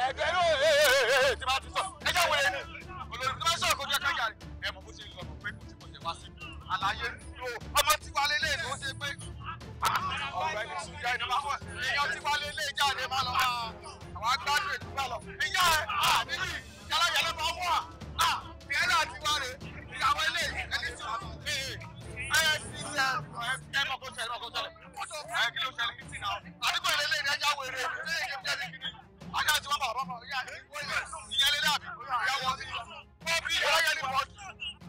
ẹgbẹ́ ló ee tí máa ti sọ ẹ wẹ̀rẹ̀ ni olórí tí máa sọ̀rọ̀ kó jẹ́ kájà rẹ̀ ẹ mọ̀ bó ṣe lọ mọ̀ pé kò tí kò jẹ́ wá sí àlàyé ló ọmọ tí wàá lélẹ̀ ló ṣe pé ọ̀rọ̀ ẹni sùn jẹ́ ìdọ́gba fún tí wàá lélẹ̀ jáde máa lọ máa àwọn agbádùn ètùgbà lọ ìyá ẹ àbí ẹ ẹ kó ṣẹlẹ̀ mọ̀ kó ṣẹlẹ̀ kótó ẹ kí ló ṣẹlẹ̀ kí sí náà àdúgbò ilé ilé ìdájà wèrè ilé ìdíjẹ́ ti kiri ọjà tí wọ́n bá bọ́ mọ̀ ìyá ìyẹn lélẹ́ àbí ìyá wọn ti wọ́n bí yàrá yẹn ní bọ́ọ̀dì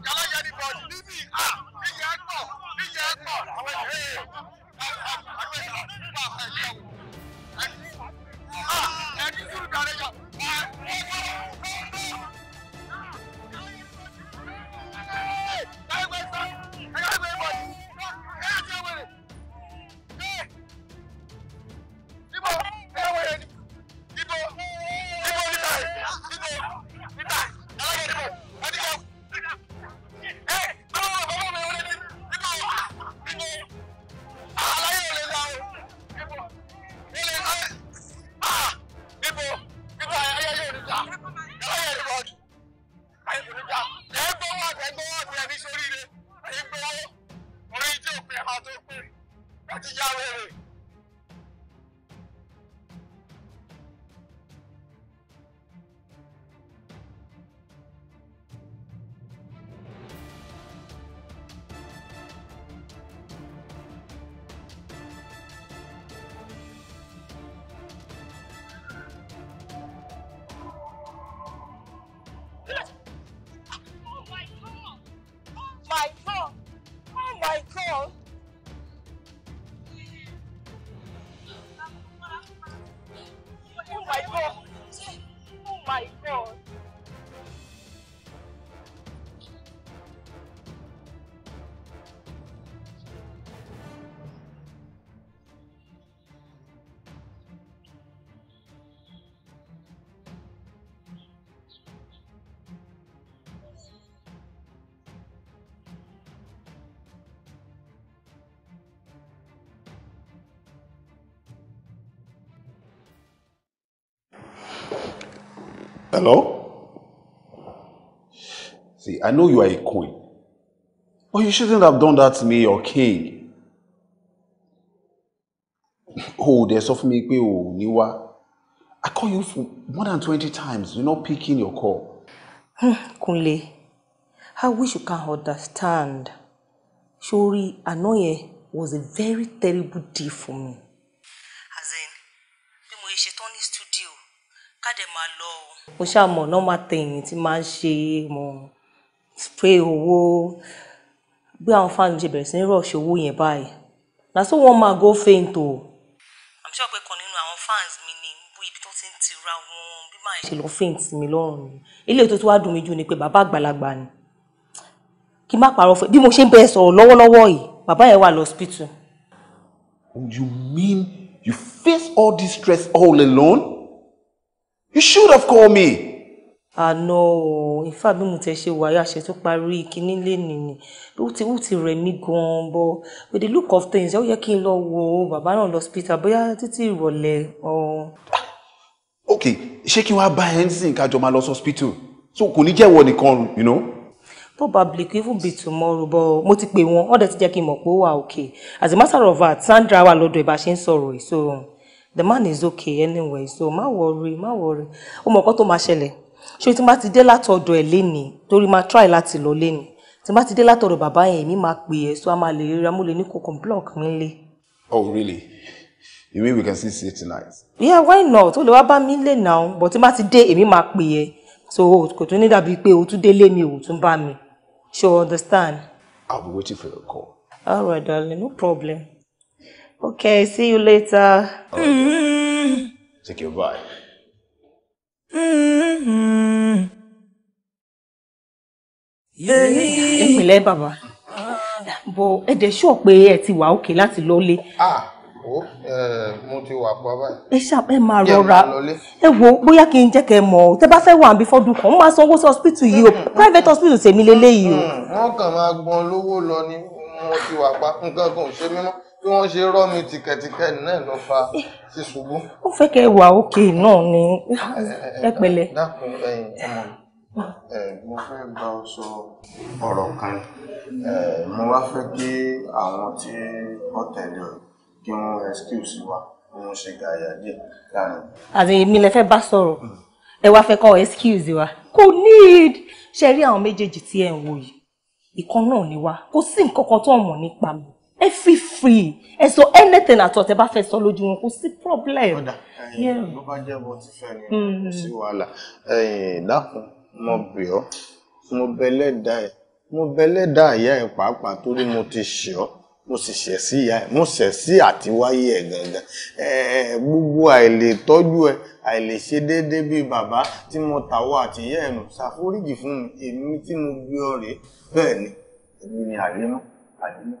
yàrá yẹn ní bọ́ọ̀dì níbi à ìyẹn ń pọ̀ ìyẹn ń pọ̀ àwọn èèyàn àwọn èèyàn wà ẹ̀jẹ̀ wò ẹ̀jẹ̀ dúró dàrẹ́ yà ẹ̀jẹ̀ wò. Yahweh. Hello? See, I know you are a queen, but you shouldn't have done that to me, your king. Oh, there's sọ fún mi pé I call you for more than 20 times. You're not picking your call. Kunle, I wish you can understand. Shori Anoye was a very terrible deal for me. As in, bí mo ṣe tán studio, kádẹ máa lọ o. mo ṣàmọ nọmba tẹyìn tí máa ń ṣe mo spray owó bí àwọn fáànù ṣe bẹ̀rẹ̀ sí ní rọ̀ṣì owó yẹn báyìí na so wọn máa go faint i'm sure pé kan nínú àwọn fans mi ni bó ibi tó ti ń tira wọn bí màá ṣe lọ faint mi lọ́rùn ni ilé tó tún wá dùn mí jù ni pé bàbá àgbàlagbà ni kí n má parọ́ fún bí mo ṣe ń bẹ́ẹ̀ sọ̀rọ̀ lọ́wọ́lọ́wọ́ yìí bàbá yẹn wà lọ́spítù. Oh, you mean you face all this stress all alone? You should have called me. Ah no, in fact bí mo tẹ ṣe wáyé àṣẹ tó parí kíní lénìí ni ó ti ó ti rẹ̀ mí gan with the look of things ó yẹ kí n lọ wo bàbá náà lọ hospital bóyá títí ìrọ̀lẹ́ ọ̀hún. ok ṣé kí wàá bá ensign kájọ máa lọ sí hospital so get one jẹ́wọ́ call. you know. probably kò even be tomorrow but mo ti pè wọ́n ọ̀dẹ̀ ti jẹ́ kí okay as a matter of fact Sandra wà lọ́dọ̀ ẹ̀ bá ṣe ń so the man is okay anyway so ma worry ma worry ó mọ̀ nǹkan tó máa ṣẹlẹ̀ ṣé tí n bá ti dé látọ̀dọ̀ ẹ̀ lénìí torí máa try láti lọ leni tí n bá ti dé látọ̀dọ̀ bàbá yẹn èmi máa pè ẹ́ so a máa lè ríra mo lè ní kòkòrò block mi lé. oh really you mean we can still stay tonight. yeah why not o lè wá bá mi lè nà but tí n bá ti dé èmi máa pè ẹ́ so kò tún ní dàbí pé o tún délé mi ò tún bá mi so understand. I'll be waiting for your call. all right darling no problem. Okay, see you later. Mm-hmm. Take your bye. Ẹ pẹ̀lẹ́ bàbá. Bọ̀ ẹ dẹ̀ ṣọ́ pé ẹ ti wà òkè láti lọ́lé. Ah, eh, mo ti wà pa báyìí. Ẹ ṣàp ẹ máa rọra. Ẹ wo bóyá kí n jẹ́ kẹ́ mọ̀ ọ́. Tẹ bá fẹ́ wà níbi fọ́dún kan, mo máa sanwó sí hospital yìí o. Mm-hmm. Private hospital tèmi lélẹ́yìí o. Mm-hmm. Wọ́n kàn máa gbọ́n lówó lọ ni mo ti wà pa nǹkan kan ò ṣe mí bí wọ́n ṣe rọ́ mi tìkẹ̀tìkẹ̀ náà ló fa ṣíṣubú. ó fẹ́ kẹ́ wà òkè náà ni ẹ pẹ̀lẹ́. dákun ẹ̀yin ọmọ ẹ mo fẹ́ bá ọ sọ ọ̀rọ̀ kan ẹ mo wá fẹ́ kí àwọn tí wọ́n tẹ̀lé ọ kí wọ́n excuse wa bí wọ́n ṣe gàyà díẹ̀ láàrin. àti èmi lè fẹ́ bá sọ̀rọ̀ hmm. ẹ wá fẹ́ kọ́ excuse wa kò need ṣe rí àwọn méjèèjì tí ẹ̀ ń wò yìí ìkan náà ni wa. kò sí nǹkan kan tó mọ̀ nípa mi ẹ fi free ẹ sọ anything àtọ̀ tẹ bá fẹ́ sọ lójú wọn kò sí problem. kódà ló bá jẹ́ bó ti fẹ́ ni mm-hmm. kò sí wàhálà dákun mo bẹ̀ ọ́ mo bẹ̀lẹ̀ dá ẹ̀ mo bẹ̀lẹ̀ dá ìyá ẹ̀ pàápàá torí mo ti ṣe ọ́ mo sì ṣẹ̀ sí ìyá ẹ̀ mo ṣẹ̀ sí àtiwáyé ẹ̀ gangan gbogbo àìlètọ́jú ẹ̀ àìlèṣe déédé bíi bàbá tí mo tàwọ́ àti ìyá ẹ̀ nù ṣàforíjì fún mi èmi tí mo gbé ọ rèé bẹ́ẹ̀ ni èmi ni àlẹ́ mọ́ àlẹ́ mọ́.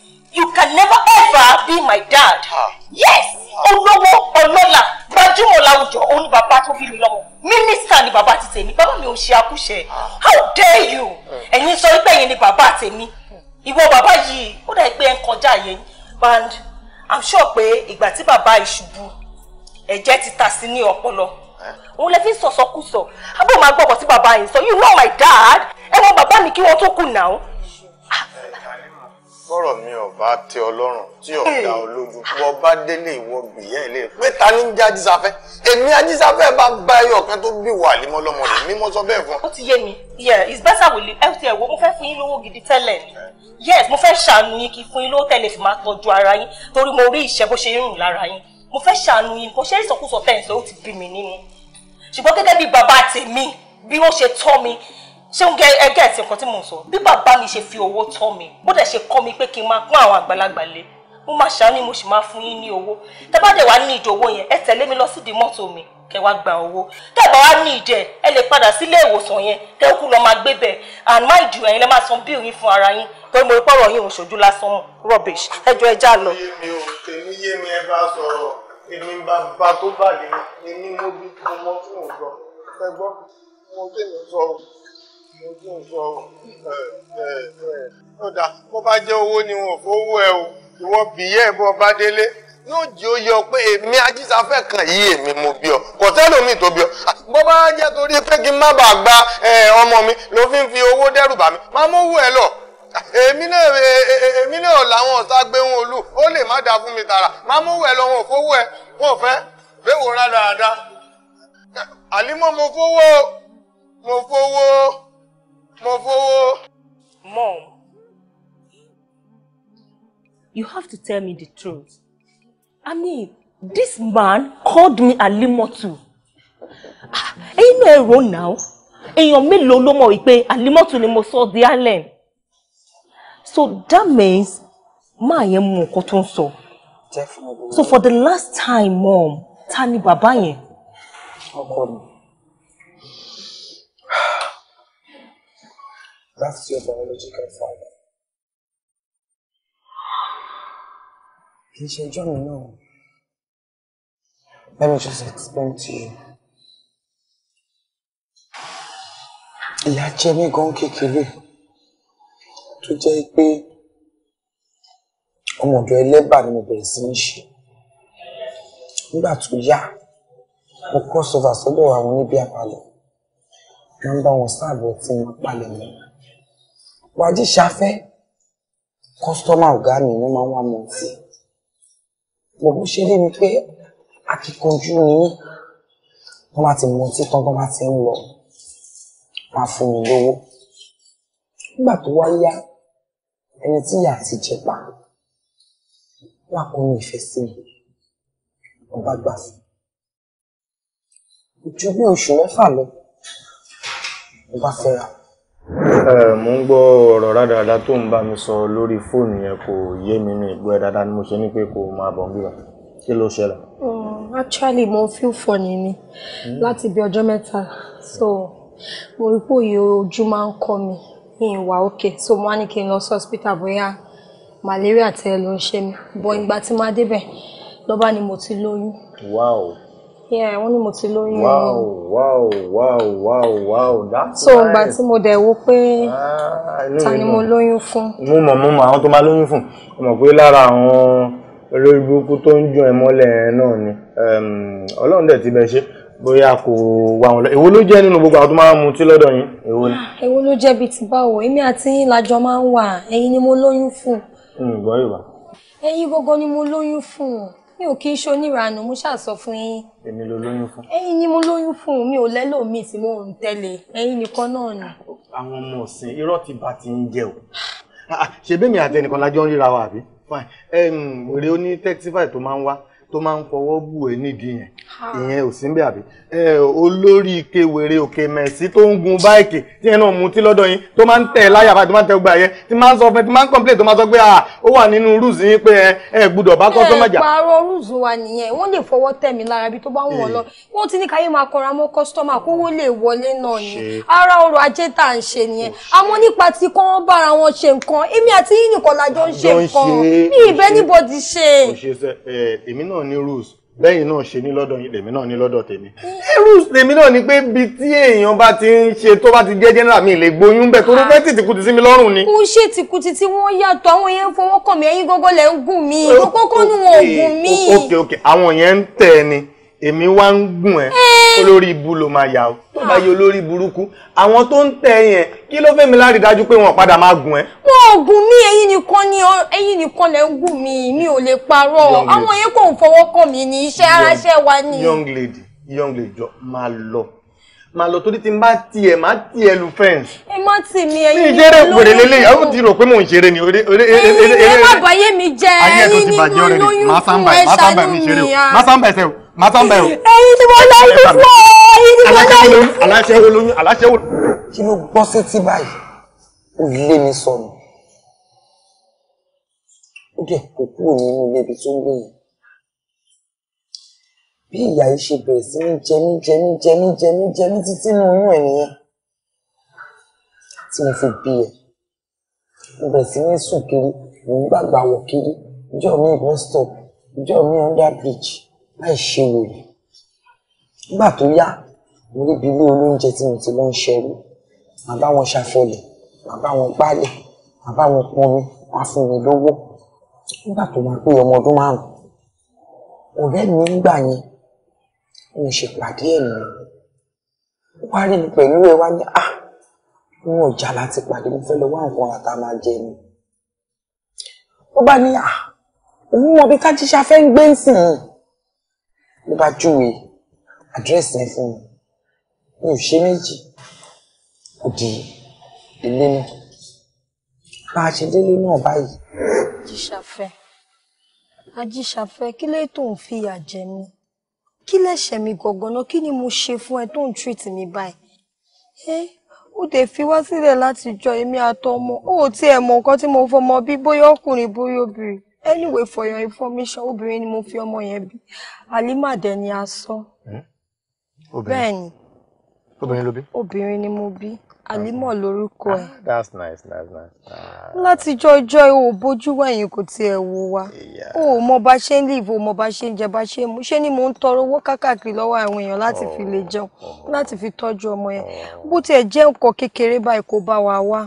you can never ever be my dad. yes olówó ọlọ́lá gbajúmọ̀ láwùjọ òun ni bàbá tó bí mi lọ́mọ mínísítà ni bàbá ti tèmi bàbá mi ò ṣe akúṣẹ̀ how dare you ẹ̀yin sọ wípé ẹ̀yin ni bàbá tèmi ìwọ bàbá yìí ó dà pé ẹ̀ ń kọjá yẹn and i'm sure pé ìgbà tí bàbá ìṣubú ẹ̀jẹ̀ ti ta sí ní ọpọlọ òun lè fi sọ̀sọ̀kùsọ̀ abọ́ máa gbọ́ ọ̀pọ̀ tí bàbá yìí sọ you know my dad ẹ wọ bàbá mi kí wọ́n tó kù náà bọ́rọ̀ mi ò bá tẹ ọlọ́run tí ọ̀dà olójú bọ́ bá délé ìwọ gbìyẹ́ ilé pé ta ni ń já èmi ajísafẹ́ bá bá ẹyọ kan tó bí wà límọ́ lọ́mọ rẹ̀ mímọ́ sọ bẹ́ẹ̀ fún. ó ti yé mi yeah it's better we leave ft ẹ̀wọ̀ mo fẹ́ fún yín lówó gidi tẹ́lẹ̀ yes mo fẹ́ ṣàánú yín kí fún yín lówó tẹ́lẹ̀ fi máa tọ́jú ara yín torí mo rí ìṣẹ́ bó ṣe ń rùn lára yín mo fẹ́ ṣàánú yín kò ṣe é ìsọkúsọ tẹ̀ ó ti bí mi nínú ṣùgbọ́n gẹ́gẹ́ bí bàbá tèmi bí wọ́n ṣe tọ́ mi ṣé ń gẹ ẹgẹ ẹsìn kan tí mò ń sọ bí bàbá mi ṣe fi owó tọ́ mi bó dẹ̀ ṣe kọ́ mi pé kí n máa pọ́n àwọn àgbàlagbà lé mo máa ṣàánú mo sì máa fún yín ní owó tẹ bá dẹ̀ wá ní ìdí owó yẹn ẹ tẹ̀lé mi lọ sídìí mọ́tò mi kẹ wá gba owó tẹ bá wá ní ìdí ẹ ẹ lè padà sílé ìwòsàn yẹn tẹ kú lọ máa gbé bẹ̀ and má ìdìrò ẹ̀yin lẹ máa san bíi òyìn fún ara yín pé mo rí pọ̀rọ̀ yín òṣòjú lásán mọ̀ rubbish ẹjọ́ ẹ já lọ. èmi ò tèmi yé mi ẹ bá sọ̀rọ̀ èmi bàbá tó bà ọ̀dà bó bá jẹ́ owó ni wọn fowó ẹ o ìwọ bìyẹ́ bó bá délé yóò jẹ́ ó yọ pé èmi ajísafẹ́ kan yìí èmi mo bí ọ kò tẹ́lómi tó bí ọ bó bá jẹ́ torí pé kí n má bàa gba ọmọ mi ló fi ń fi owó dẹ́rù bà mí máa mówó ẹ lọ èmi náà èmi náà làwọn ọ̀tá gbé wọn olú ó lè má dáa fún mi tààrà máa mówó ẹ lọ wọn ò fowó ẹ wọn ò fẹ́ bẹ́ẹ̀ wò rárá dáadáa àlímọ́ mo fowó mo fowó. Mo Mom, you have to tell me the truth. I mean, this man called me Alimotu. Ah, ẹ̀yin náà ẹ̀rọ náà, èèyàn mélòó ló mọ̀ wípé Alimotu ni mo sọ the island. So that means, máa yẹn mú nǹkan tó ń So for the last time, mom, ta ni bàbá yẹn? Ọkọ That's your biological father. He should join me Let me just explain to you. Ìyá jẹ́ mí gan kékeré tó jẹ́ pé ọmọ ọ̀dọ̀ ẹlẹ́bà ni mo bẹ̀rẹ̀ sí ní ṣe. Nígbà tó yá, mo cross over sọ́dọ̀ àwọn oníbí apalẹ̀. Nọ́mbà wọn sáàbọ̀ tí mo palẹ̀ mọ́ wàjí ṣafẹ́ kọ́sítọ́mà ọ̀gá mi ló máa ń wá mọ̀ sí mo bó ṣe rí mi pé akíkanjú ni yín wọ́n bá ti mọ tí tọ́gbọ́n bá ti ń lọ wọ́n á fún mi lówó nígbà tó wá yá ẹni tí ìyá ti jẹ pa wọ́n á kọ́ ní ìfẹ́ sí mi wọ́n bá gbà fún mi ju bí oṣù mẹ́fà lọ wọ́n bá Eh, mo ń gbọ́ ọ̀rọ̀ rádaràda tó ń bá mi sọ lórí fóònù yẹn kò yé mi ní ìgbọ́ ẹ dáadáa ni mo ṣe ní pé kò máa bọ̀ níbà kí ló ṣẹlẹ̀. Oh, actually mo feel funny ni hmm. láti bí ọjọ́ mẹ́ta so mo rí pé òye ojú máa ń kọ́ mi ní ìwà òkè so mo wá ní kí n lọ sí hospital bóyá malaria tẹ ló ń ṣe mi bọ́ ìgbà tí máa débẹ̀ lọ́ba ni mo ti lóyún. wow yeah wọ́n ní mo ti lóyún o. wow wow wow wow wow that's so nice. so ìgbà tí mo dẹ̀ wo pé ah, ta ni mo lóyún fún. mo mọ̀ mo mọ̀ àwọn tó máa lóyún fún mo mọ̀ pé lára àwọn olórí burúkú tó ń jun ẹ̀ mọ́lẹ̀ náà ni ehm, ọlọ́run dẹ̀ ti bẹ ṣe bóyá kò wá wọn lọ èwo ló jẹ́ nínú gbogbo àwọn tó máa ń mutí lọ́dọ̀ yín èwo ni. Ah, èwo ló jẹ́ bíi ti báwo èmi àti yín lájọ máa ń wà ẹ̀yin ni mo lóyún fún. ǹgbọ́ ìwà. ẹ̀yin gbogbo ni mo lóyún fún o mi ò kí n ṣonírànù mo ṣàṣọ fún yín. èmi ló lóyún fún. ẹ̀yin ni mo lóyún fún mi ò lẹ́lòmíì tí mò ń tẹ́lẹ̀ ẹ̀yin nìkan náà ni. àwọn ọmọ ọ̀sìn irọ́ ti bá ti ń jẹ o ṣe bẹ́ẹ̀ mi àti ẹnìkan lájọ́ ń ríra wa àbí rèé ó ní tẹ́tífà tó máa ń wá tó máa ń fọwọ́ bù ẹ́ nídìí yẹn ìyẹn ò sí ń bẹ́ẹ̀ àbí olórí ike wèrè òkè mẹ̀sí tó ń gun báìkì tí ẹ náà mutí lọ́dọ̀ yín tó máa ń tẹ̀ láyà bá tó máa ń tẹ gbà yẹ tí máa ń sọ fún ẹ tí máa ń complain tó máa sọ pé à ó wà nínú rules yín pé ẹ gbúdọ̀ bá kọ́ tó mọ̀jà. ẹ pààrọ̀ rules wa nìyẹn wọ́n lè fọwọ́ tẹ̀ mí lára bí tó bá ń wọ̀ lọ hmm. wọ́n ti ní káyé máa kọra mọ́ kọ́sítọ́mà kówó lè wọlé náà ni ara ọrọ̀ ajé tá à ń ṣe nìyẹn àmọ́ nípa ti kọ́ wọ́n bẹ́yìn náà ṣe ní lọ́dọ̀ yín lèmi náà ní lọ́dọ̀ tèmi. ẹrù lèmi náà ni pé bí tí èèyàn bá ti ń ṣe tó bá ti jẹ́ general mi lè gboyún bẹ́ẹ̀ tó ló fẹ́ tìtìkùtì sí mi lọ́rùn ni. mo ṣe tìkùtì tí wọ́n yàtọ̀ àwọn yẹn ń fọwọ́ kàn mí ẹ̀yin gógó lẹ̀ ń gùn mí kókó nu wọn ò ok ok àwọn yẹn ń tẹ̀ ni èmi wá ń gùn ẹ olórí ibu ló máa yà ó tó bá yẹ olórí burúkú àwọn tó ń tẹ yẹn kí ló fẹ́ mi láti dájú pé wọ́n padà máa gùn ẹ́. wọn ò gùn mí ẹ̀yin nìkan ni ẹ̀yin nìkan lẹ ń gùn mí mi ò lè parọ́ àwọn yẹn kò fọwọ́ kàn mí ní iṣẹ́ aráṣẹ́ wa ni. young lady young lady jọ máa lọ máa lọ torí tí n bá tiẹ̀ máa tiẹ̀ lu fẹ́ǹsì. ẹ má tì mí ẹ̀yin ní ìṣeré òpèrè lélẹ̀ àwọn ti rò pé mò ń ṣeré ni. ẹ̀yin ni ẹ má bàyé mi jẹ ẹ̀yin ni mo lóyún fún ẹ ṣàánú mi. má sáńbà ẹsẹ̀ o má tán bẹ̀ o. ẹyin tí mo lọ ìlú fún ọ ẹyin tí mo lọ ìlú. aláṣẹ wo lóyún aláṣẹ wo. kí ló gbọ́ sí ti báyìí ó lé mi sọnù ó dẹ̀ kó kúrò nínú ilé ibi tó ń gbé yìí bí ìyá yìí ṣe bẹ̀rẹ̀ sí ní jẹ mí jẹ mí jẹ mí jẹ mí jẹ mí títí inú oyún ẹ̀ nìyẹn tí mo fi bí ẹ̀ mo bẹ̀rẹ̀ sí ní sùn kiri mo ń gbàgbà wọ̀ kiri ìjọ mi ìbọn stop ìjọ mi under bridge láì ṣe wèrè nígbà tó yá mo rí ibi ilé olóúnjẹ tí mo ti lọ ń ṣẹrú màá bá wọn ṣàfọlẹ̀ màá bá wọn gbálẹ̀ màá bá wọn pọnmi wá fún mi lówó nígbà tó máa pé ọmọ ọdún márùn ọ̀rẹ́ mi nígbà yẹn mo ṣèpàdé ẹ̀ nìyẹn wá rí mi pẹ̀lú ẹ wá ní à ah, wọn ọjà láti pàdé mo fẹ́ lọ wá nǹkan àtà máa jẹ ni ó bá ní à ah, òun mọ bí kájíṣà fẹ́ ń gbé ń sìn yìí ló bá júwe àdírẹ́sì ẹ fún mi mi ò ṣe méjì kò di ilé náà bá a ṣe délé náà báyìí. ajíṣàfẹ́ ajíṣàfẹ́ kí lè tó ń fìyà jẹ mí kí lẹ̀ṣẹ̀ mi gangan náà kí ni mo ṣe fún ẹ tó ń treat mi báyìí ẹ ó dé fi wá sílẹ̀ láti jọ èmi àtọmọ ó tiẹ̀ mọ nǹkan tí mo fọmọ bí bóyá ọkùnrin bóyá obìnrin anyway for your information obìnrin ni mo fi ọmọ yẹn bí alimade ni a sọ. Hm? bẹ́ẹ̀ obìnrin ló bí. obìnrin ni mo bí. Àlímọ̀ lórúkọ ẹ̀. That's nice, that's nice. Ah. Látijọ́ ọjọ́ ìwò bójú wẹ̀yìn kò tiẹ̀ wò wá. O ò mọ bá ṣe ń live, o mọ bá ṣe ń jẹ, bá ṣe ń mu. Ṣé ni mò ń tọrọ owó kákàkiri lọ́wọ́ àwọn èèyàn láti fi lè oh, jẹun, oh. láti fi tọ́jú ọmọ yẹn. Oh. Bó tiẹ̀ jẹ́ nǹkan kékeré báyìí kò bá wa wá.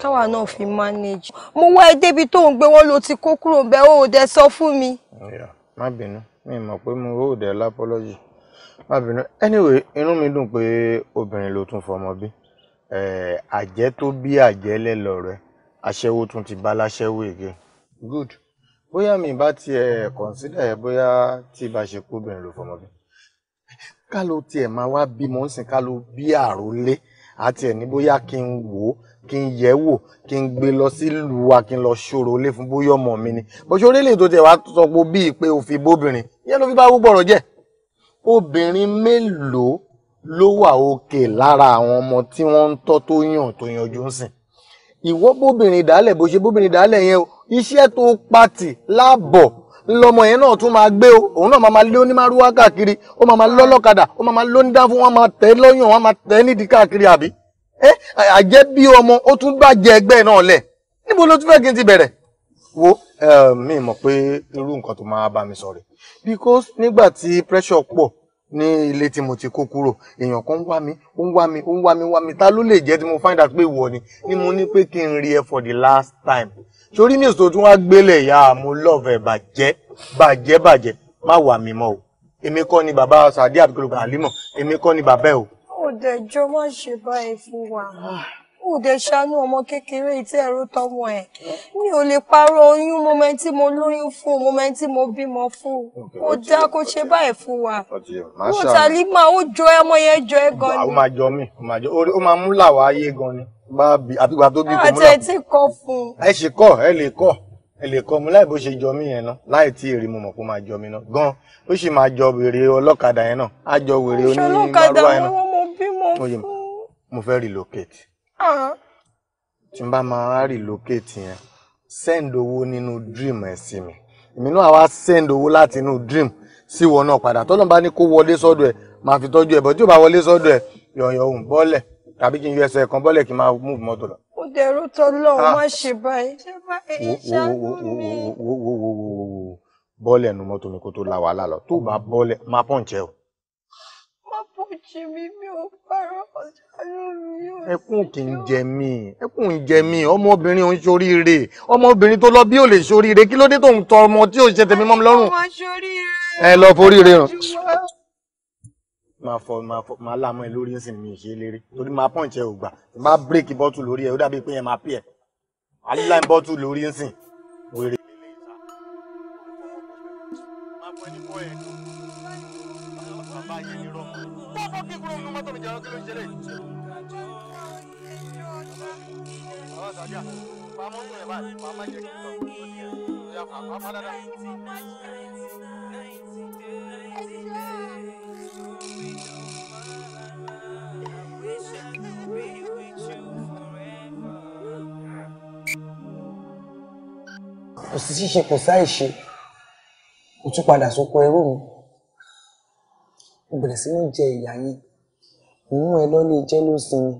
Káwa náà fi manage. Mo wá ẹ débi tó ń gbé wọn lo ti kó kúrò ń bẹ, o ò dẹ sọ fún mi. Má bínú, mi mọ̀ pé mo ò dẹ lápọ́lọ́jì. Má bínú. Anyway, inú mi dùn pé obìnrin ló tún fọmọ bí um àjẹ́ tó bí àjẹ́lẹ̀ lọ̀rẹ aṣẹ́wó tún ti báláṣẹ́wó again good bóyá mi bá tiẹ̀ consider ẹ̀ bóyá tí bá ṣe pé obìnrin ló fọmọ bí ká ló tiẹ̀ máa wá bímọ ń sìn ká ló bí àrólé àti ẹ̀ ní bóyá kí n wò ó kí n yẹ̀ wò kí n gbé lọ sílùú wa kí n lọ ṣòro lé fún bóyá ọmọ mi ni bó ṣe orílẹ̀ tó tiẹ̀ wá sọ pé bíi yẹn ló fi bá gbogbo jẹ́ obìnrin mélòó ló wà òkè lára àwọn ọmọ tí wọ́n ń tọ́ tó yàn tó yanjú ń sìn ìwọ bóbìnrin dálẹ̀ bó ṣe bóbìnrin dálẹ̀ yẹn o iṣẹ́ tó pàtì láàbọ̀ ńlọmọ yẹn náà tún máa gbé o òun náà máa máa lé onímàrúwá káàkiri ó máa máa lọ́lọ́kadà ó máa máa lónídá fún wọn máa tẹ́ lọ́yàn wọn máa tẹ́ nídìí káàkiri àbí ẹ àjẹ́ bí ọmọ ó tún bàjẹ́ ẹgbẹ́ náà lẹ̀ níbo ló tún fẹ́ kí n ti bẹ̀rẹ̀ wo mi mọ̀ pé irú nǹkan tó máa bá mi sọ rè because nígbà tí pressure pọ̀ ní ilé tí mo ti kó kúrò èèyàn kan ń wá mi ó ń wá mi ó ń wá mi wá mi ta ló lè jẹ́ tí mo find out pé ìwọ ni ni mo ní pé kí n rí ẹ for the last time torí ní èso tí wọ́n á gbélé ìyá mo love ẹ bàjẹ́ bàjẹ́ bàjẹ́ má wà mí mọ́ o èmi kọ́ ni bàbá sàdí àbíkúrò àlímọ̀ èmi kọ́ ni bàbá ẹ o. ó má ṣe báyìí fún wa. Ah ó dẹ̀ ṣàánú ọmọ kékeré tí ẹ̀rọ tọmọ ẹ̀ mi ò lè parọ́ oyún moment tí mo lóyún fún moment tí mo bímọ fún ó dá kó ṣe báyìí fún wa ó tàlí máa ó jọ ẹ ọmọ yẹn jọ ẹ gan ni. ó máa jọ mí ó máa mú làwọn ayé gan ni bá bí àtìgbà tó bí kò múlá. àti ẹ ti kọ fún. ẹ ṣe kọ ẹ lè kọ ẹ lè kọ́ mu láì bó ṣe jọ mí yẹn náà láì tí èrè mo mọ̀ kó máa jọ mí náà gan ó sì máa jọ wèrè ọlọ́kadà yẹn náà á jọ wèrè onímọ̀lúwà yẹn náà mo fẹ́ relocate tí n bá máa relocate yẹn send owó nínú dream ẹ̀ sí mi èmi náà wá send owó láti inú dream sí ìwọ náà padà tọ́lọ́n bá ní kó wọlé sọ́dọ̀ ẹ̀ máa fi tọ́jú ẹ̀ bọ́ tí ò bá wọlé sọ́dọ̀ ẹ̀ yọ̀yọ̀ òun bọ́lẹ̀ tàbí kí n yọ ẹsẹ̀ kan bọ́lẹ̀ kí n máa move mọ́tò lọ. ó dẹrù tọ́lọ́ má ṣe báyìí. wo wo wo wo wo bọ́lẹ̀ nu mọ́tò mi kó tó la wàhálà lọ tó bá bọ́lẹ̀ má pọ̀ǹchẹ́ o jẹ mí mi ò parọ́ ọ̀dàlú mi ò sí. ẹkún kì í jẹ mí ẹkún kì í jẹ mí ọmọbìnrin òun ṣoríire ọmọbìnrin tó lọ bí ò lè ṣoríire kí ló dé tó ń tọ ọmọ tí ò ṣe tèmi mọ́ mi lọ́rùn. ẹ lọ foríire hàn. máa fọ máa fọ máa láàmú ẹ lórí ẹsìn mi ṣe lérí torí máa pọ́ǹ jẹ ògbà máa bírèkì bọ́tù lórí ẹ ó dàbí pé yẹn máa pì ẹ aláìbọ́tù lórí ẹsìn wèrè. kí ló ń ṣẹlẹ̀. àwọn sàjà pamọ́ fún kò sí ṣíṣe kò sáì ṣe kò tún padà sóko ẹrú mi mo bẹ̀rẹ̀ sí ní jẹ ìyá yín mo mú ẹ lọ́lé jẹ́lósì ni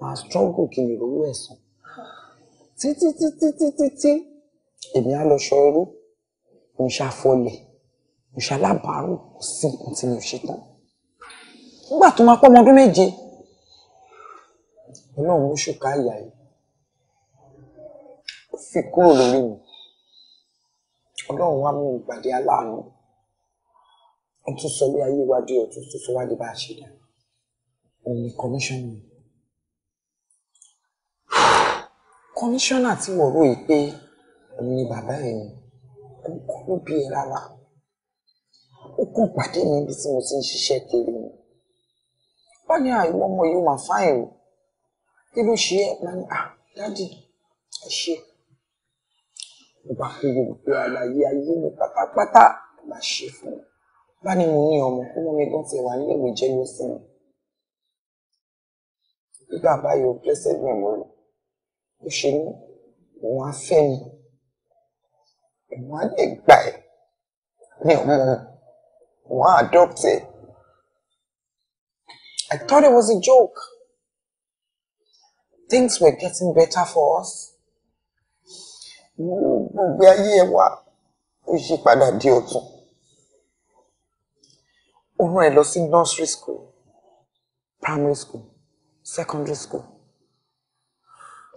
máa struggle kí n rówó ẹ̀sán títí títí títí tí èmi á lọ ṣọrú mo ṣàfọlẹ̀ mo ṣàlábàárò kò sí nǹkan tí mi ò ṣe tán nígbà tó máa pọ́ ọmọ ọdún méje ọlọ́run ló ṣùkà àyà yìí ó fi kúrò lórí mi ọlọ́run wá mú ìpàdé aláàánú ó tún sọ ilé ayé wa di ọ̀tún tó fi wá di bá a ṣe dà òun ni kọmíṣánná kọmíṣánná tí wọ́n rò yìí pé òun ni bàbá ẹ̀ ni òun kọ́ ló bí ẹ rárá ó kàn pàdé mi níbi tí mo ti ń ṣiṣẹ́ kiri ni wọ́n ní àìwọ́ ah, ọmọ yìí máa fáìn o kí ló ṣe é máa ní à ah, dádì ẹ ṣe ìgbà kúrò pé àlàyé ayé mi pátápátá máa ṣe fún un bá ní mo ní ọmọ kó mọ́ mi gan ti wà nílé ìwé jẹ́lú sí mi nígbà báyìí o blessed memory ó ṣe ní òun á mi òun á lè gbà ẹ́ ní ọmọ òun á adopt ẹ́ I thought it was a joke. Things were getting better for us. Gbogbo ayé wa ó yí padà di ọ̀tun ó rán ẹ lọ sí nursery school primary school secondary school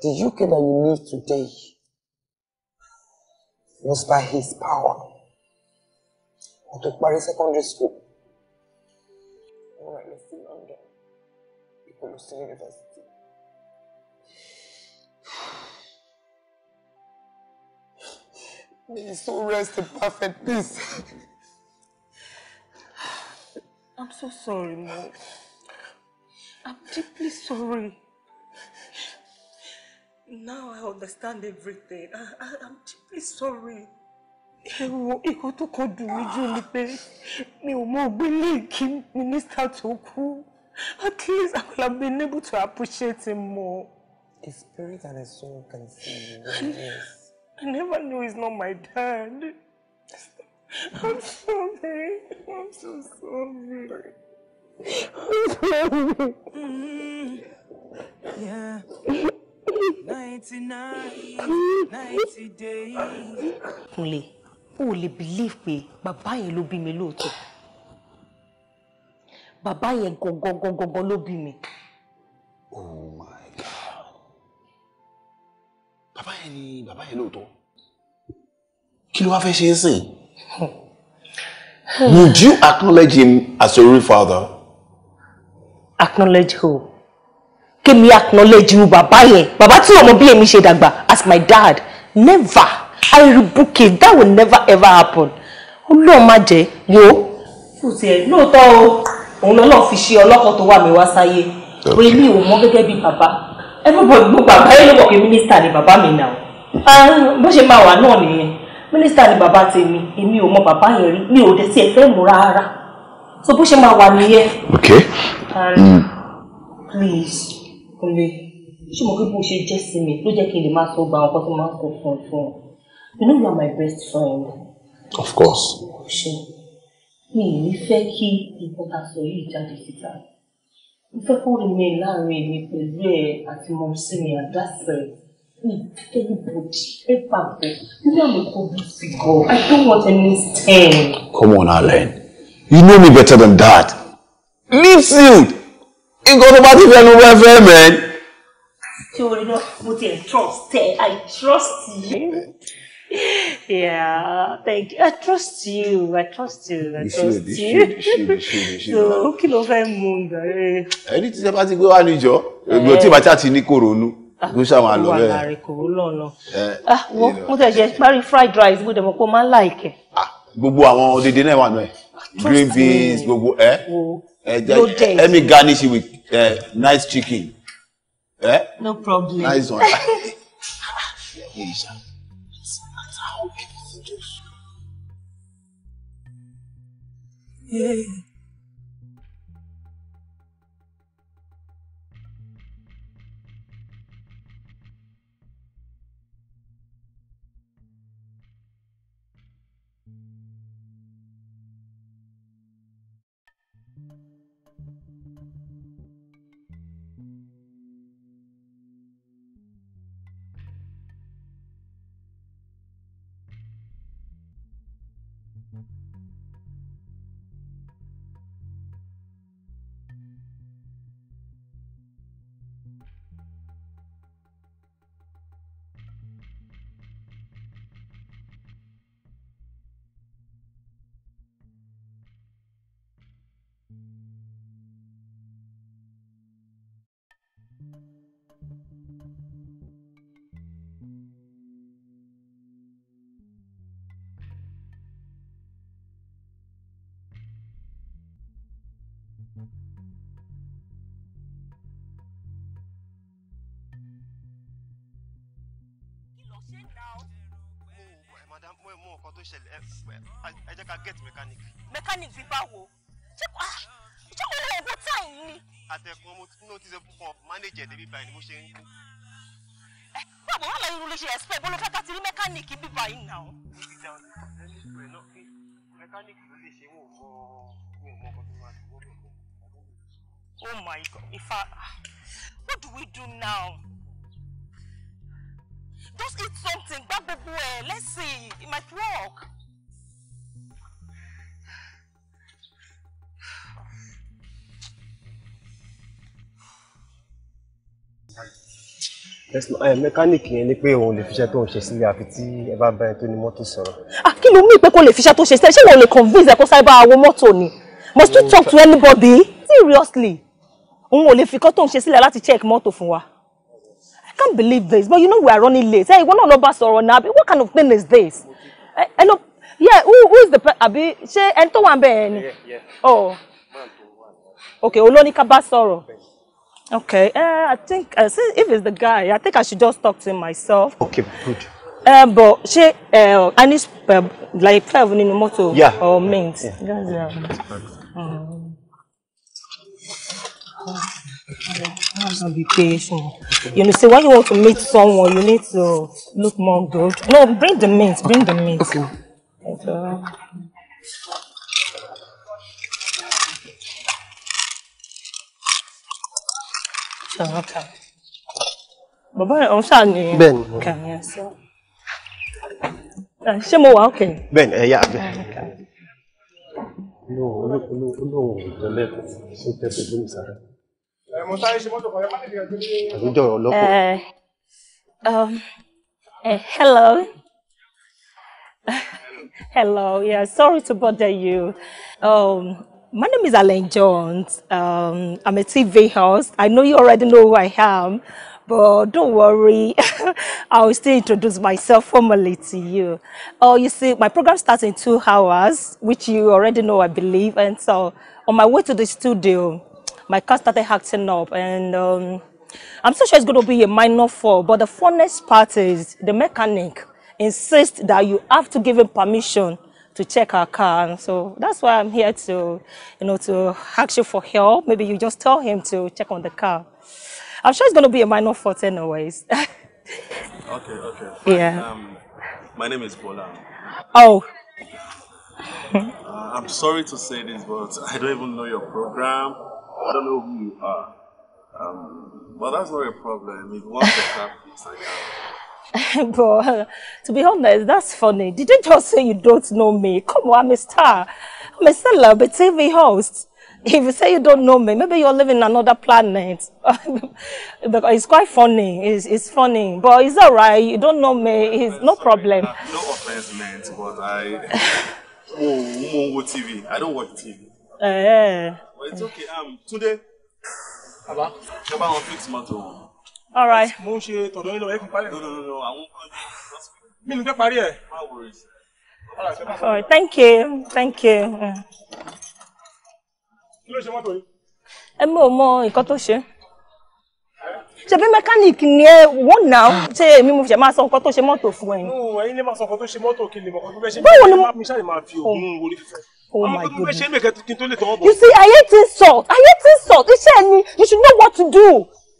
the UK that you live today was by his power ó tó parí secondary school ó rán ẹ lọ sí London ìpolú sí university. May his soul rest in perfect peace. I'm so sorry, Mo. I'm deeply sorry. Now I understand everything. I, I, I'm deeply sorry. Ẹ̀wọ̀n ikọ̀ tó kọ dùn mí jù ni pé mi ò mọ ògbélé kí mínísítà tó kú. At least I would have been able to appreciate him more. His spirit and his soul can see what it I never knew he's not my dad. I'm sorry. I'm so sorry. I'm sorry. Mm, yeah. 99, 90 days. Kúnlé, o lè believe pé bàbá yẹn ló bí mi lóòótọ́. Bàbá yẹn gangan gangan gan ló bí mi. Oh my God. Bàbá yẹn ni bàbá yẹn lóòótọ́. Kí ló wá fẹ́ ṣe é sìn? Would you acknowledge him as your real father? Acknowledge who? Kemi acknowledge you, Baba? Baba, Bàbá tí ọmọ bí èmi as my dad. Never. I rebuke it. That will never ever happen. Ọlọ́run má jẹ́ wo. Fùtì ẹ̀ lóòótọ́ o, òun lọ́lọ́ fi ṣe ọlọ́kọ̀ tó wà mí wá sáyé. Oye mi ò mọ gẹ́gẹ́ Everybody gbogbo Baba. ló mọ̀ pé minister. ni bàbá mi náà. Ah, bó ṣe máa wà náà nìyẹn mínísítà ni bàbá tèmi èmi ò mọ bàbá yẹn rí mi ò dé sí ẹ mú rárá so bó ṣe máa wà nìyẹn. ok hmm. please Kúnlé ṣé mo kí bó ṣe jẹ́ sí mi ló jẹ́ kí n lè máa sọ gba àwọn kan tó máa sọ fún fún you know you are my best friend. of course. ṣe mi ì ní fẹ́ kí nǹkan tá a sọ yìí jáde síta mo fẹ́ kó rí mi láàrin èmi pẹ̀lú ẹ̀ àti mọ̀ mi àdásẹ̀ẹ́. Mm. I don't want any stain. Come on, Alan. You know me better than that. Leave sealed. Nǹkan tó bá ti fẹ́ ló wẹ́ fẹ́ mẹ́. Ṣé o rí náà trust I trust you. Yeah, thank you. I trust you. I trust you. I trust you. So, kí ló fẹ́ mú un gbà? Ẹni tí ṣe bá ti gbé wá níjọ́, èmi ò tí ì bá ṣáà Ah, gúúsà máa lọ bẹ́ẹ̀. wà lára kòró lọ́nà. Ah, mo tẹ̀ ṣe parí fried rice mo dẹ̀ mọ̀ pé o máa ń láìkẹ́. Ah, gbogbo àwọn òdìdí náà wà nù ẹ̀ green beans gbogbo ẹ̀ let me garnish it with uh, nice chicken. Eh? no problem. nice one. yeah. àtẹkùn mo ti notice púpọ̀ manager débi báyìí ni mo ṣe ń kú. ẹ bàbá wà lóyún ló ṣe expect bó ló fẹ́ ká ti rí mẹkáníìkì bí báyìí náà. mẹkáníìkì ló lè ṣe wọn ò mọ wọn ò ọkọ tó máa dùn wọn bẹ. oh my god if i what do we do now just eat something gbá gbogbo ẹ let's see it might work. mẹkáníìkì eh, yẹn ni pé òun lè fiṣẹ́ tó ń ṣe sílẹ̀ àfi tí ẹ bá bá ẹ tó ní mọ́tò sọ̀rọ̀. Ah, kí ló mú ìpè kó lè fiṣẹ́ tó ṣe sílẹ̀ ṣé wọn lè convince ẹ kó sáré bá àwọn mọ́tò ni must you talk to anybody seriously òun ò lè fi kọ́ tó ń ṣe sílẹ̀ láti check mọ́tò fún wa I can't believe this but you know we are running late ẹ ìwọ náà lọ bá sọ̀rọ̀ náà àbí what kind of thing is this ẹ eh, lọ eh, yeah who is the Abi, ṣé ẹni tó wà ń bẹ̀ ẹ ni oh okay olóníkà bá sọ̀rọ̀. Okay, uh, I think uh, since if it's the guy, I think I should just talk to him myself. Okay, good. Um, uh, but she, uh, I need uh, like five nínú mọ́tò yeah. or mint. Yeah. That's, yeah. Um, I'll be patient. You know, see, when you want to meet someone, you need to look more good. No, bring the mint, bring the mint. Okay. And, uh, bàbá ẹ̀ ọ̀hún ṣáà Ben, kàyẹn sọ ṣé mo wà ókè. bẹ́ẹ̀ni ẹ yá abẹ. olóhùn ìjọlẹ́kùn ṣe ń tẹ́sí lórí sáré. mo sáré ṣe mọ́tò kan ẹ má lè gbìyànjú ní. àwùjọ ọlọ́pàá. hello. hello yeah sorry to bother you. Um, My name is Alan Jones. Um, I'm a TV host. I know you already know who I am, but don't worry. I'll still introduce myself formally to you. Oh, you see, my program starts in two hours, which you already know, I believe. And so on my way to the studio, my car started acting up. And um, I'm so sure it's going to be a minor fall, but the funnest part is the mechanic insists that you have to give him permission to check our car. And so that's why I'm here to, you know, to ask you for help. Maybe you just tell him to check on the car. I'm sure it's going to be a minor fault anyways. okay, okay. Fine. Yeah. Um, my name is Bola. Oh. uh, I'm sorry to say this, but I don't even know your program. I don't know who you are. Um, but that's not a problem. If you want to I can. but uh, to be honest, that's funny. Did you just say you don't know me? Come on, I'm a star. I'm a seller, I'm TV host. If you say you don't know me, maybe you're living another planet. it's quite funny. It's, it's funny. But it's all right. You don't know me. It's no problem. no offense meant, but I... oh, oh, TV. I don't watch TV. Um, uh, eh. but it's okay. Um, today, Baba, Baba on my tone all right. mo ń ṣe tọ̀dọ̀ yín lọ ẹ kàn parí ẹ̀. no no no àwọn kan ní mi ni fẹ́ parí ẹ̀. all right thank you thank you. Mm. kí ló ṣe mọ́tò yìí. ẹ mi ò mọ nǹkan tó ṣe ṣebí mẹkáníìkì ni ẹ wọ́n nà á ṣe èmi mo ṣe máa sọ nǹkan tó ṣe mọ́tò fún ẹ̀yin. ẹ̀yin lè máa sọ nǹkan tó ṣe mọ́tò kí n lè mọ̀ nǹkan tó ṣe. máa fi òògùn orí fífẹ́. Oh my goodness. You see, I hate insult. I hate insult. Iṣẹ́ ni, you should know what to do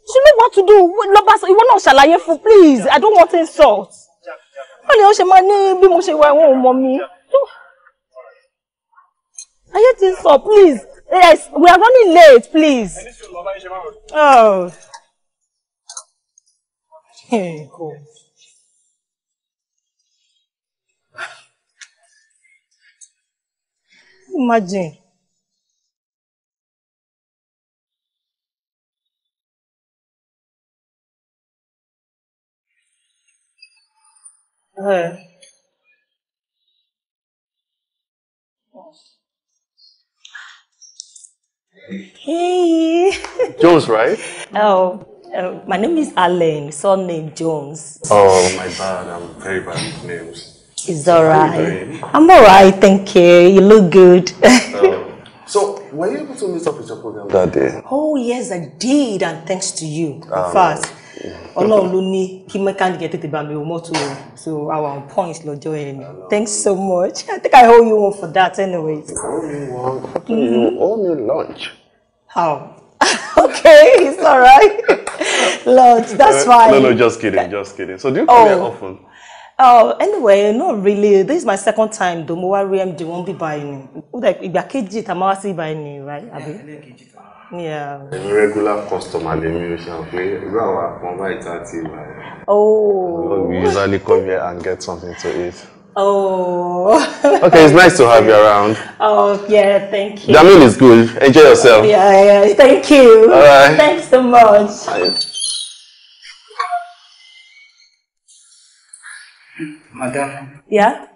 you know what to do lọ bá sọ ìwọ náà ṣàlàyé fún please i don't want insult wọn ni ó ṣe máa ní bí mo ṣe wá ìwọ̀n ọmọ mi ayé ti sọ please yes we are running late please. Oh. Hey, Imagine. হ্যাঁ Hey. Jones, right? Oh, uh, my name is Alan, surname Jones. Oh, my bad. I'm very bad with names. It's all right. I'm all right, thank you. You look good. um, so, were you able to meet up with your program that day? Oh, yes, I did, and thanks to you. Um, first. ọlọ́run ló ní kí mechanic ẹ̀ tètè bá mi wò to o our on point lọ́jọ́ yẹn ni thanks so much i think i owe you one for that anyway. owe me one you owe me lunch. how okay it's all right. lunch that's fine. no no just kidding just kidding so do you come oh. here often. Oh, anyway, not really. This is my second time. Domowa Riem, the one be buying. Like, if ìgbà kejì tá a máa wá sí buying, right? Abi? Yeah. Èmi regular customer lèmi o ṣe pé irú àwọn àpọn báyìí tá a ti wà. Oh. We usually come here and get something to eat. Oh. okay, it's nice to have you around. Oh, yeah, thank you. The meal is good. Enjoy yourself. Yeah, yeah, thank you. All right. Thanks so much. Madam. Yeah?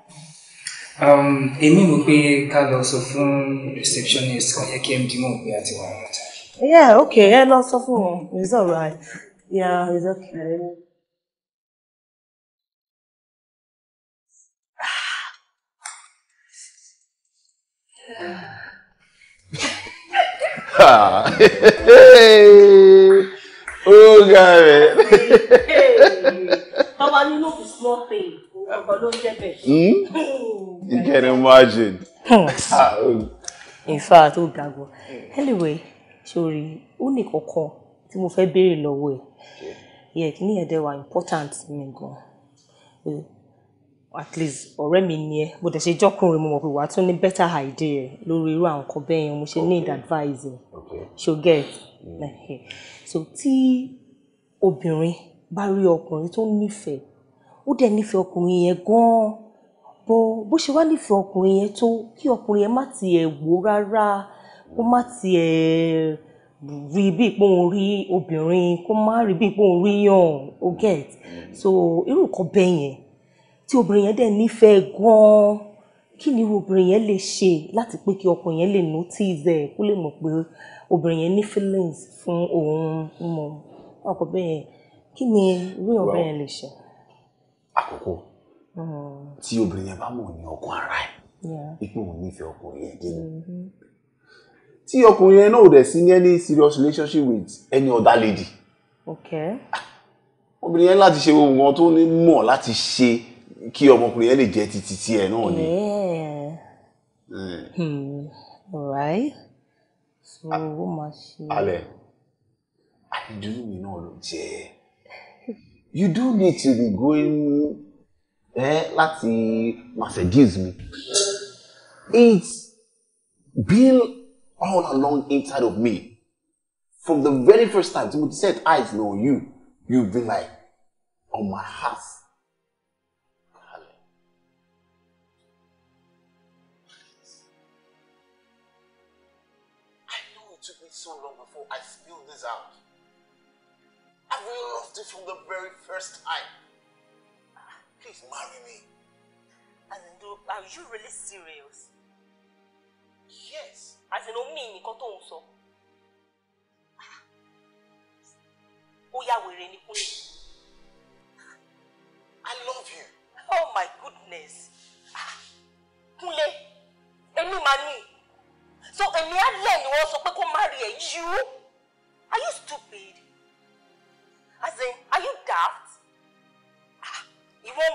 Um, èmi wò pé ká lọ sọ fún receptionist kan yẹ kí md mọ̀ pé a wà wọn ta. yeah okay ẹ lọ sọ fún wọn it's alright yeah it's okay. ó ga rẹ̀. Baba, you know small thing. Hmm? hmm? You can imagine. Ah, oh. In fact, oh ga Anyway, sorry, ó ní kankan tí mo fẹ́ béèrè lọ́wọ́ ẹ̀. Yeah, kí ni ẹ̀dẹ̀ important mi Go. At least ọ̀rẹ́ mi ni ẹ, mo dẹ̀ ṣe jọ́kùnrin mo mọ̀ pé wàá tún ní better idea lórí irú àwọn nǹkan bẹ́ẹ̀ yẹn, mo ṣe need advice. Okay. So get? Mm. So tí obìnrin bá rí ọkùnrin tó nífẹ̀ẹ́ ó dẹ̀ nífẹ̀ẹ́ ọkùnrin yẹn gan-an bó bó ṣe wá nífẹ̀ẹ́ ọkùnrin yẹn tó kí ọkùnrin yẹn má tiẹ̀ wò rárá kó má tiẹ̀ rí bí pé rí obìnrin kó má rí bí pé rí yàn ó get so irú nǹkan bẹ́ẹ̀ yẹn tí obìnrin yẹn dẹ̀ nífẹ̀ẹ́ gan-an kí ni obìnrin yẹn lè ṣe láti pé kí ọkùnrin yẹn lè notice ẹ̀ kó lè mọ̀ pé obìnrin yẹn ní feelings fún òun mọ̀ ọkọ bẹ́ẹ̀ yẹn kí ni irú ọbẹ̀ yẹn lè ṣe. àkókò hmm. tí obìnrin yẹn bá mọ̀ ní ọkàn ara ẹ̀ ipò òun nífẹ̀ẹ́ ọkùnrin yẹn dé mm-hmm. tí ọkùnrin yẹn náà ò dẹ̀ sí ní any serious relationship with any other lady. okay. obìnrin yẹn láti ṣe ohun kan tó ní mọ̀ láti ṣe kí ọmọkùnrin yẹn lè jẹ́ títí tí ẹ náà ni. Hmm. Hmm. so ah, ó máa ṣe. alẹ́ àìdúró mi náà ló jẹ́ ẹ́ you do need to be going eh, láti máa seduce me it's been all along inside of me from the very first time tí set eyes on you you've been like on my heart Have you loved it from the very first time? Please marry me. As do, are you really serious? Yes. As in, o mi nìkan tó ń sọ. Ó yá wèrè ni Kúnlé. I love you. Oh my goodness. Kule, Emi mani. So Emi á lẹ̀ ni wọ́n sọ pé kó má rí Are you stupid? as in are you daft Even,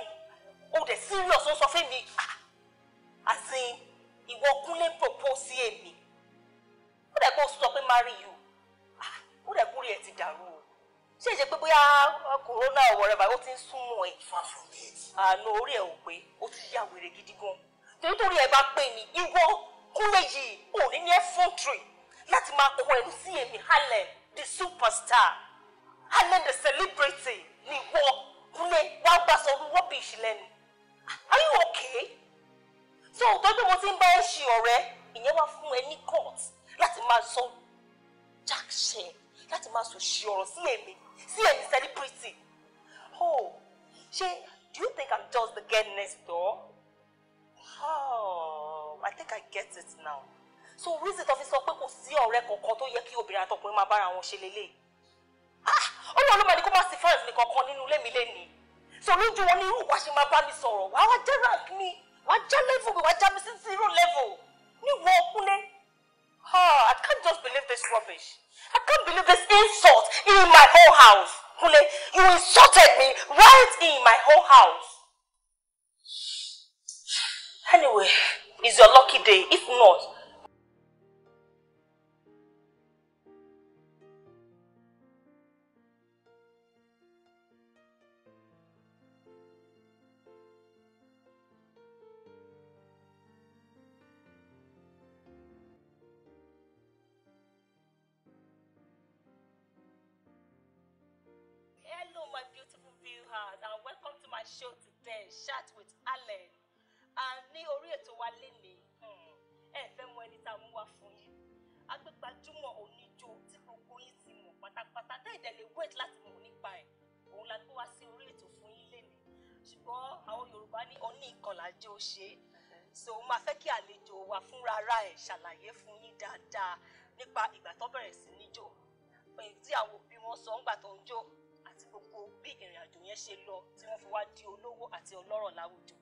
ah, o the serious ó sọ fún mi as in ìwọ Kúnlé propose sí èmi ó dẹ̀ kó sọ pé marry you Who the kúrò ẹ̀ in the room? Say, ìṣe people are corona or whatever ó ti ń Far from it. Ah no, ò pé ó ti yá wèrè gidi gan torí torí ẹ bá pè me. ìwọ Kúnlé yìí ò ní ní ẹ fún tree láti máa kọ ẹnu sí èmi the superstar alẹ́ the celebrity ni wọ́ kúnlẹ̀ wá gbà sọ̀rọ̀ rubbish lẹ́nu are you okay? so òótọ́ pé mo ti ń bá ẹ ṣe ọ̀rẹ́ ìyẹn wá fún ẹ ní court láti máa sọ jack share láti máa sọ ṣe ọ̀rọ̀ sí èmi sí èmi celebrity oh she. do you think I'm just the girl next door? oh I think I get it now so reason tó fi sọ pé kò sí ọ̀rẹ́ kankan tó yẹ kí obìnrin àtọkùnrin máa bára wọn ṣe lélẹ́yìí ọlọ́run ló kó má sí friends mi kankan nínú ilé mi lẹ́ni so lójú wọn ní irú ìwà ṣe máa bá mi sọ̀rọ̀ wàá wá jẹ́ rank mi wàá já level mi wàá já mi sí zero level níwọ̀ ọkúnlé I can't just believe this rubbish I can't believe this insult in my whole house Kúnlé you insulted me right in my whole house anyway it's your lucky day if not chat with Allen ní orí ètò wa lénìí hmm. ẹ fẹ́ mọ ẹni tá a mú wá fún yín agbẹ́gbajúmọ̀ oníjó tí gbogbo yín ti mọ̀ pátápátá tẹ́ ìdẹ̀ lè wait láti mọ̀ nípa ẹ̀ òun la gbé wá sí orí ètò fún yín lénìí ṣùgbọ́n àwọn Yorùbá ní oní ìkànlá jẹ́ ṣe so máa fẹ́ kí àlejò wa fúnra ara ẹ̀ ṣàlàyé fún yín dáadáa nípa ìgbà tó bẹ̀rẹ̀ sí níjó tí àwọn òbí wọn sọ ńgbà tó ń jó gbogbo bí ìrìn yẹn ṣe lọ tí wọ́n fi wá di olówó àti ọlọ́rọ̀ láwùjọ.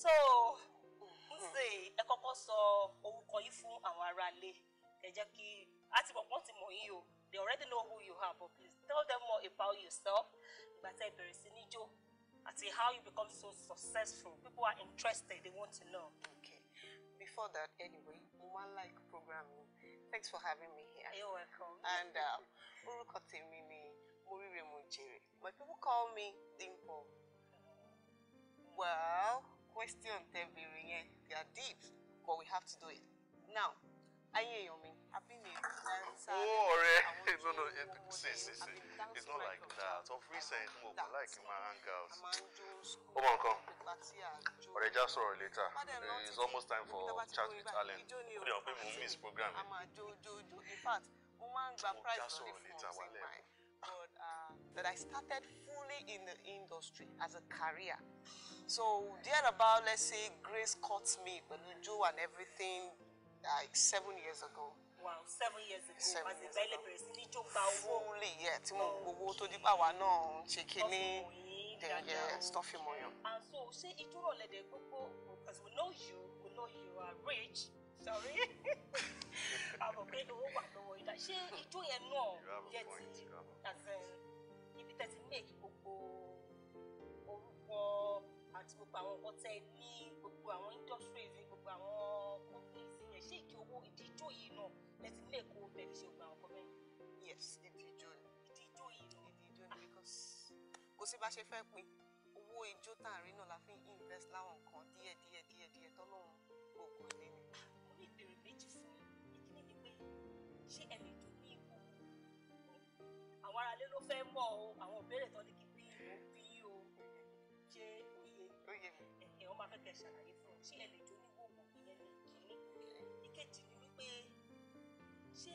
so mm-hmm. nse ẹ kọ́kọ́ sọ orúkọ yìí fún àwọn aráalé ẹ jẹ́ kí a ti mọ̀ wọ́n ti mọ̀ yín o they already know who you are but please tell them more about yourself ìgbà tẹ́ bẹ̀rẹ̀ sí ní jó àti how you become so successful people are interested they want to know. okay before that anyway mo máa like programming. thanks for having me here. you're welcome. and uh, orúkọ tèmi ni Morire Mujere. My people call me Dimple. Well, question Tebiriye, they are deep, but we have to do it. Now, Aye Yomi, I've been a dancer. Oh, alright. no, no, see, see, see. It's not like that. Of recent, mo kò like my hangouts. Come on, come. Ọ̀rẹ́ já sọ̀rọ̀ later. It's almost time for chat with Alan. We dẹ̀ wọ́n pé mo miss program. I'm a jojo jo. In fact, mo máa ń gba prize lórí fún that I started fully in the industry as a career. So there about, let's say, Grace caught me, but Joe and everything, like seven years ago. Wow, seven years ago. Seven years ago. Fully, yeah. Tí mo to oh, tó di pa wa náà ń Yeah, stuffy you moyo. And so, say ṣé ìdúró lẹ́dẹ̀ gbogbo because we know you, we know you are rich. Sorry. Àbọ̀ pé owó wà lọ́wọ́ ìdá. Ṣé ìjó yẹn náà yẹ ti as in tẹ̀sí make gbogbo orúkọ àti gbogbo àwọn nǹkan tẹ ní gbogbo àwọn industries gbogbo àwọn companies yẹn ṣé ìdí owó ìdí ijó yìí náà tẹ̀sí make owó bẹ̀rẹ̀ ṣe gbogbo àwọn nǹkan bẹ́ẹ̀. yes ìdí ijó ni. ìdí ijó yìí náà. ìdí ijó ni because kò sí bá ṣe fẹ́ pé owó ijó tá à rí náà la fi invest láwọn nǹkan díẹ̀ díẹ̀ díẹ̀ díẹ̀ tọ́lọ́run gbogbo ilé ni. Ah, mo ní ìbéèrè méjì fún yín ìkíní ni pé ṣé ẹ àwọn aráalé ló fẹ́ mọ̀ o àwọn òbéèrè tó ní kí bí o bí o ṣe oyè ẹ̀yìn ọmọ afẹ́kẹ́ ṣàlàyé fún un ṣé ẹ lè jó ní wọ́wọ́ ìyẹn ní ìkíní ìkejì ni wípé ṣé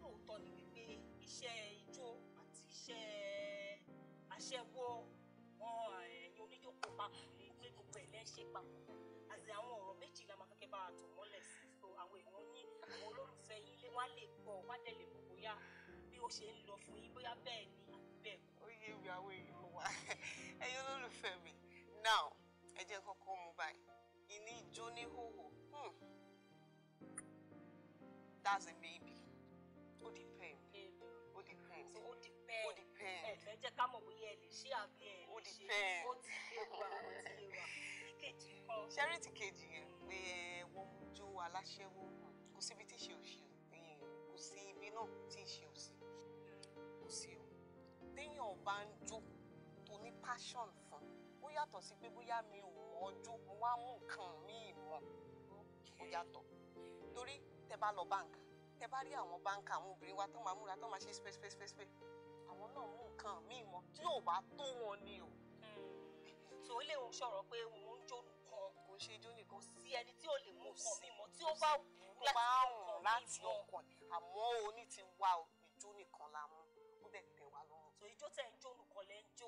lóòótọ́ ni wípé iṣẹ́ ijó àti iṣẹ́ aṣẹ́wó wọn ẹ̀yin oníjó kó papọ̀ ní pé gbogbo ẹ̀ lẹ́ ṣe papọ̀ àti àwọn ọ̀rọ̀ méjì máa fẹ́ kẹ́ bá a tò mọ́lẹ̀ sí so àwọn èèyàn yín àwọn olólùfẹ́ yín lé wá lè gbọ́ wá dẹ̀ lè mọ̀ bí ó ṣe ń lọ fún yín bóyá bẹ́ẹ̀ ni àbí bẹ́ẹ̀ kọ́. ó yé mi àwọn èèyàn wa ẹ̀yin olólùfẹ́ mi now ẹ jẹ́ kọ́kọ́ mú báyìí ìní ìjó ní hòhò hmm. that's a baby ó di pẹ́ mi ó di pẹ́ mi ó di pẹ́ ó di pẹ́ ẹ fẹ́ jẹ́ ká mọ̀ bóyá ẹ lè ṣe àbí ẹ lè ṣe ó di pẹ́ ó ti yé wa ó ti yé wa ìkejì kan. ṣẹ́rìtì kejì yẹn pé ẹ wọ́n mú jó aláṣẹ́wó kò síbi tí ìṣe òṣèlú kò sí ibi náà tí ìṣe òṣèlú kò sí o téèyàn bá ń jó tó ní passion fún ó yàtọ̀ sí pé bóyá mi ò mọ ọjọ́ mo wá mú nǹkan míì mọ́ ó yàtọ̀ torí tẹ bá lọ bank tẹ bá rí àwọn báńkà àwọn obìnrin wa tó máa múra tó máa ṣe spẹspẹspẹspẹ àwọn náà mú nǹkan míì mọ́ tí ò bá tó wọn ni o tí lè ń sọ̀rọ̀ pé òun ń jó nìkan kò ṣe jó nìkan sí ẹni tí ò lè mú nǹkan mímọ́ tí ó bá wù láti mú nǹkan mímọ́ àmọ́ oní ti wá ìjó nìkan la mú ijó tẹ̀ ń jó olùkọ́ lẹ́ ń jó.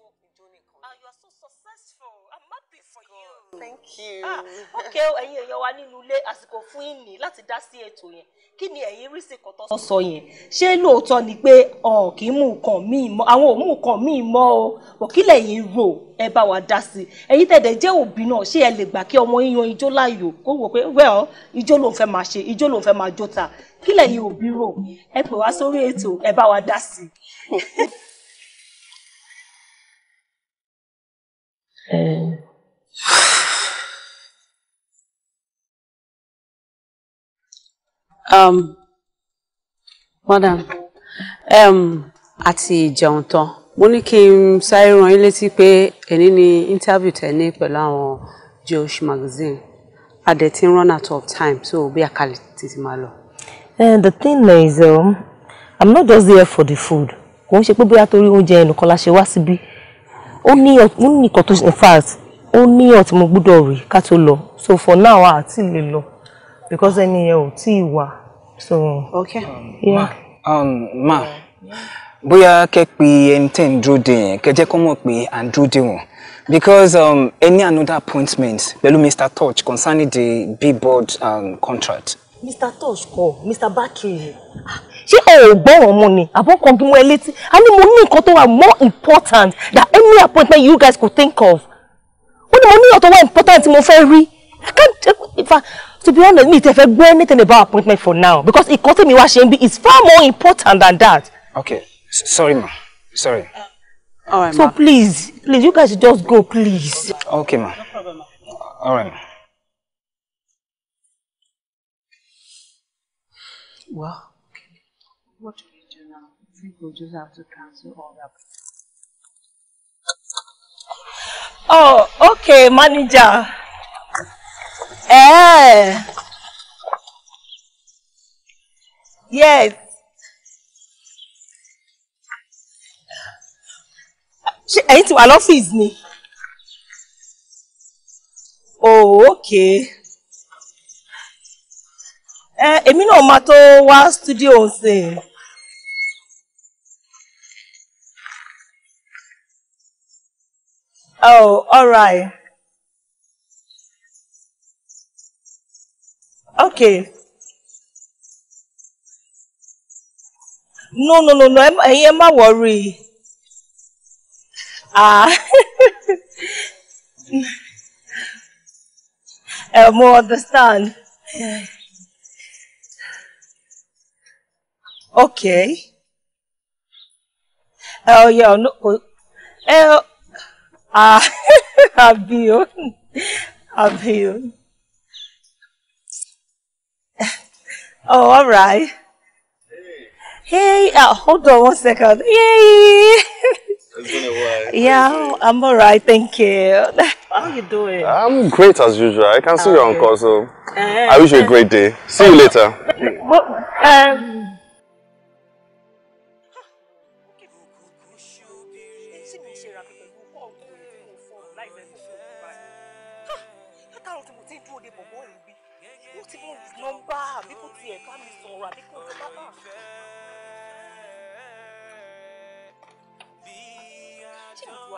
ah you are so successful i'm happy for you. thank you. ah ok ẹ̀yin èèyàn wa nínú ilé àsìkò fún ìní láti dá sí ètò yẹn kí ni ẹ̀yin rí sí kọ́tọ́ sọ yẹn ṣé lóòótọ́ ni pé ọ̀n kì í mú nǹkan míì mọ́ àwọn ò mú nǹkan míì mọ́ o kò kí lẹ̀yin rò ẹ bá wa dá sí ẹ̀yin tẹ̀dẹ̀ jẹ́ òbí náà ṣé ẹ lè gbà kí ọmọ yín yan ijó láàyò kó wò pé well ijó ló ń fẹ́ máa ṣe ijó ló ń fẹ́ máa jó ta kí lẹ̀yin òbí rò ẹ pè wá sórí ètò ẹ bá wa dá sí. Um, madam, um, a um, ti jẹun tán. Mo ní kí n sáré rán yín létí pé ẹni ní interview tẹ́ni pẹ̀lú àwọn Jewish magazine. A dẹ̀ ti run out of time, so bí àkàlẹ̀ títí máa lọ. The thing is, um, I'm not just there for the food. Kò ń ṣe pé bóyá torí oúnjẹ ẹnìkan la ṣe wá síbí ó ní ó ní nǹkan tó in fact ó ní ọtí mo gbọ́dọ̀ rí ká tó lọ so for now a ti lè lọ because ẹni yẹn ò tí ì wà so. ok yeah. um, ma bóyá kẹ́ pe ẹni tẹ́ ń dúró de yẹn kẹ́ jẹ́ kó mọ̀ pé à ń dúró de wọn because um, any another appointment pẹ̀lú Mr. Touch concerning the billboard um, contract Mr. Tosh kọ Mr. Battery ah, ṣé ẹ ò gbọ́ràn mu ni àbọ̀kan bí mo ẹ létí a ní mo ní nǹkan tó wà more important than any appointment you guys could think of ó ní mo ní ọ̀tọ̀ wà important tí mo fẹ́ rí I can't in fact to be honest mi tẹ fẹ́ gbọ́ anything about appointment for now because ìkan tí mi wá ṣe ń bí is far more important than that. okay sorry ma sorry. Uh, all right ma so please please you guys just go please. okay ma all right ma. Well, okay. What do we do now? I think we'll just have to cancel all that. Oh, okay, manager. Eh. Yes. She ain't ti wà lọ́fíìsì Oh, okay èmi náà máa tó wá studio ṣe. Oh, all right. Okay. No, no, no, no. Ẹ̀yin ẹ má worry. Ah. I understand. Yeah. Okay. Oh yeah, no. Oh, ah, àbí o, àbí o. Oh, all right. Hey, uh, hold on one second. Yay! It's been a while. Yeah, I'm all right. Thank you. How you doing? I'm great as usual. I can see okay. your uncle, uh, so uh, I wish you a great day. See you uh, later. Well, um,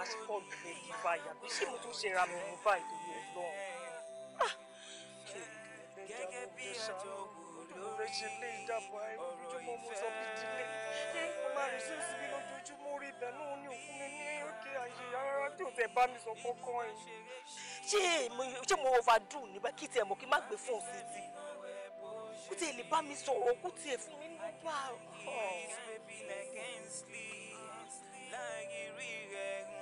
máa ṣe kọ́ lù mí kí báyìí àbí ṣé mo tún ṣe ra mi mú gẹ́gẹ́ bí àjọwò you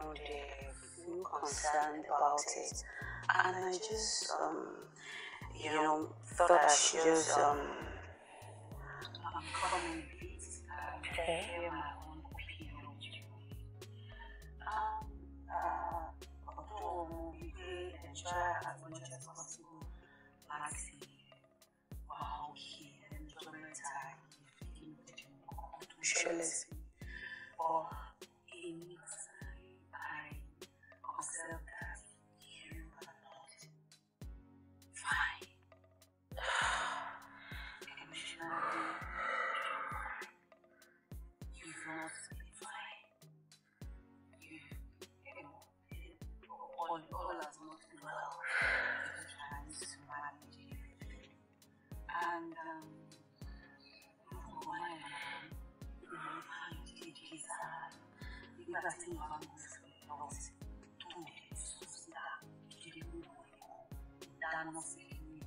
all the concerned about it. And I just, um, you know, thought I should just, um, um come uh, okay. hear my own opinion um, uh, enjoy as much as possible last year, while here, enjoyment time, feeling with you, to random um, when highly desire di relativa muscolosi tutti in sostanza di noi danno segni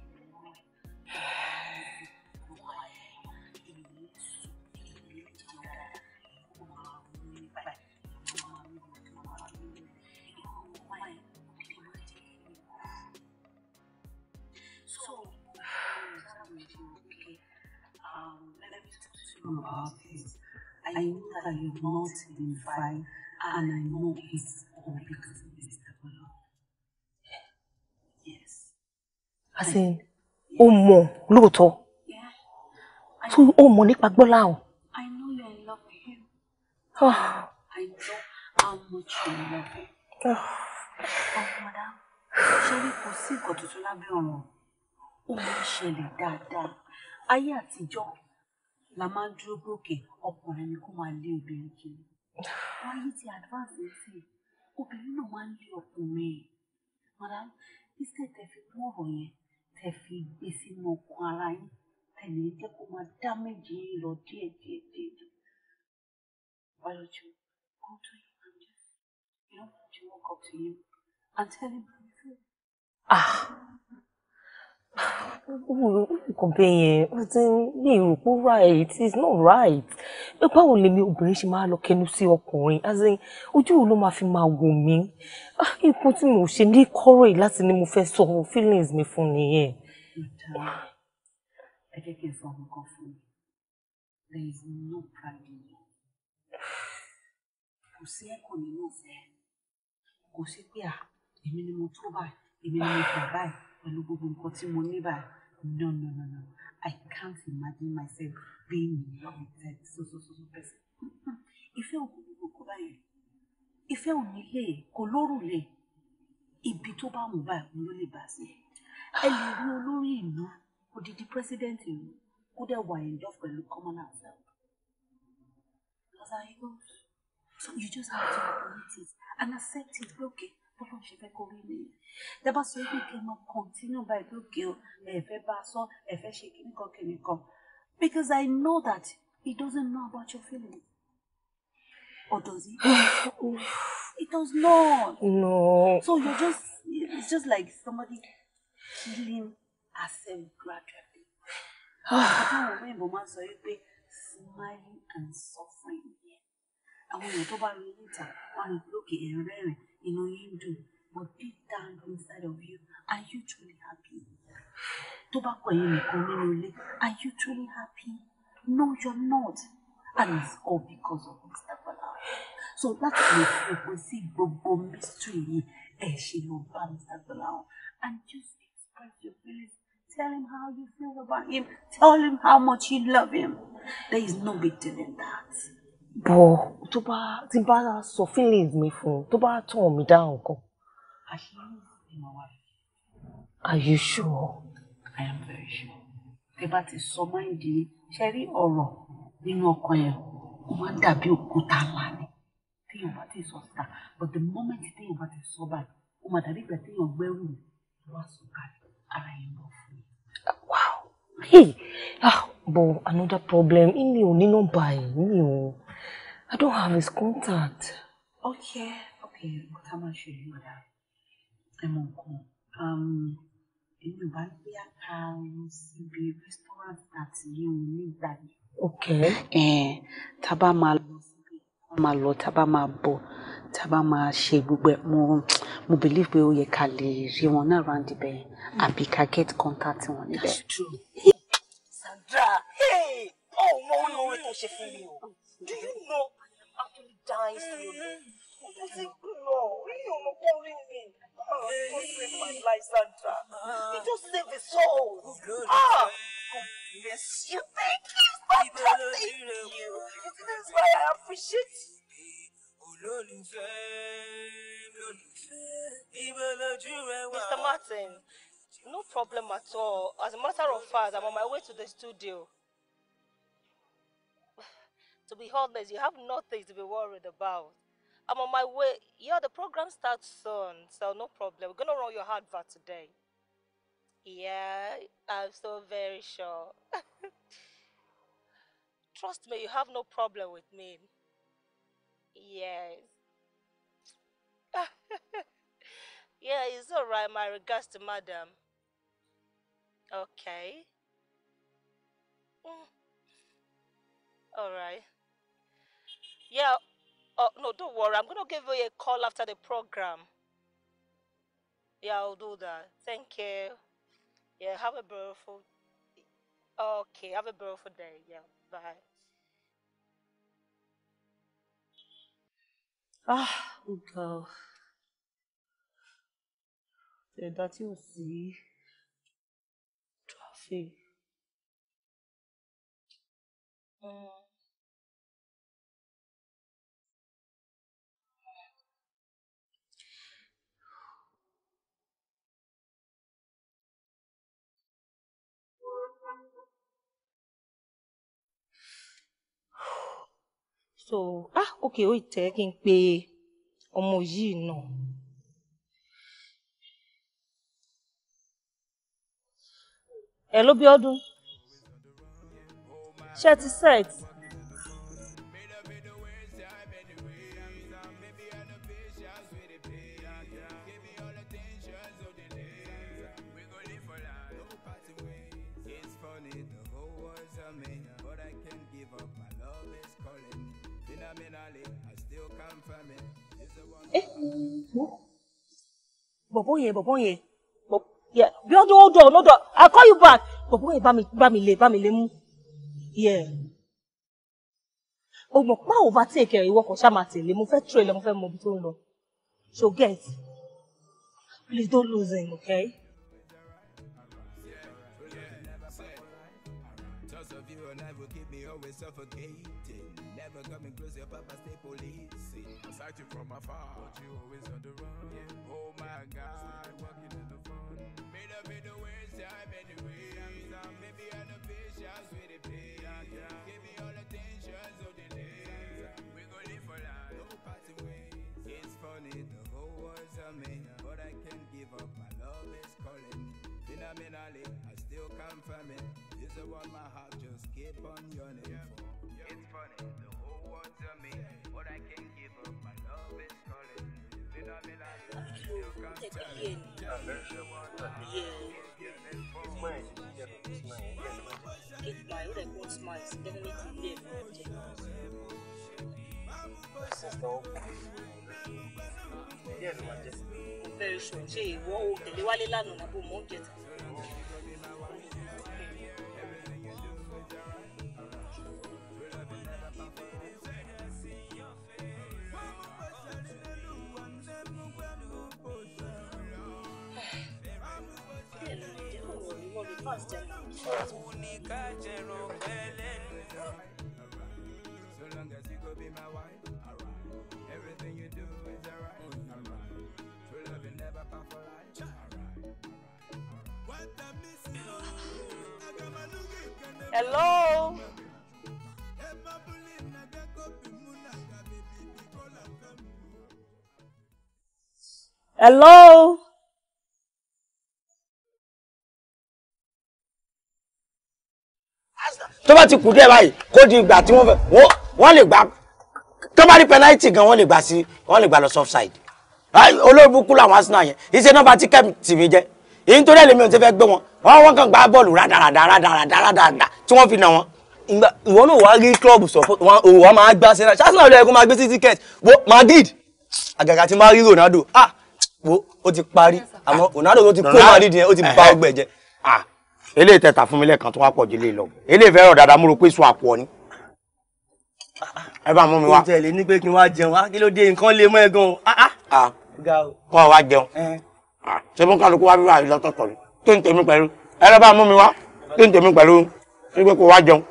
through all this. I know that you have not been fine, and I know it's all because of Mr. Bolo. Yes. I As "Oh ó mọ̀ lóòótọ́. So ó mọ̀ nípa Gbọ́lá o. I know you love him. Oh. I know how much you love him. Oh, ah. madam, ṣé rí kò sí nǹkan tuntun lábẹ́ ọ̀run? Ó máa ń ṣẹlẹ̀ dáadáa. Ayé àtijọ́ la máa ń dúró gbòkè ọkùnrin ni kó máa lé obìnrin kiri wáyé ti advance sí obìnrin náà máa ń lé ọkùnrin madam iṣẹ́ tẹ fi mú ọ̀rọ̀ yẹn tẹ fi gbé sínú ọkàn ara yín tẹ̀lé jẹ́ kó máa dá méjì yín lọ díẹ̀ díẹ̀ díẹ̀ biology go to him and just you know you walk up to him and tell him how you feel. ah nǹkan bẹ́ẹ̀ yẹn ó ti ń ní èrò pé right it's not right pé báwo lèmi obìnrin ṣe máa lọ kẹnu sí ọkùnrin as in ojú wo ló máa fi máa wò mí ipò ah, tí mo ṣe ní kọ́rọ̀ yìí láti ní mo fẹ́ sọ feelings mi fún nìyẹn. ẹ jẹ́ kí n sọ ọmọ kan fún mi there is no problem. you kò sí ẹ̀kọ́ nínú ìfẹ́ kò sí pé à èmi ni mo tó báyìí èmi ni mo gbà báyìí pẹ̀lú gbogbo nǹkan tí mo ní báyìí no no no no I can't imagine myself being in love with that so so so so person. ìfẹ́ òkú ní gbogbo báyìí ìfẹ́ ò nílé kò lórùlé ibi tó bá wù báyìí ló lè bá sí ẹ lè rí olórí ìlú odidi president ìlú kó dẹ̀ wà in love pẹ̀lú commoner self. As I go, so you just have to admit it and accept it, okay? bọ́lá ṣe fẹ́ kó rí nìyẹn tẹ bá sọ pé kí n máa kọ́ntínú báyìí tó kí o ẹ bá a sọ ẹ ṣe kíní kan kíní kan because I know that he doesn't know about your feelings or does he? he does not. no. so you're just it's just like somebody killing herself gradually. àbí àwọn òyìnbó máa ń sọ wípé smiling and suffering yẹn àwọn èèyàn tó bá rí níta wọn á rí lókè ẹ̀rẹ́rìn you know you do but deep down inside of you are you truly happy tó bá pọ̀ yín nìkan nínú ilé are you truly happy no you're not and it's all because of Mr. Balawa so that's lè fi òpin sí gbogbo mystery yìí ẹ ṣe lọ and just express your feelings tell him how you feel about him tell him how much you love him there is no big deal in that bọ̀ tó bá ti bá sọ feelings mi fún un tó bá tàn mí dá nǹkan. are you sure. i am very sure. tẹ bá ti sọ máìndì yìí ṣe rí ọ̀rọ̀ nínú ọkàn yẹn ó máa ń dàbí òkúta ńlá ni téèyàn bá ti sọ síta but the moment téèyàn bá ti sọ báyìí ó máa dàbí ìgbà téèyàn gbẹ́rù ni wá sùn kalẹ̀ ara yẹn lọ fún mi. wow hey ah Bo, another problem mi ò ní nọ́mbà yìí mi ò. I don't have his contact. Okay, okay, nǹkan tá a máa ṣe rèé madam. Ẹ mọ nǹkan. Èmi ò bá ní bí aka lọ síbi restaurant àti yíyan nígbà yẹn. Okay. Tá a bá máa lọ síbi, tá a máa lọ, tá a bá máa bọ̀, tá a bá máa ṣe gbogbo ẹ̀ mo mo believe pé ó yẹ ká lè rí wọn náà round ibẹ̀ yẹn àbí ká get contact wọn níbẹ̀. That's true. Sandra, hey! Oh, mo ń lo orin tó ṣe fún mi o. Do you know? dying slowly. Mo ti lọ, orí òun kò rí mi. Oh, God save my life, Sandra. He just saved his soul. Ah, God bless you. Thank you, Sandra. Thank you. This is why I appreciate you. Mr. Martin, no problem at all. As a matter of fact, I'm on my way to the studio. To be honest, you have nothing to be worried about. I'm on my way. Yeah, the program starts soon, so no problem. We're gonna run your advert today. Yeah, I'm so very sure. Trust me, you have no problem with me. Yes. yeah, it's all right. My regards to madam. Okay. Mm. All right. Yeah. Uh, no, don't worry. I'm going to give you a call after the program. Yeah, I'll do that. Thank you. Yeah, have a beautiful... Okay, have a beautiful day. Yeah, bye. Ah, oh girl. The dirty was the traffic. Mm. so ah ok ó ìtẹ́ kí n pe ọmọ yìí náà. ẹ ló bí ọdún ṣé ti set. Eh, bọ̀bọ̀ yẹn bọ̀bọ̀ yẹn bí ọdún ó dọ̀ ọ́ lọ́dọ̀ I call you back bọ̀bọ̀ yẹn bá mi lè bá mi lè mú ọgbọ̀n pa ò bá tí èkè ìwọ kan ṣáà máa tẹ̀lé mo fẹ́ tú ẹ̀ lọ mo fẹ́ mọ ibi tó so get please don't lose him okay. Just never got close, your papa stay police. I sight you from afar, but you always on the run. Yeah. Oh my God, walking in the fun. Mm. Made up in the worst time anyway. Sometimes maybe all the patience with the pain. Yeah, yeah. Give me all the tensions of the day. We gon' live for life, no parting ways. It's funny, the whole world's a me, but I can't give up. My love is calling. Phenomenally, I still confirm it. This is what my heart just keep on yearning yeah. for. Yeah. It's funny. Yeah. Yeah. It's my own and what's mine. It's definitely there. Sister, yes, I'm very sure. Ṣé ìwọ o tẹ̀lé wálé lánàá nàbó mọ́ jẹta? So long as you go be my wife, alright. Everything you do is alright, alright. True love never for life, alright. What i I got my Hello. Hello. tó bá ti kù díẹ̀ báyìí kó di ìgbà tí wọ́n fẹ́ wọ́n lè gbà tó bá rí penalty gan wọ́n lè gbà sí wọ́n lè gbà lọ soft side olóòbù kú làwọn Arsenal yẹn iṣẹ́ náà bá ti kẹ́ tìmí jẹ́ èyí nítorí ẹ̀lẹ́mi ò ti fẹ́ gbé wọn wọ́n wọ́n kàn gbá bọ́ọ̀lù rádaràdaràdaràdaràdà tí wọ́n fi nà wọn. ìwọ náà wàá rí klọ́ọ̀bù sọ òun wàá máa gbá sẹ́nà ṣáṣínà ọ̀dọ́ ẹ̀kọ́ máa gbé sí tíkẹ́ẹ̀tì wo Madrid àgàgà tí máa rí Ronaldo ah wo ó ti parí àmọ́ Ronaldo ló ti kó Madrid yẹn ó ti bá ọgbẹ́ jẹ ah, eléyìí tẹ̀ta fún mi lẹ́ẹ̀kan tó wá pọ̀ jù lé lọ eléyìí fẹ́ rọ̀ dáadáa mo rò pé sùn àpò ni. ẹ bá mú mi wá. oúnjẹ lè ní pé kí n wá jẹun á ah, kí ló dé nǹkan lè mọ ẹ gan ah, ah. o. kọ́ ọ wá jẹun ṣé fún kálukú wá bí wàá lọ́tọ̀ọ̀tọ̀ ni kí n tèmi pẹ̀lú ẹ lọ́ bá mú mi wá kí n tèmi pẹ̀lú wípé kó wá jẹun.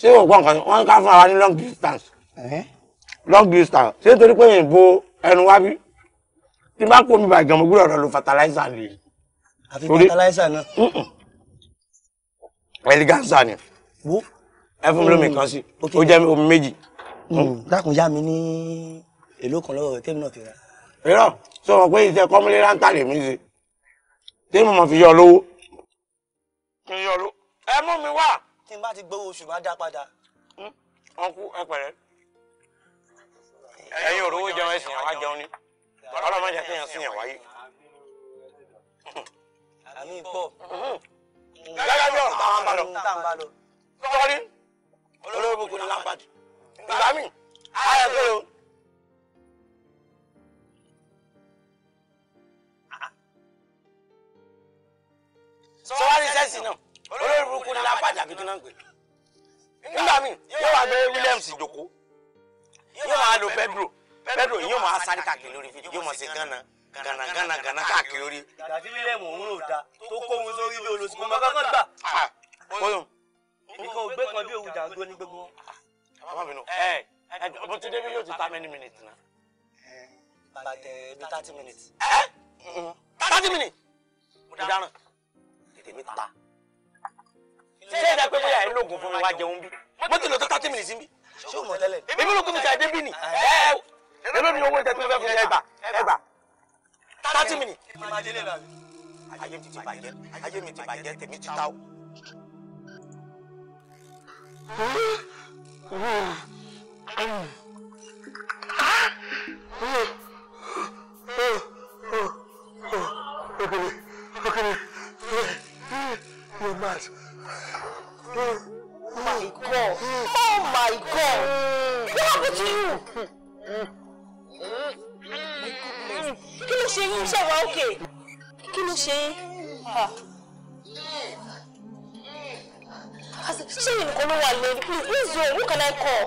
ṣé o gbọ́ nǹkan wọn ká fún àwa ní long distance long distance ṣé torí pé yìnbó ẹnu wá bí tí bá kó mi bàgàn mo gbúdọ̀ lọ lo fertilizer lè. àfi fertilizer náà eleganza ni wo ẹ fún mi lómi hmm. kan sí ó jẹ́ omi méjì. Hmm. dákun yá mi ní èlò kan lọ́wọ́ tèmi náà ti rà. rírọ̀ sọ wọn pé iṣẹ́ kọ́mílẹ́ ráńtà lèmi ṣe tèmi mọ̀ fi yọ lówó kí n yọ lówó ẹ mú mi wá. tí n bá ti gbowó oṣù máa dá padà. ọkú hmm. ẹ pẹ̀lẹ́ ẹ̀yin òrówó jẹun ẹ̀sìn àwa jẹun ni ọlọ́mọdé kéèyàn sìn yàn wáyé. àmì ìpọ̀ gẹ́gẹ́ bí ọ̀rọ̀ táwọn bá lọ. sọ́ọ́rí olórí gbogbo ní lápàdé ìgbà míì ayẹ pé o. sọ́ọ́rí sẹ́sì náà olórí burúkú ní lápàdé àbíkí náà yóò wá lo Pedro Pedro yóò máa sáré káàkiri lórí fídíò yóò máa ṣe gánà gànàgànàgànà káàkiri orí. ìgbà tí william rò da tó kó ohun sórí bí olóṣù kò mọ gbà. Ah, ah. bọ́lọ̀. ibi kan bí òwú jàǹdó ní gbogbo. bàbá mi nù. ẹ ẹ ọmọ tí débi yóò ti ta many minutes na. bàtẹ bí thirty minutes. ẹ thirty minutes. mo dáràn tètè mi ta. ṣé ẹ pé bóyá ẹ lóògùn fún mi wá jẹun bí. mo ti lò tó thirty minutes bí. ṣé o mọ̀ tẹ́lẹ̀. èmi ló gbé mi ta ẹ débí ni. ẹ ẹ ẹ mi owó ìtẹ́tí mi fẹ́ fún mi ẹgbà ẹgbà thirty minutes. ayé mi ti bàjẹ́ tèmi ti ta o. My God! Oh my God! What happened to you? kí ló ṣe yín ṣàwá òkè kí ló ṣe yín. ṣé yìí nìkan ló wà lórí please please o who can I call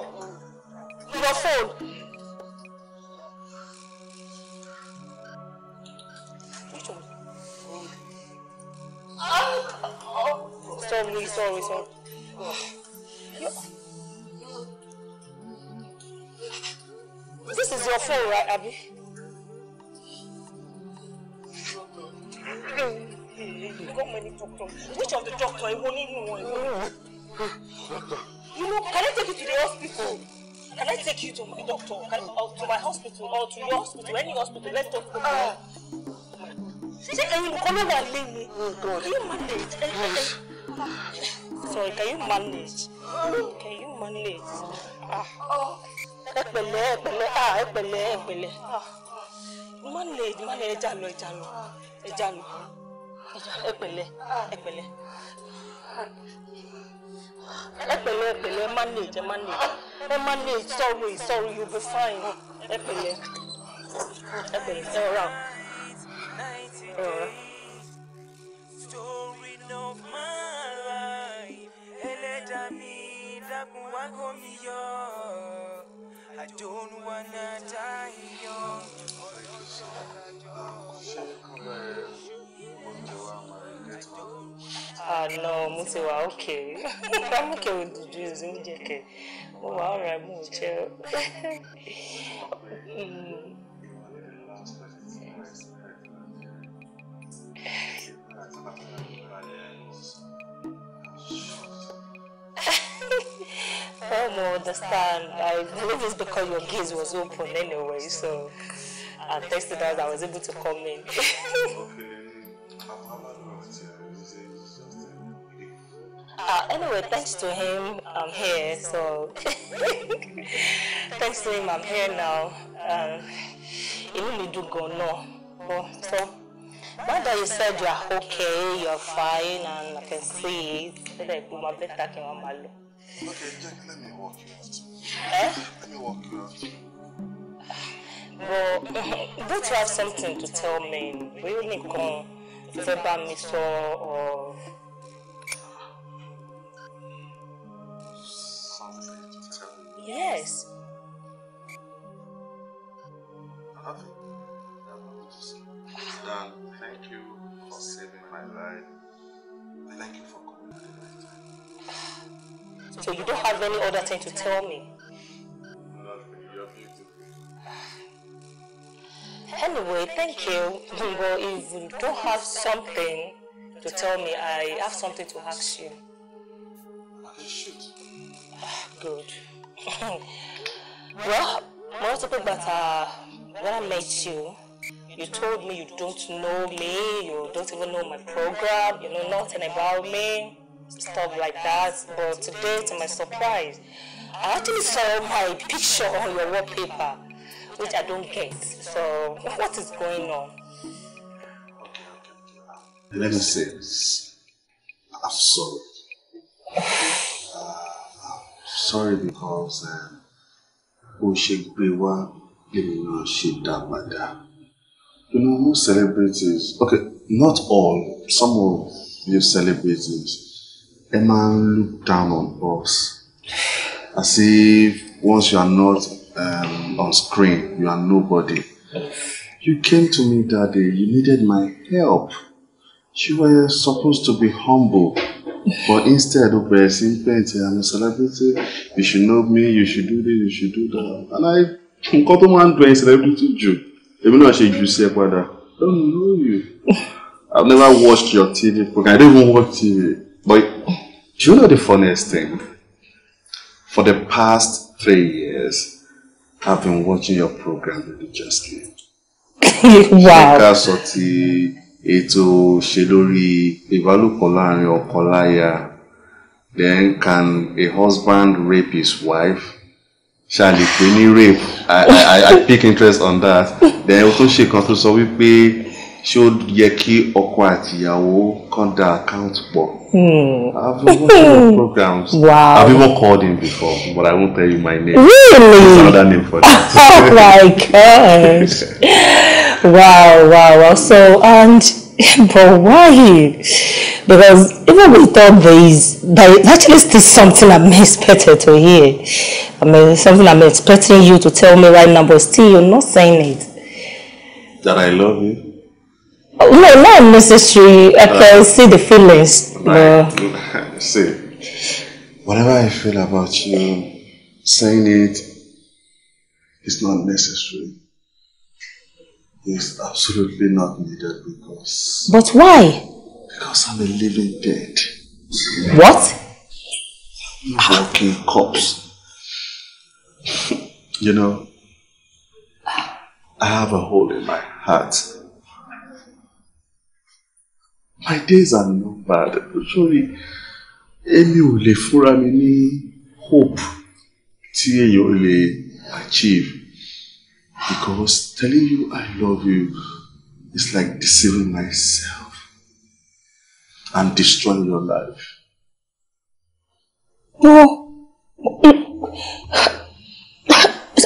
your phone. Sorry, sorry, sorry. This is your phone, right, Abby? You got many doctors? Which of the doctors I won't even know. You know, can I take you to the hospital? Can I take you to my doctor? Can, or uh, to my hospital or to your hospital? Any hospital? Let's talk to her. Ṣé ẹ̀yin nìkan ló wà lé mi? Oh, can you manage? Sorry, can you manage? Can you manage? ah, ah, ah, ah, ah, ah, ah, ah, mo má nílẹ̀ mo má nílẹ̀ ẹja lọ ẹja lọ ẹja lọ ẹ pẹ̀lẹ́ ẹ pẹ̀lẹ́ ẹ pẹ̀lẹ́ ẹ pẹ̀lẹ́ manage manage ẹ manage sorry sorry you be fine ẹ pẹ̀lẹ́ ẹ pẹ̀lẹ́ ẹ mi dákun wá gómìnà. I don't wanna die young. Ah no, mo ti okay. I'm okay with the juice. Mo wà alright, mo jẹ. don't understand. I believe it's because your gaze was open anyway, so I tested out, I was able to come in. Uh, anyway, thanks to him, I'm here. So, thanks to him, I'm here now. Even um, you do go no. So, now that you said you are okay, you are fine, and I can see like, my better can Okay, Jack, let me walk you out. Eh? Let me walk you out. Well, don't you have something to tell me? Will you come verbal me or to tell Yes. So you don't have any other thing to tell me. Anyway, thank you. But if you don't have something to tell me, I have something to ask you. Good. well, multiple better uh, when I met you, you told me you don't know me, you don't even know my program, you know nothing about me stuff like that. But today, to my surprise, I actually saw my picture on your wallpaper, which I don't get. So, what is going on? Let me say this. I'm sorry. Uh, I'm sorry because bó didn't know she died. My dá You know, most celebrities, okay, not all, some of you celebrities A man ń look down on us as if once you are not um, on screen you are nobody. You came to me that day, you needed my help. You were supposed to be humble. But instead of pressing painting, I'm a celebrity, you should know me, you should do this, you should do that. And I, nǹkan tó máa ń a celebrity jù, Even though I jù sí ẹ padà. I don't know you. I've never watched your TV program. I don't even watch TV. But Do you know the funniest thing? For the past three years, I've been watching your program religiously. wow. Ṣé ká sọ ti ètò ṣe lórí ìbálòpọ̀ Then can a husband rape his wife? Ṣàlè pé ní rape? I, I, I pick interest on that. Then also she comes kan so we wípé. Should ó yẹ kí ọkọ àti account pọ̀. I've been watching your programs. Wow. I've even called him before, but I won't tell you my name. Really? There's another name for that. oh my gosh. wow, wow, wow. So, and, but why? Because even with all these, but actually still something I'm expected to hear. I mean, something I'm expecting you to tell me right now, but still you're not saying it. That I love you? No, not necessary. I can uh, see the feelings. Right. see, whatever I feel about you, saying it is not necessary. It's absolutely not needed because. But why? Because I'm a living dead. What? Walking corpse. you know, I have a hole in my heart my days are numbered sorry èmi ò lè fúnra mi ní hope tí èèyàn lè achieve because telling you I love you is like deceiving myself and destroying your life. No,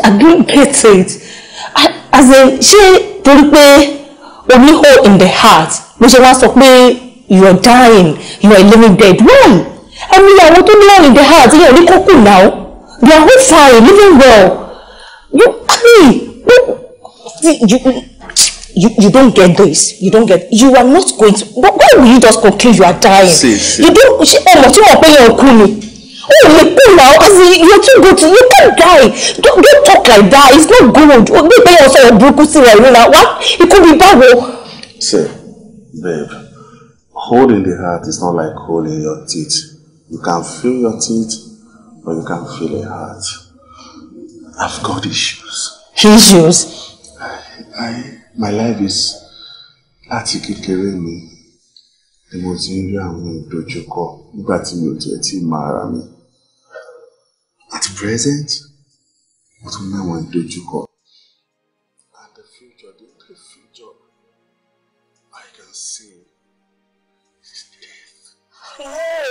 I don't get it. as in, ṣé torí pé o hole in the heart mo ṣe wá sọ pé you are dying you are living dead why ẹni àwọn tó ní ọ̀rìn dẹ̀ hàn àtìyẹ̀ rí kókù náà they are all fine living well you clean you you you don't get this you don't get you are not going to but why will you just conclude you are dying see, see. you don't ṣe ọmọ tí wọn pé yẹn kú ni o lè kú náà kasi you too good. to you can die don't don't talk like that it's not good o gbé pé yẹn sọ yẹn burúkú sí rẹ ìrora wa ikú mi báwo. Babe, holding the heart is not like holding your teeth. You can feel your teeth, but you can't feel a heart. I've got issues. Issues? I, my life is láti kékeré me. The mo ti ń rí àwọn ìdojúkọ nígbà tí mi ò tiẹ̀ tí ì At present, mo tún ní àwọn ìdojúkọ.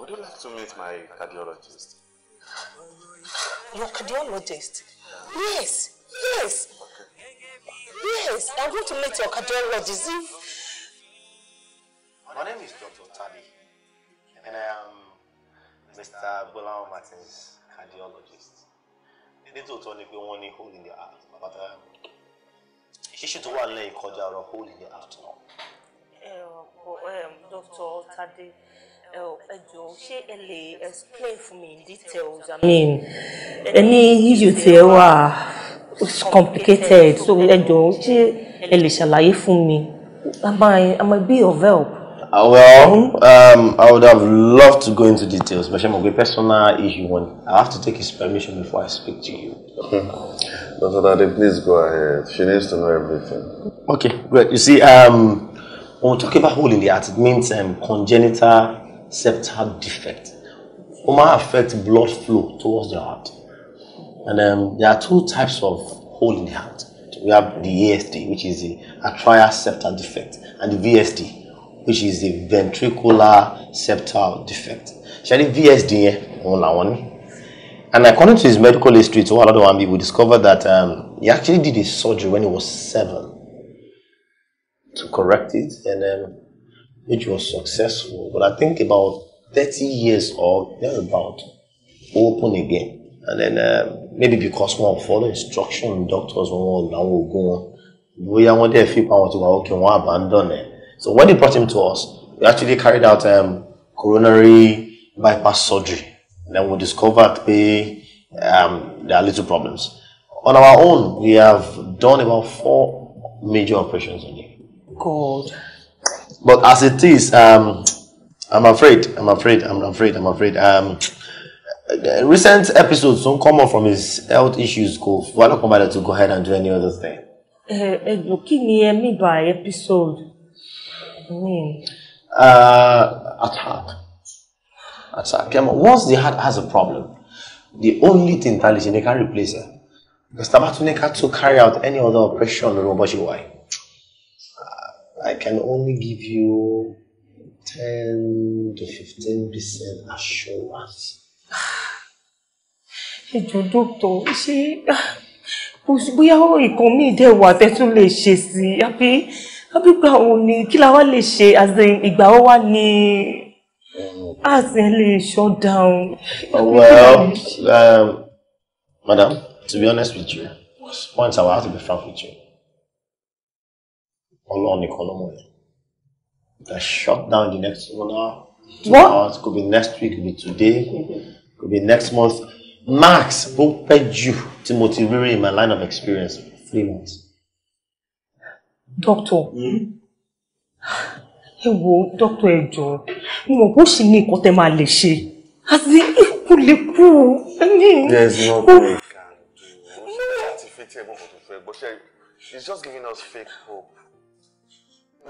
Would you like to meet my cardiologist? Your cardiologist? Yes, yes. Yes, I'm going to meet your cardiologist. My name is Dr. Tadi, and I am Mr. Bolan Martins, cardiologist. Nítòótọ́ ni pé wọ́n ní hole in the heart, but tàbí àmì. Ṣíṣe tó wà lẹ́yìn kọjá ọ̀rọ̀ hole in the heart náà. Ẹ̀rọ Dr. Tade ẹ jọ ṣé ẹ lè explain fún mi in details i mean ẹni issue tí ẹ wà it's complicated so ẹ jọ ṣé ẹ lè ṣàlàyé fún mi am i am i be of help. Uh, well, um, I would have loved to go into details, but I'm a personal issue one. I have to take his permission before I speak to you. Hmm. Dr. Daddy, please go ahead. She needs to know everything. Okay, great. You see, um, when we talk about hole in the heart, it means um, congenital septal defect. It might affect blood flow towards the heart. And then um, there are two types of hole in the heart. We have the ASD, which is a atrial septal defect, and the VSD, which is a ventricular septal defect. Ṣé VSD yẹn òun one, And according to his medical history, to one other one, people discovered that um, he actually did a surgery when he was seven to correct it. And um, which was successful. But I think about 30 years or thereabout, open again. And then uh, maybe because more are following instruction, doctors won't now will go on. We are one day a few power to okay, we abandon it. So when they brought him to us, we actually carried out um, coronary bypass surgery. And then we discovered pay, um, there are little problems. On our own, we have done about four major operations on him. God but as it is, um, I'm afraid, I'm afraid, I'm afraid, I'm afraid. Um, recent episodes don't come up from his health issues, go. Why not come to go ahead and do any other thing? Uh, kí ni ẹ by episode? mean Uh, attack. Attack. Once the heart has a problem, the only thing that is in they can replace it. Because Tabatuneka to carry out any other operation on Roboshi Wai. I can only give you 10 to 15 percent assurance. Ẹjọ́ dókítọ̀ ṣé bóyá ọ̀rọ̀ ìkan míì dẹ̀ wà tẹ́tún lè ṣe sí àbí àbí gbà ò ní kí la wá lè ṣe àti ìgbà ó wá ní àti shut down. Oh, well, um, madam, to be honest with you, once I will have to be frank with you. Ọlọ́run nìkan ló mọ̀ yẹn. You shut down the next one hour, two What? hours, could be next week, could be today, could be next month. Max ó pẹ́ jù tí mo ti rírí in my line of experience three months. Doctor. Mm-hmm ẹ wo dókítà ẹ jọ̀ọ́ mo mọ̀ bó ṣì ní nǹkan tẹ́ máa lè ṣe àti ikú lè kú o ní. there's no way i can láti fi tí ẹ gbọ́n kò tó fẹ́ gbọ́ṣẹ́ it's just giving us fake hope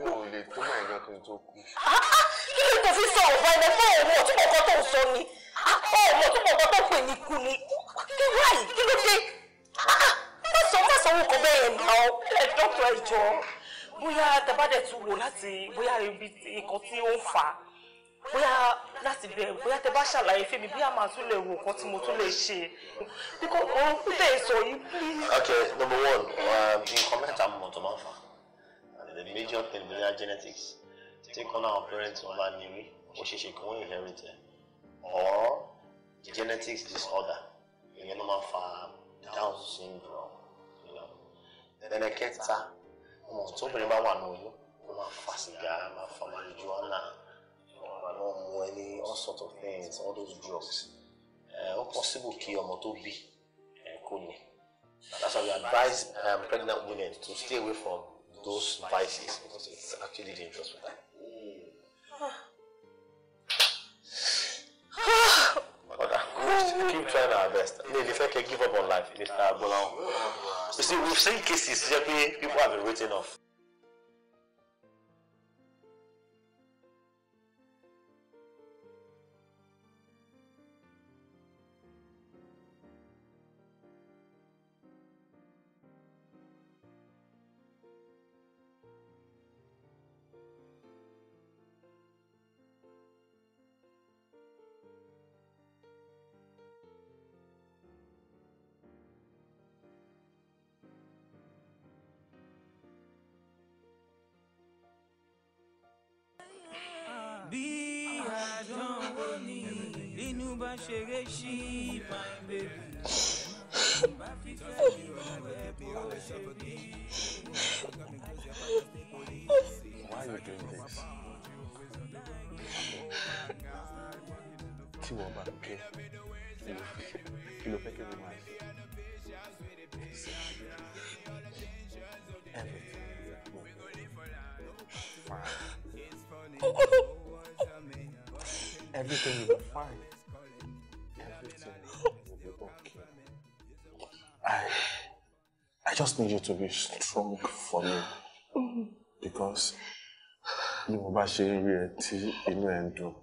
mi ò lè tó máa yọ kí n tó kú. kí ni kò fi sọ òfin ẹgbẹ́ fún òun ọ̀tún kọ̀ọ̀kan tó ń sọ ni ọ̀hún ọ̀tún kọ̀ọ̀kan tó ń pè ní ikú ni kí wáyé kí ló dé ah, ah, má sọ má sọ wọn kọ bẹ́ẹ̀ náà ẹ dọ́kítọ̀ ẹ jọ bóyá tẹ́bádẹ̀ tún wò láti bóyá ibi nǹkan tí ó ń fà á bóyá láti bẹ̀rẹ̀ bóyá tẹ bá ṣàlàyé fún mi bí a máa tún lè wo nǹkan tí mo tún lè ṣe bí kò òun tẹ̀ sọ yìí. okay number one um, nǹkan mẹ́ta mọ̀ tó máa ń fà á the major thing bóyá genetics take on our parents wọn bá ní rí ó ṣeé inherit ẹ̀ or genetics disorder ìyẹn ló máa fa Down syndrome you know then ẹ̀kẹta ọmọ tóbìnrin bá wà ní oyún ó máa fa sìgá máa fa marijuana máa lọ mu ẹni all sorts of things all those drugs ó possible kí ọmọ tó bí kò That's why we advise um, pregnant women to stay away from those spices because it's actually dangerous for them. we keep trying our best. Lady can give up on life, You see, we've seen cases where people have been written off. má ṣeré sí my baby. bá fífẹ́ you doing this? tí wọ́n bá pẹ́ kí ló fẹ́ kí ló máa ṣe. Everything is fine. Everything is fine. I just need you to be strong for me. Because you will bá ṣe rí ẹ tí inú ẹ ń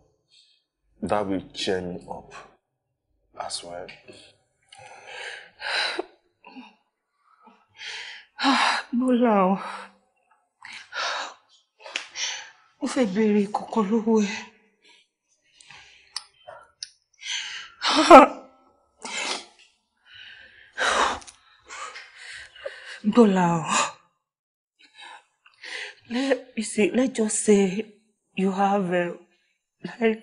that will cheer me up as well. Bọ́lá o, mo fẹ́ béèrè kọ̀ọ̀kan lọ́wọ́ Udola. Let you see, let's just say you have uh, like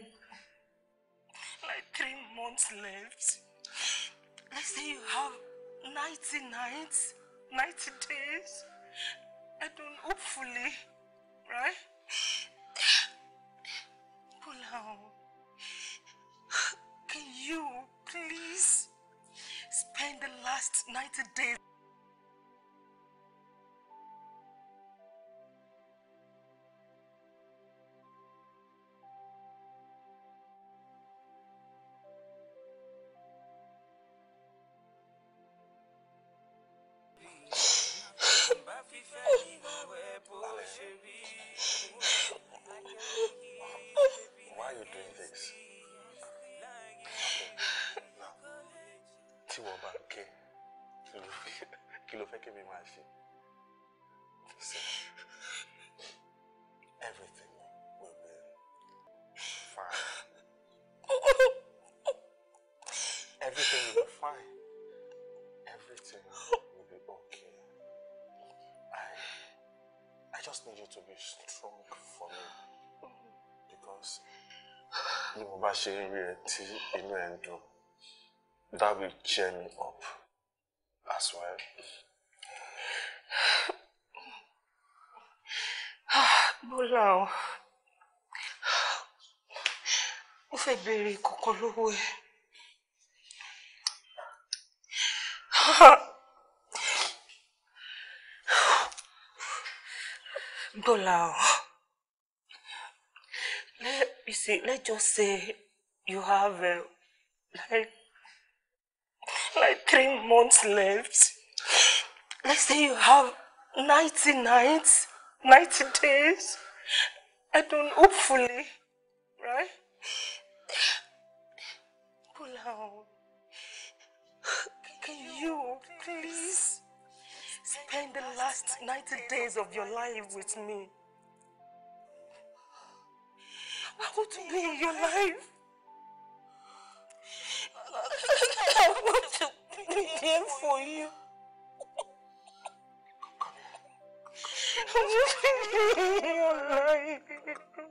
like three months left. Let's say you have 90 nights, 90 days. I don't hopefully, right? Udola. Can you please spend the last 90 days ṣe ń rí ẹ tí inú ẹ ń dùn that will cheer me up as well. Bọ́lá o, ó fẹ́ béèrè kọ̀kọ́ lọ́wọ́ ẹ. Bọ́lá o, let me see, let just say. you have uh, like, like three months left. Let's say you have 90 nights, 90 days. I don't, hopefully, right? Pull out. Can you please spend the last 90 days of your life with me? I want to be in your life. want to be there for you. Come here. I'm just in your life.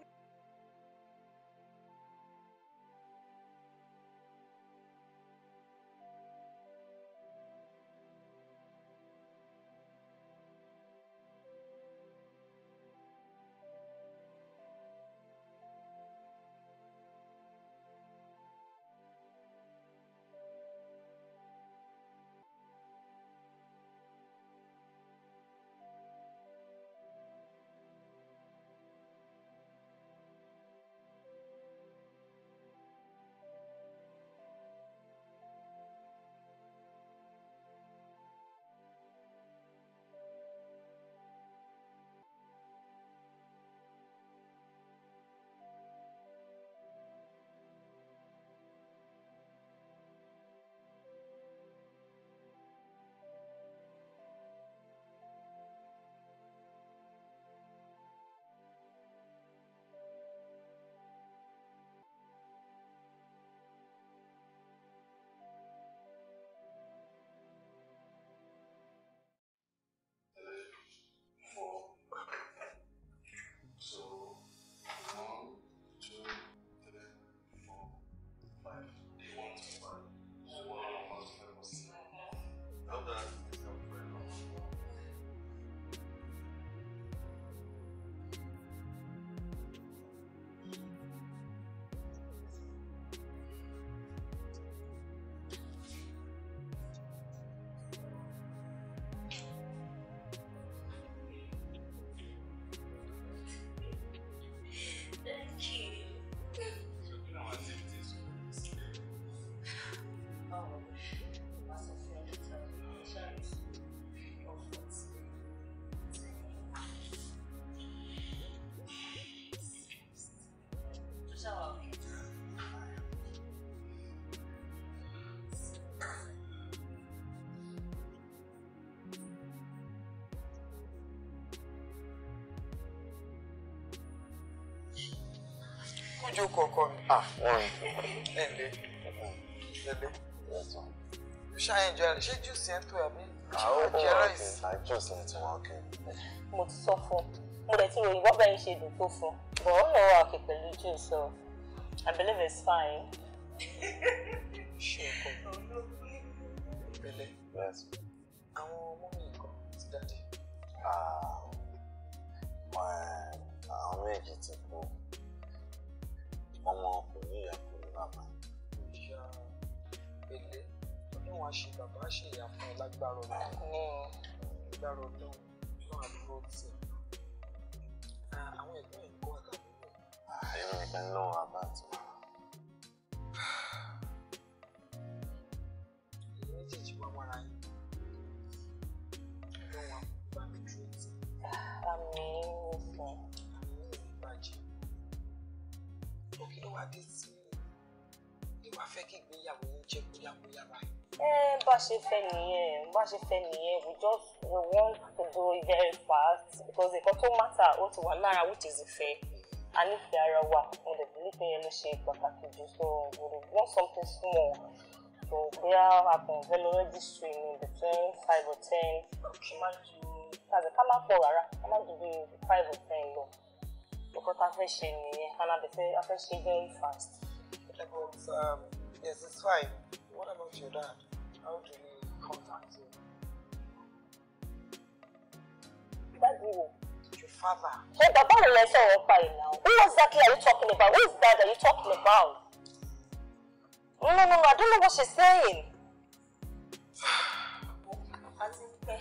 kú jókòó ọkọ mi. Ah, ẹ ǹlẹ́ ẹ ǹlẹ́ you shall enjoy ṣé juice yẹn tó àbí jerry's. juice yẹn ti wọ́n kẹ́. mo ti sọ fún mo dẹ̀ ti ròyìn bọ́bẹ̀ yìí ṣe dùn tó fún but ó náà wà òkè pẹ̀lú juice o I believe it's fine. ṣé o kọ pẹ̀lẹ́ àwọn ọmọ mi kan ti dáadé. Ah, àwọn méjì ti á ṣe bàbá á ṣe ìyá fún ẹ lágbára Ọlọ́run lágbára Ọlọ́run náà àdúgbò tì àwọn ẹ̀gbọ́n ẹ̀ ń kọ́ àtàlùwẹ̀. inú mi ń lọ àbá tó. èyí méjèèjì wá wára yín lọ́wọ́ bá mi dúró tì. àmì òfin. àmì òfin bàjẹ́ òkè ló wà dé Eh, bá ṣe fẹ́ nìyẹn bá ṣe fẹ́ nìyẹn we just we want to do it very fast because nǹkan tó matter ó ti wà lára which is ìfẹ́ a nífẹ̀ẹ́ ara wa mo dẹ̀ bí nífẹ̀ẹ́ yẹn ló ṣe pàtàkì jù so we want something small so bóyá happen very already swim in between five or ten ṣe má ju tàbí ká má pọ̀ rárá ká má ju bíi five or ten lọ nǹkan tá a fẹ́ ṣe nìyẹn and a fẹ́ ṣe very fast. Um, Yes, it's fine. What about your dad? How do we contact him? Dad Your father. Hey, Baba Lorenzo Opai now. Who exactly are you talking about? Who is dad are you talking about? No, no, no, I don't know what she's saying. Eh,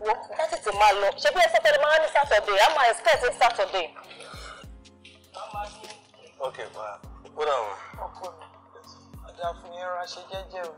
wo láti tì máa lọ ṣé bí ẹ sọ fẹ́ẹ́ máa ní sátọ̀dé a máa expect ní sátọ̀dé ok pa kódà wọn. ọkọ mi ajá fún yín ránṣẹ́ jẹ́jẹ́ o.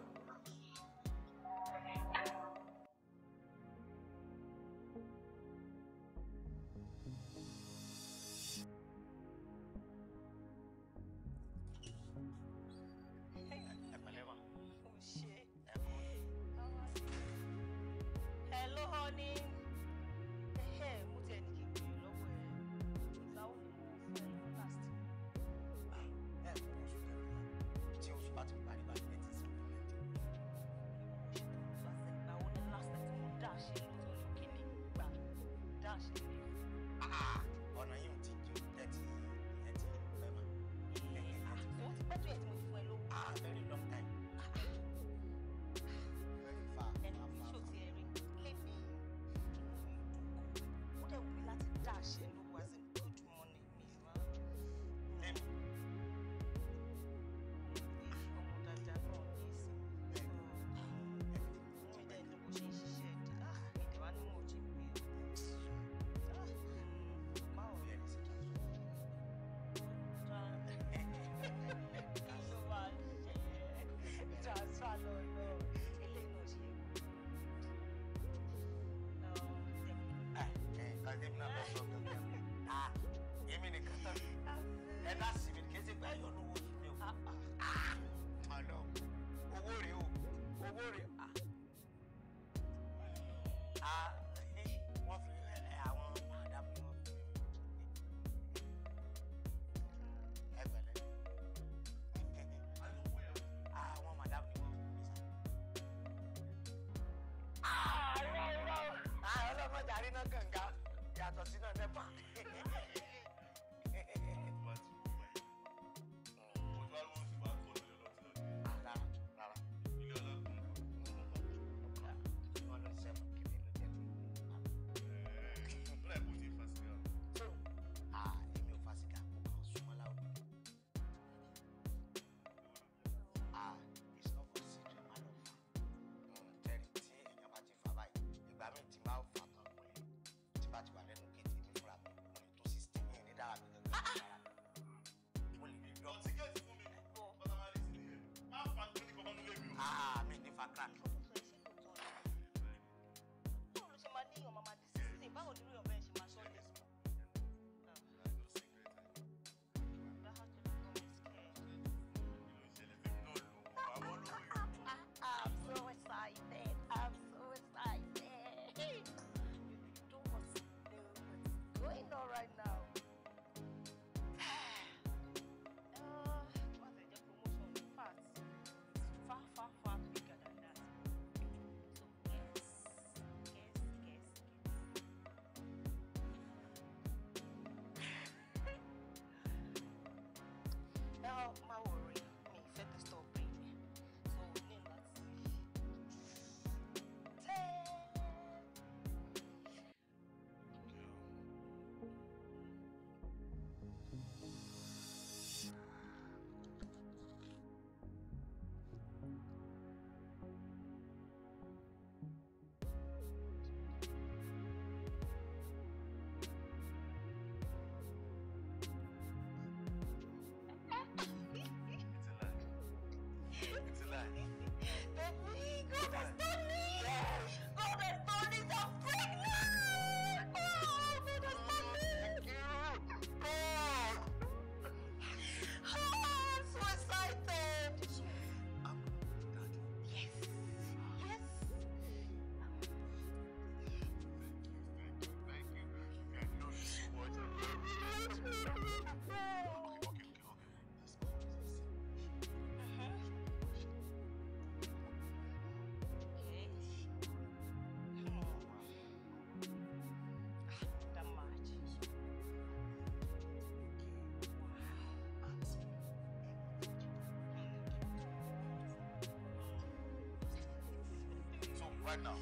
right now.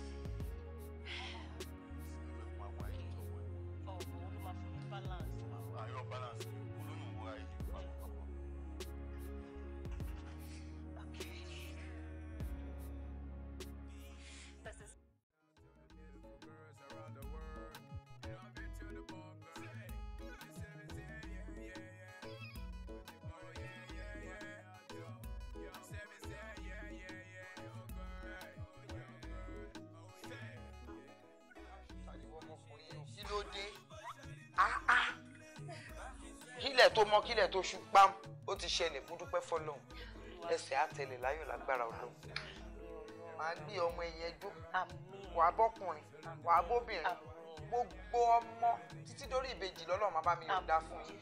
tó mọ kílẹ̀ tó ṣú pam ó ti ṣẹlẹ̀ mo dúpẹ́ fọlọ́hún ẹsẹ̀ àtẹlẹ̀ láyọ̀ lágbára ọlọ́run màá gbé ọmọ ẹ̀yẹ jó wàá bọ́kùnrin wàá bóbìnrin gbogbo ọmọ títí dórí ìbejì lọ́lọ́run máa bá mi yọ̀ǹda fún yín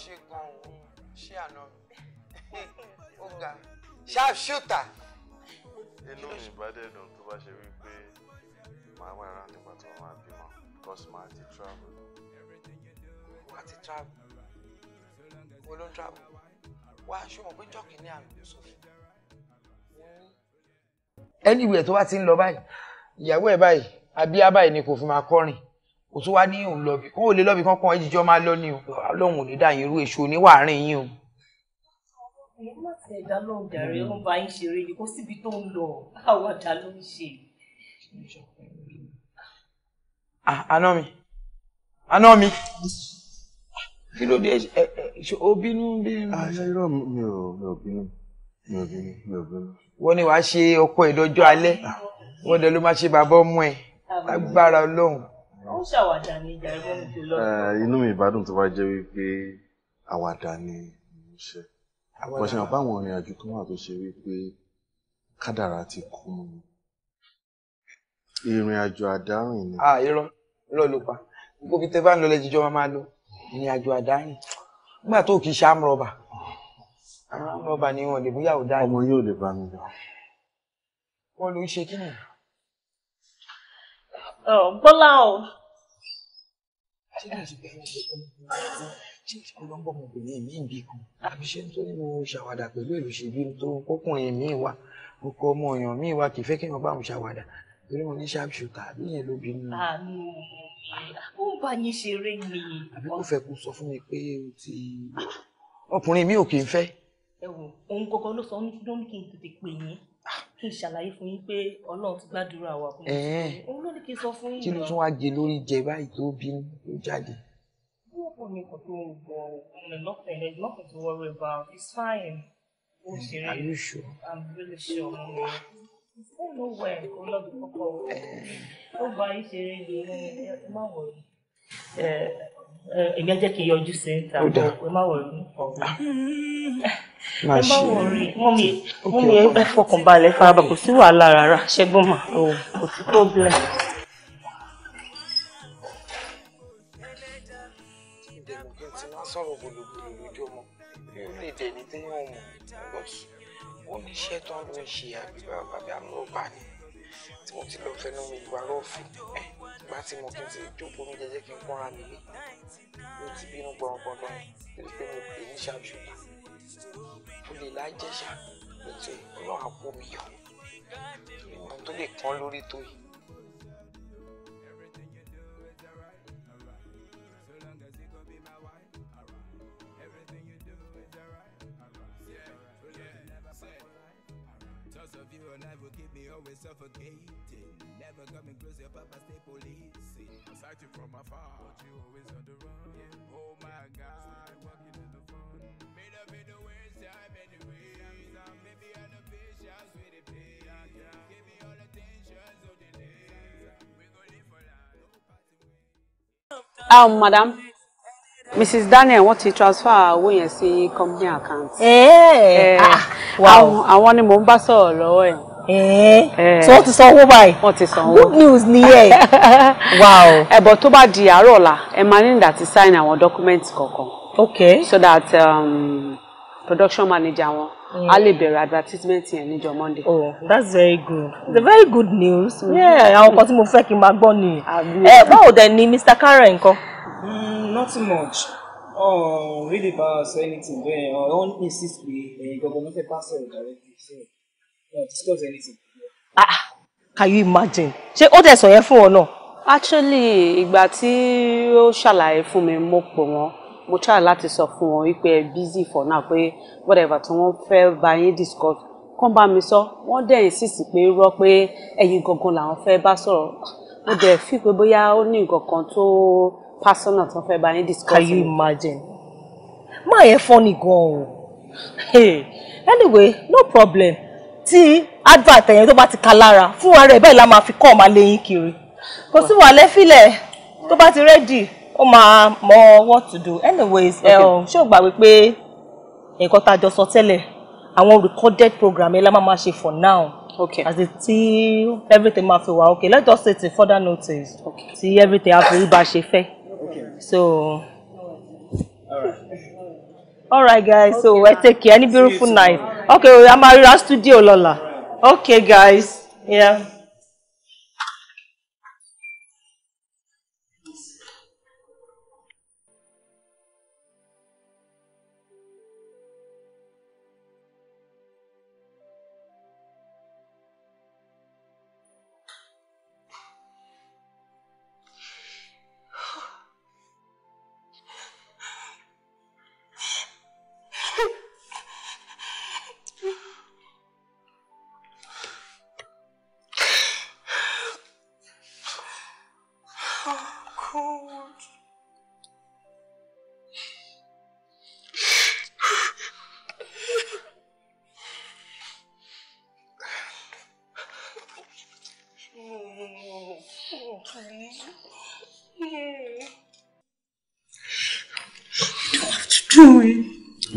ṣé gan o ṣé àná mi ó ga ṣáàṣùtà. inú mi tó bá ṣe wípé màá wà rántí pàtó àwọn àbímọ because màá ti travel. màá travel mo ló ń travel wá aṣọ mọ̀ pé jọ́ọ̀kì ní àrùn sófin. anywhere tó bá ti ń lọ báyìí ìyàwó ẹ̀ báyìí àbí abáyìí ni kò fi máa kọrin kò tó wá ní òun lọ́bì kó o lè lọ́bì kankan ẹjíjọ́ máa lọ ní o ọlọ́run ò ní dà yín irú èṣù oníwà àárín yín o. ìyá má ti ẹ̀dá lóhùn ah, àná mi àná mi kí ló dé ẹ ẹ o bínú bí. àṣà ah, irọ́ mi ò mi ò bínú mi ò bínú mi ò bínú. wọ́n ní wàá ṣe ọkọ ẹ̀ lọ́jọ́ alẹ́ ah. wọ́n dẹ̀ ló máa ṣe bàbá ọmọ ẹ̀ lágbára ọlọ́run. ó ṣàwàdà ní ìjà ẹgbẹ́ mi ti lọ. Eh, inú mi ìbádùn tó bá jẹ́ wípé àwàdà ni mo ṣe mo ṣe hàn báwọn ìrìn àjò kan wà tó ṣe wípé kádàrá ti kú mu ìrìn àjò àdárìn ni. Ah, irọ́ irọ́ ló pa gbogbo ibi bá ń lọ lẹ́jọ́ máa máa lọ ìrìn àjò àdáyìn nígbà tó kì í ṣam rọba ni wọn lè bóyá ò dáa ọmọ yóò lè bá mi lọ. wọn ló ń ṣe kí ni. bọ́lá o. ṣé ìṣòro ló ń bọ̀ ọmọbìnrin mi ń bí kan àbí ṣé nítorí mo ṣàwàdà pẹ̀lú ìlú ṣèbí tó kọkùnrin mi wà ọkọ ọmọ èèyàn mi wà kì í fẹ́ kí wọ́n bá òun ṣàwàdà torí mo ní ṣáàpù ṣùtà àbí yẹn lóbìnrin. àmì ó ń bá yín ṣeré ni. àbí kò fẹ́ kó sọ fún mi pé o ti ọkùnrin mi ò kì í fẹ́. ẹ wo òun ló sọ ọ ló ní kí n tètè pè yín kí n ṣàlàyé fún yín pé Ọlọ́run ti gbàdúrà wa fún mi. òun ló ní kí n sọ fún yín. kí ló tún wáá jẹ lórí jẹ báyìí tó bínú tó jáde. wọ́pọ̀ mi kò tó ń gbọ́ ọ̀rẹ́ lọ́fẹ̀ẹ́ lọ́fẹ̀ẹ́ tó wọ́rọ̀ ẹ̀ bá it's fine. ó ṣeré I'm really sure ó wẹ̀ kó lọ́bì kọ́kọ́ o ó bá yín ṣeré ní ẹ má wọ̀nyí. èmi á jẹ́ kí n yọjú sí níta ẹ má wọ̀nyí ọ̀gbìn. ẹ má wọ̀nyí mọ́mi mọ́mi ẹ fọkàn balẹ̀ faraba kò sí wàhálà rárá ṣẹ́gbọ́n mà kò sí problem. sọ̀rọ̀ gbòlògbòlò lójú ọmọ ó lè dẹ̀ ní tí wọ́n mọ̀ ó ní iṣẹ́ tó ń tún ṣe àbíbá bàbá amúròpá ni tí mo ti lọ fẹnu mi ìwà rọ́ọ̀fìn ẹ̀ ìgbà tí mo kí n ti jókòó mi jẹ́jẹ́ kí n kọ́ra mi lé mo ti bínú gbọ̀ngbọ̀ngbọ̀n lórí pé mo pè ní ṣàbíyùbá mo lè lájẹ̀ṣà ètò ìpínlẹ̀ àpò mi yọ ìmọ̀ tó lè kán lórí tó yìí. always suffocating. Never coming close, your papa stay policing. I sight you from afar, but you always on the run. Yeah. Oh my God, still walking in the fun. Made up in the worst time anyway. Maybe all the patience with the pain. Give me all the tensions of the day. We go live for life. Um, madam. Mrs. Daniel what you transfer when you sí company account. Ẹ̀ẹ́ eh, eh. eh, ah, Wow. I mò ń bá sọ̀rọ̀ lọ́wọ́ ẹ̀. Eh. Eh. so wọ́n ti sanwó báyìí wọ́n ti sanwó good news nìyẹn wow. ẹ̀bọ̀ tó bá di àárọ̀ ọ̀la ẹ máa ní ìdá ti sign àwọn documents, kọ̀ọ̀kan okay. so that um, production manager wọn mm. a lè bẹ̀rẹ̀ advertisement yẹn níjọ́ monday. oh that's very good it's a very good news. Mm-hmm. yeah àwọn kan tí mo fẹ́ kí n máa gbọ́ ni. ẹ eh, báwo dẹ̀ ni mr karen nǹkan. Mm, not much oh, really pass anything bẹ́ẹ̀ i wan insist pé ẹ̀yin gbọ́dọ̀ mo fẹ́ pass ẹ̀ directly. Ah, can you imagine? Ṣé ó dẹ̀ sọ yẹn fún ọ náà? Actually, ìgbà tí ó ṣàlàyé fún mi, mo pè wọ́n. Mo ṣáà láti sọ fún wọn wípé busy for now pé whatever tí wọ́n fẹ́ bá yín discuss kán bá mi sọ wọ́n dẹ̀ insist pé rọ́ pé ẹ̀yin gangan làwọn fẹ́ bá sọ̀rọ̀ mo dẹ̀ fi pé bóyá ó ní nǹkan kan tó personal tó fẹ́ bá yín discuss. Can you imagine? Máa yẹ fọ́nì gan o. Anyway, no problem tí advert ẹ̀yẹn tó bá ti ka lára fún ara ẹ̀ bẹ́ẹ̀ la máa fi kọ́ ọ̀ma lẹ́yìn kiri kò sí wàhálẹ́ fílẹ̀ tó bá ti rẹ́dì ó máa mọ what to do anyways ṣé o gbà wípé nǹkan tá a jọ sọ tẹ́lẹ̀ àwọn recorded program ẹ̀ la máa ṣe for now okay. as it ti everything ma fi wa okay let us say till further notice okay. ti everything a fi rí bá ṣe fẹ́ so. All right all right guys okay, so ẹ take care any beautiful night okay I'm oh, a studio Lola. okay guys yeah.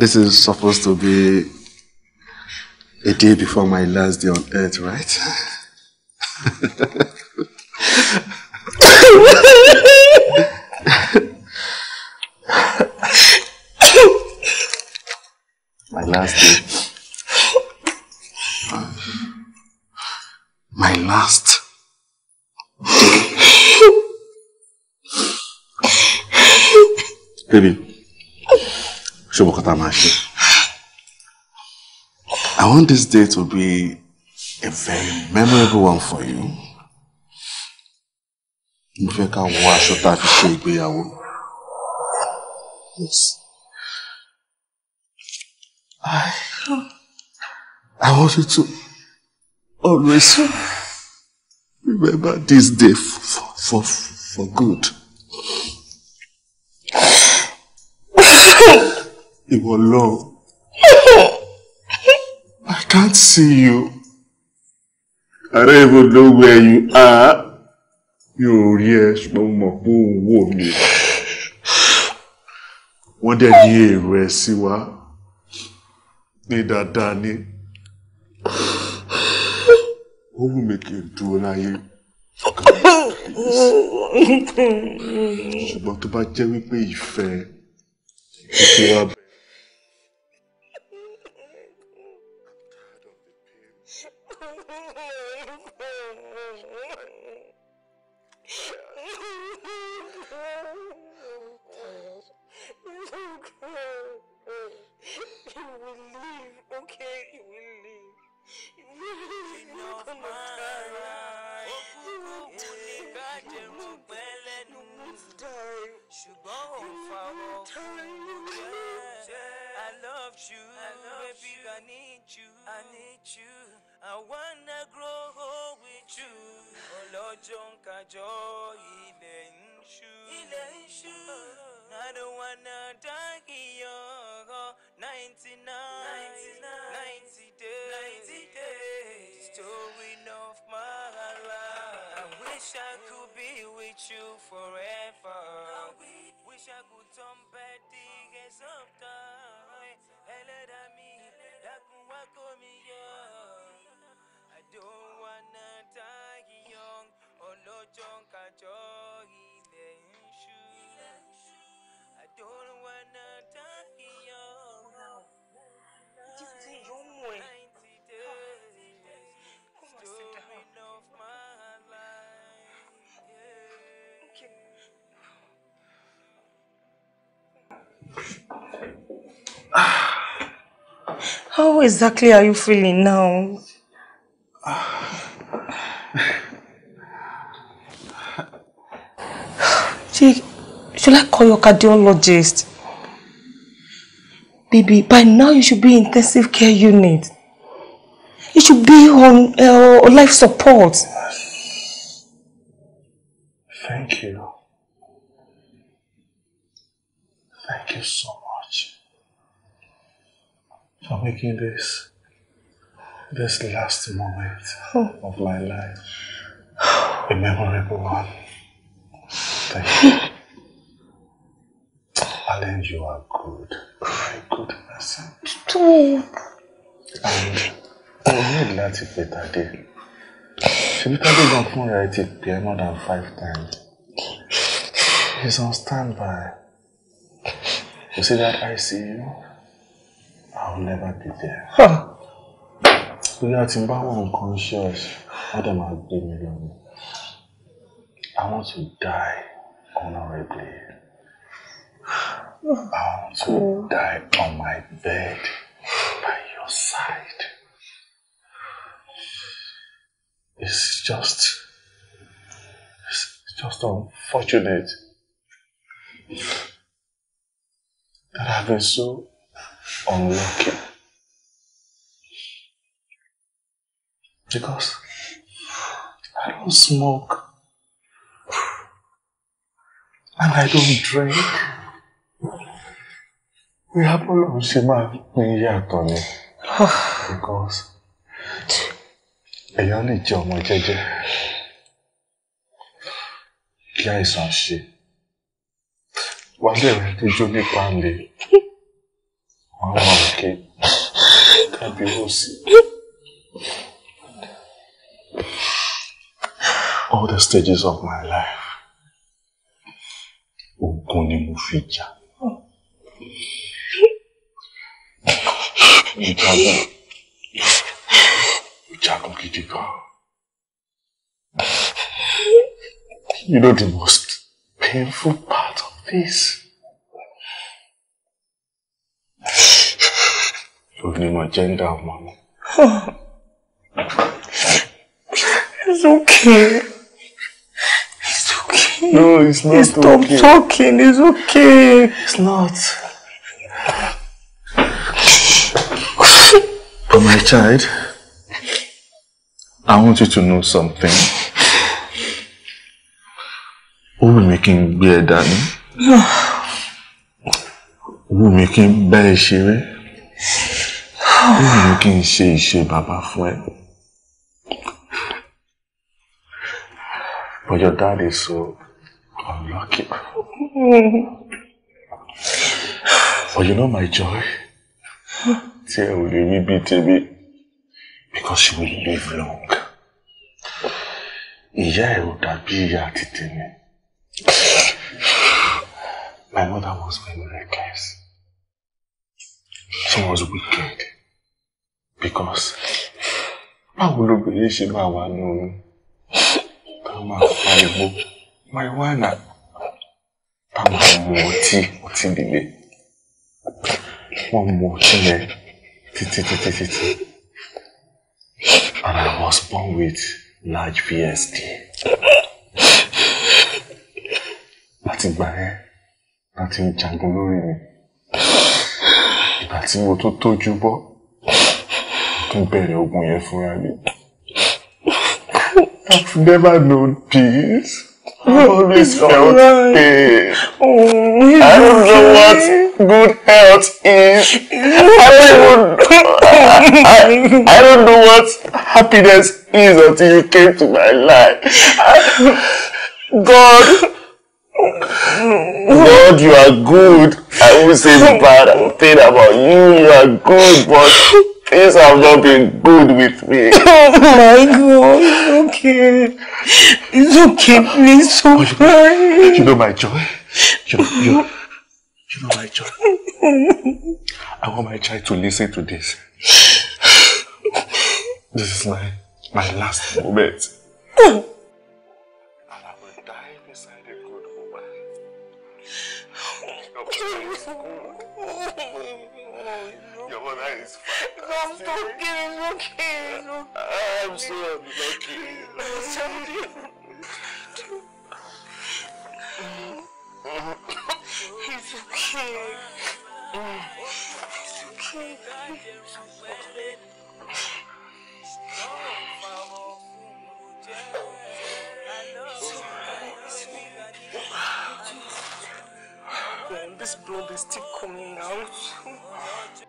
This is supposed to be a day before my last day on earth, right? my last day. My last day. Baby ṣọ́bọ̀ kọ́tà I want this day to be a very memorable one for you. Mo fẹ́ ká wọ aṣọ tá a Yes. I, I want you to always remember this day for, for, for good. Ìwọ lọ́hùn. I can't see you. I don't even know where you are. Mi ò rí ẹ ṣùgbọ́n mo mọ̀ pé òun wò mí. Wọ́n dẹ̀ ní èrò ẹ̀ sí wa. Ní dáadáa ni. Ó wù mí kí n dúró láyé ṣùgbọ́n tó bá jẹ́ wípé ìfẹ́ ìfẹ́ wa. 99, 90 days, Story of my life. I wish I could be with you forever. I Wish I could turn back the sometime. Ẹlẹ́dàá mi, dákun wá kó mi yọ. I don't wanna die young, ọlọ́jọ́ kájọ́ yìí. Oh. of my life How exactly are you feeling now? Jake, Should I call your cardiologist? Baby, by now you should be in intensive care unit. You should be on uh, life support. Thank you. Thank you so much for making this this last moment oh. of my life a memorable one. Thank you. Alan, you are good. Very good person. And I need láti pè Tade. Ṣebí You gan fún rẹ̀ ti pè ẹ́ more than five times. He's on standby. You see that I see ICU? I'll never be there. Bóyá tí n bá unconscious, wọ́n dẹ̀ máa gbé I want to die honorably. bound to die on my bed by your side. It's just, it's just unfortunate that I've been so unlucky. Because I don't smoke and I don't drink. bóyá bọ́lá ń ṣe máa pín yàtọ̀ ah. because èèyàn lè jẹ ọmọ jẹ́jẹ́ kí àìsàn ṣe wálé rẹ tó jó nípa lè wọn wà òkè tàbí òsì. All the stages of my life. Ogun ni mo fi jà. Bravo. Jacob Kitiko. You know the most painful part of this. You've named my gender, Mama. It's okay. It's okay. No, it's not Stop okay. Stop talking. It's okay. It's not. But my child, I want you to know something. Who wù mí kí n gbé ẹ dání. Ó wù mí kí n bá ẹ ṣeré. Ó wù mí kí n But your dad is so unlucky. But you know my joy tí ẹ ò lè rí because she will live long. Ìyá ẹ̀ ò dàbí ìyá àti tèmi. My mother was very reckless. She was wicked because báwo lobìnrin ṣe máa wà ní oyún tó máa my ìbò marijuana táwọn ọmọ ọtí ọtí líle wọn mú ọtí yẹn. And I was born with large VSD. Nothing gbà yẹn, láti ń jagun lórí mi. Ìgbà tí But tó tójú bọ́, tó bẹ̀rẹ̀ I've never known peace. I always felt pain. Oh, I don't know what good health is. I don't even I, I don't know what happiness is until you came to my life. God, God, you are good. I will say the bad thing about you. You are good, but things have not been good with me. Oh my God, it's okay. It's okay, please, so oh, oh, you, you know my joy. You, you, You know my child. I want my child to listen to this. This is my, my last moment. and I will die beside a good woman. Your mother is fine. kidding, I am so I'm It's okay. It's okay. This blood is still coming out.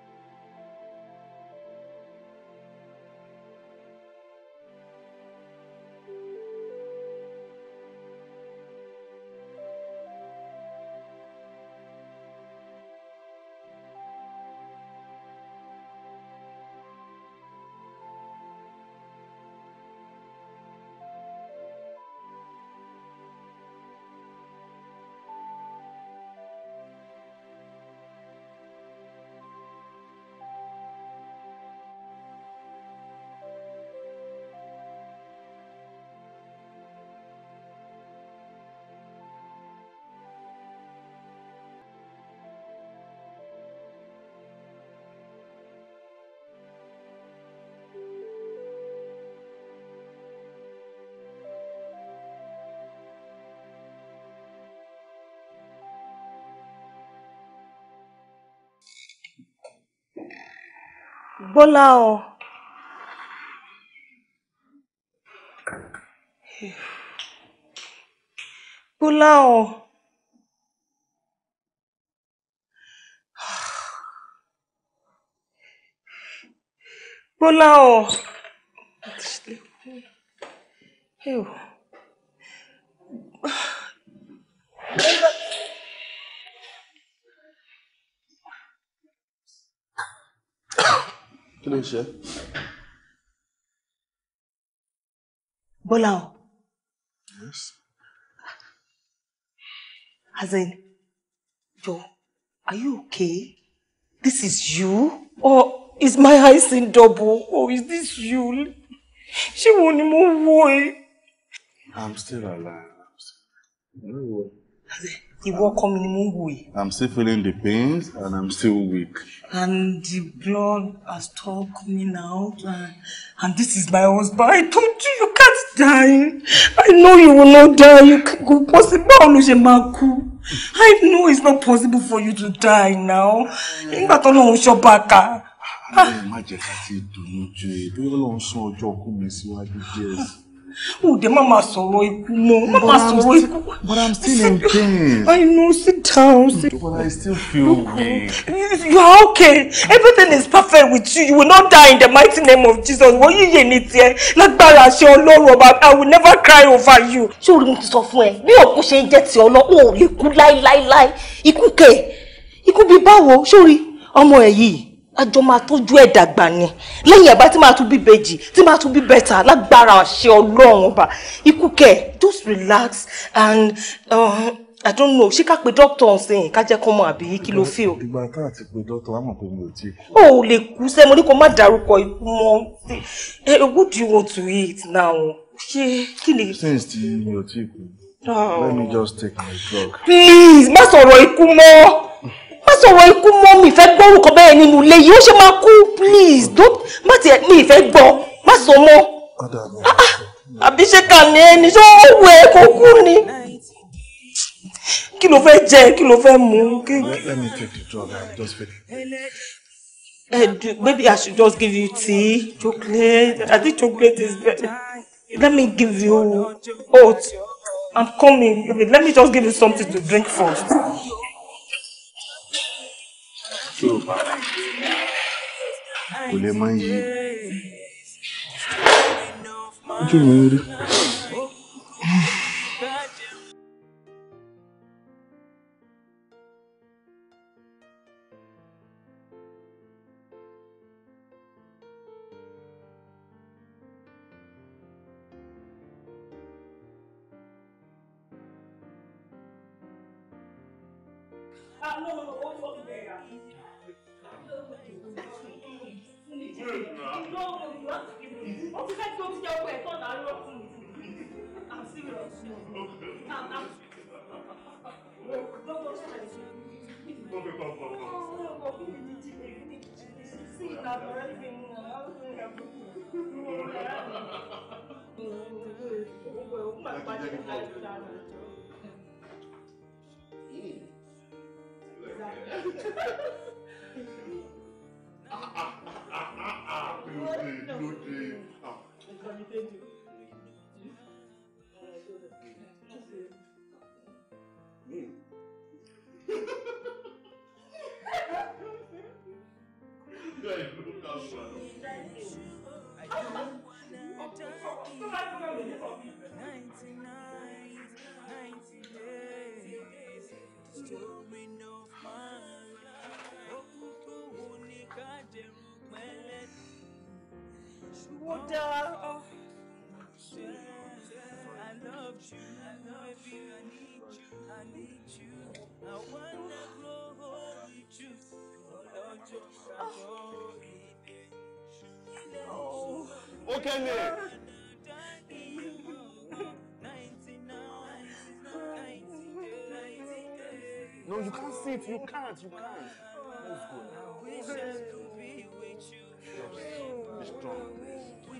bolão. Pulão. Pulão. Eu. ló ń Yes. Azin, yo, are you okay? This is you? Or is my eyes in double? Or is this you? She wo ni mo I'm still alive. I'm still alive. No. Azin ìwọ ọkọ mi ni mo ń wò yìí. I'm still feeling the pains and I'm still weak. And the blood has stopped coming out and, this is my husband. I told you you can't die. I know you will not die. You can't go possible. Báwo ló ṣe máa kú? I know it's not possible for you to die now. Nígbà tó lóun ṣọba ká. Àwọn ọmọ ti dùn ún jẹ́ bí Ọlọ́run sún ọjọ́ ọkùnrin síwájú díẹ̀ sí. Ude, mama sọ̀rọ̀ ikú mọ́. Mama sọ̀rọ̀ ikú. But I'm still in pain. I know, sit down. Sit but I still feel weak. Eh, you are okay. Everything is perfect with you. You will not die in the mighty name of Jesus. Wọ́n yíyẹ ní Like Lágbára ṣe Ọlọ́run Robert, I will never cry over you. Ṣé orí mo ti sọ fún ẹ? Bí òkú ṣe ń jẹ́ ti Ọlọ́run, ò lè kú láíláíláí. Ikú kẹ̀. Ikú bíi báwo? Ṣé orí ọmọ ẹ̀ àjọ máa tọ́jú ẹ̀ dàgbà ni lẹ́yìn ẹ̀bá tí máa tún bí bèjì tí máa tún bí bẹ́tà lágbára àṣẹ ọlọ́run ọba ikú kẹ̀ just relax and uh, i don't know ṣé ká pe doctor ọ̀sìn ká jẹ́ kó mọ àbí kí ló feel. ìgbà tá a ti pe doctor àmọ̀ pé mi ò tí kú. o ò lè kú sẹ́mo ní kó má dárúkọ ikú mọ́ ẹ eh, what do you want to eat now ṣé kí ni. since ti mi ò tí kú let me oh. just take my drug. please má sọ̀rọ̀ ikú mọ́ má sọ̀rọ̀ ikú mọ́ mi ìfẹ́ gbọ́rùkọ bẹ́ẹ̀ nínú ilé yìí ó ṣe máa kú please don't má tiẹ̀ mi ìfẹ́ gbọ́ má sọ mọ́ àbí ṣe ẹni ṣé wù ẹ́ kó kú ni kí ló fẹ́ jẹ kí ló fẹ́ mu. let eh, I should just give you tea, chocolate. I think chocolate is better. Let me give you oats. I'm coming. Let me just give you something to drink first tí ò bá rà lè máa yí ojú mi ìjọ òògùn láti kìí ó ti fẹ́ kí o ti jẹ owó ẹ̀tọ́ náà lọ fún mi I'm serious gbogbo ṣẹlẹ̀ ṣe. gbogbo gbogbo gbogbo. ọmọ kí ni ní jíjẹ ní jíjẹ sí ìta bẹ̀rẹ̀ sí mi náà ó sì ń yà gbogbo gbogbo rẹ̀ mi. gbogbo ẹ̀ ó máa pàdé nípa ìtura rẹ̀ jọ lóde Ninety-nine, ninety days. Show me no ó dáa. I love you, I love you, I need you, I need you. I wanna grow old with you. Ọlọ́jọ́ ṣàjọ èdè. Ó kẹ́lẹ̀. No, you can't see it. you can't, you can't. Let's go now. Be strong.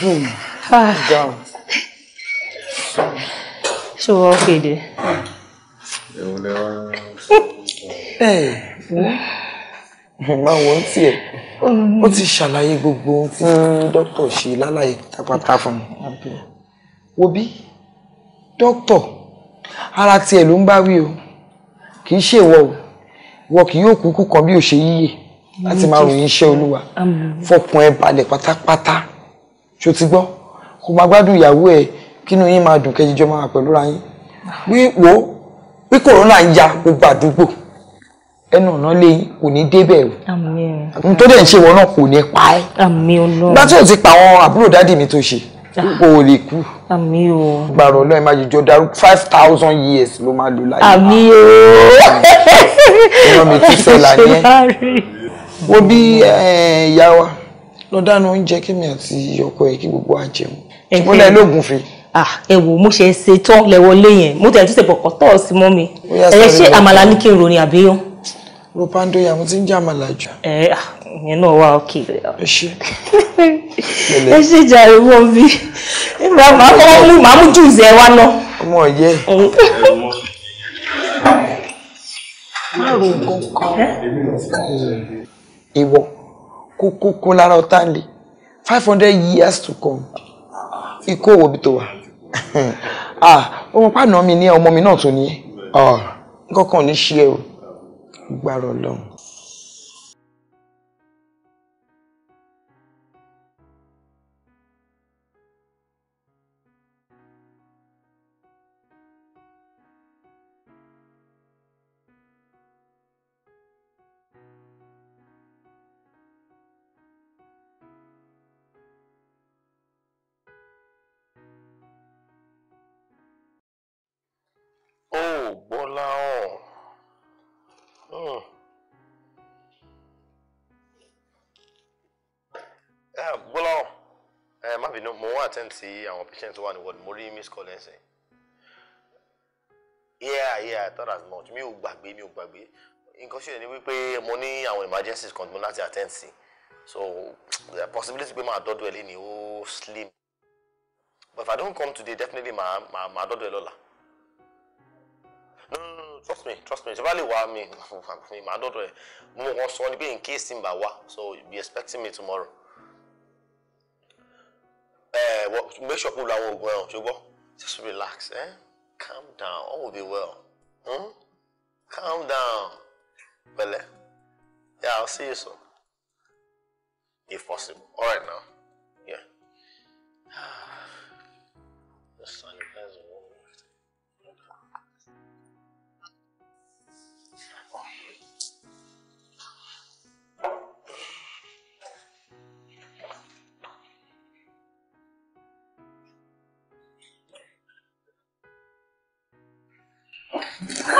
ṣé ah. wọ́n kéde. Má wo ń tiẹ̀, ó ti ṣàlàyé gbogbo ohun tí hmm. dókítà ṣe lálàyé pátápátá fún mi. Wo bí dókítà ara tiẹ̀ ló ń bá wí o, kì í ṣèwọ o, ìwọ kì yóò kúkú kan bí ò ṣe yíyè láti máa hmm. ròyìn iṣẹ́ Olúwa. Hmm. Fọkàn ṣó ti gbọ́ kó máa gbádùn ìyàwó ẹ̀ kínú yín máa dùn kẹjọ máa pẹ̀lú ra yín wíwo bí kòrónà ń ya gbogbo àdúgbò ẹnu ọ̀nà lé kò ní débẹ̀ o n tó dẹ̀ ń ṣe wọn náà kò ní pa ẹ́ gbá tí o ti pa àwọn àbúrò dáàdì mi tó ṣe kò ah. lè kú gbàrọ̀ ọlọ́run máa jòjò darú five thousand years ló máa lò láyé àmì o ìran mi ti sẹ́la ẹ́ wo bí ìyá wa lọ dáná oúnjẹ kémi àti ọkọ ẹ kí gbogbo wa jẹun wọn lẹ lóògùn fi. ah ẹ wo mo ṣe ṣe tán lẹwọlé yẹn mo tẹ̀ tún ṣe bọ̀kọ̀ tọ̀ sí mọ́ mi ẹ̀yẹ ṣé àmàlà ní kí n ròyìn àbíyàn. ropando ya mo ti ń jẹ àmàlà jù. ẹ ìyẹn náà wà òkè. ẹ ṣe ẹ ṣe ìjà ìwọ mi màá mú màá mú jùzẹ wa náà. ọmọ yẹ ìwọ kó lára ọ̀tá lè five hundred years to come ikú òwò bí tó wà ah, ọmọ pàánà mi ní ọmọ mi náà tó ní ah, nǹkan kan ní ṣe o gbàrọ̀ lọ́hùn. patient tó wà ní miss call ẹ̀sìn. yeah yeah I thought as much mi ò gbàgbé mi ò gbàgbé nǹkan ṣe ni wípé mo ní àwọn emergencies kan tí mo láti attend sí so the possibility pé máa dọ́dọ̀ ẹ lé ní slim but if I don't come today definitely máa máa máa dọ́dọ̀ ẹ lọ́la no no no trust me trust me ṣèbá lè wá mi máa dọ́dọ̀ ẹ mo mọ̀ sọ ni pé in case tí n bá so be expecting me tomorrow. eh what, make sure pé làwọn well ẹ just relax eh? calm down all will be well hmm? calm down pẹ̀lẹ́ yeah I'll see you soon if possible all right now yeah.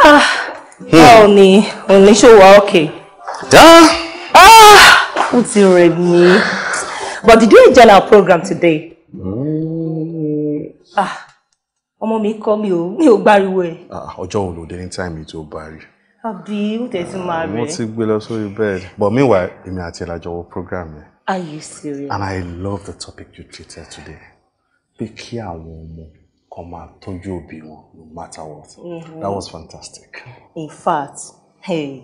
Hmm. báwo ni òní ṣó wà òkè. Ah! ó ti rẹ̀ mí but did you enjoy our program today. Hmm. Ah, ọmọ mi kọ́ mi ò mi ò gbáriwo ẹ̀. Ah, ọjọ́ wo ló dé ní táìmì tó bá rí. àbí ó tẹ̀ sí máa rẹ̀. mo ti gbé lọ sórí bẹ́ẹ̀dì but meanwhile èmi àti ẹ̀ lájọ wo program yẹn. are you serious. and I love the topic you treated today. pé kí àwọn ọmọ kó máa tọ́jú òbí wọn no matter what mm -hmm. that was fantastic. in fact hey,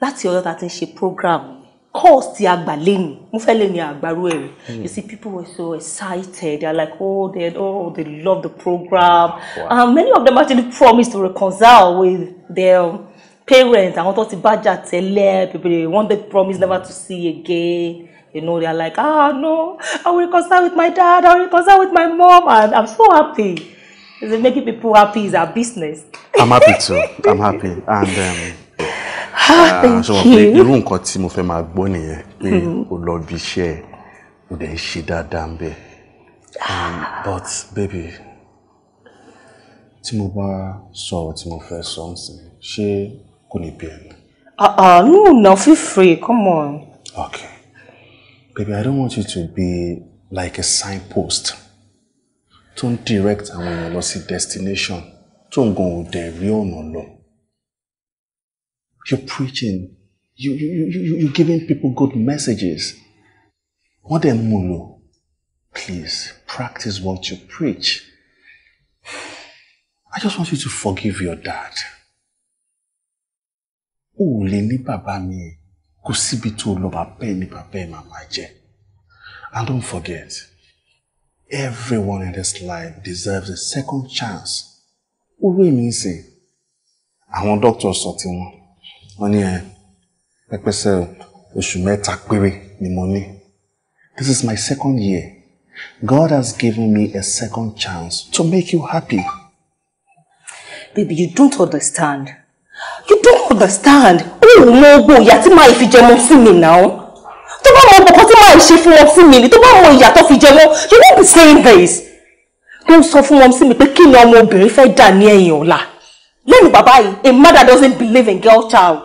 that's ọjọ́ other thing. She programmed, ṣe program course ti àgbà lẹ́nu mo fẹ́ lẹ́nu àgbàrú ẹ̀ rẹ̀ mm. you see people were so excited they are like oh they oh they love the program wow. um, many of them actually promised to reconcile with their. Um, parents àwọn tó ti bájà tẹ́lẹ̀ people they want the promise never to see again You know, they're like, ah, oh, no, I will reconcile with my dad, I will reconcile with my mom, and I'm so happy. It's making people happy is our business. I'm happy too. I'm happy. And um, uh, Ah, thank you. pé irú nǹkan tí mo fẹ́ máa gbọ́ nìyẹn pé hmm. o lọ bí iṣẹ́ ẹ̀ o dẹ̀ um, but baby tí mo bá sọ ọ̀rọ̀ tí mo fẹ́ sọ ǹsìn ṣé uh-uh, no na feel free come on. okay Baby, I don't want you to be like a signpost tó ń direct àwọn èèyàn lọ sí destination tó ń gan òde rí ọ̀nà lọ. You're preaching. You, you, you, you're giving people good messages. Wọ́n dẹ̀ mú lò. Please, practice what you preach. I just want you to forgive your dad. O ò lè ní bàbá mi kò síbi tó lọ bàbá ẹ̀ ní bàbá ẹ̀ màmá jẹ́ and don't forget everyone in this life deserves a second chance olú èmi ń sìn àwọn dókítà sọ tiwọn wọn ní ẹ pẹpẹsẹ oṣù mẹ́ta péré ni mo ní this is my second year God has given me a second chance to make you happy. Baby, you don't understand you don't understand Oh no, mọ You ìyá tí máa fi jẹmọ sí mi náà tó bá mọ ọkọ tí máa ṣe fún wọn sí mi ni tó bá mọ ìyá tó fi jẹmọ you won't be saying this tó suffer sọ fún wọn sí mi pé kí ni ọmọ obìnrin fẹ́ dà Let me, Baba. a mother doesn't believe in girl child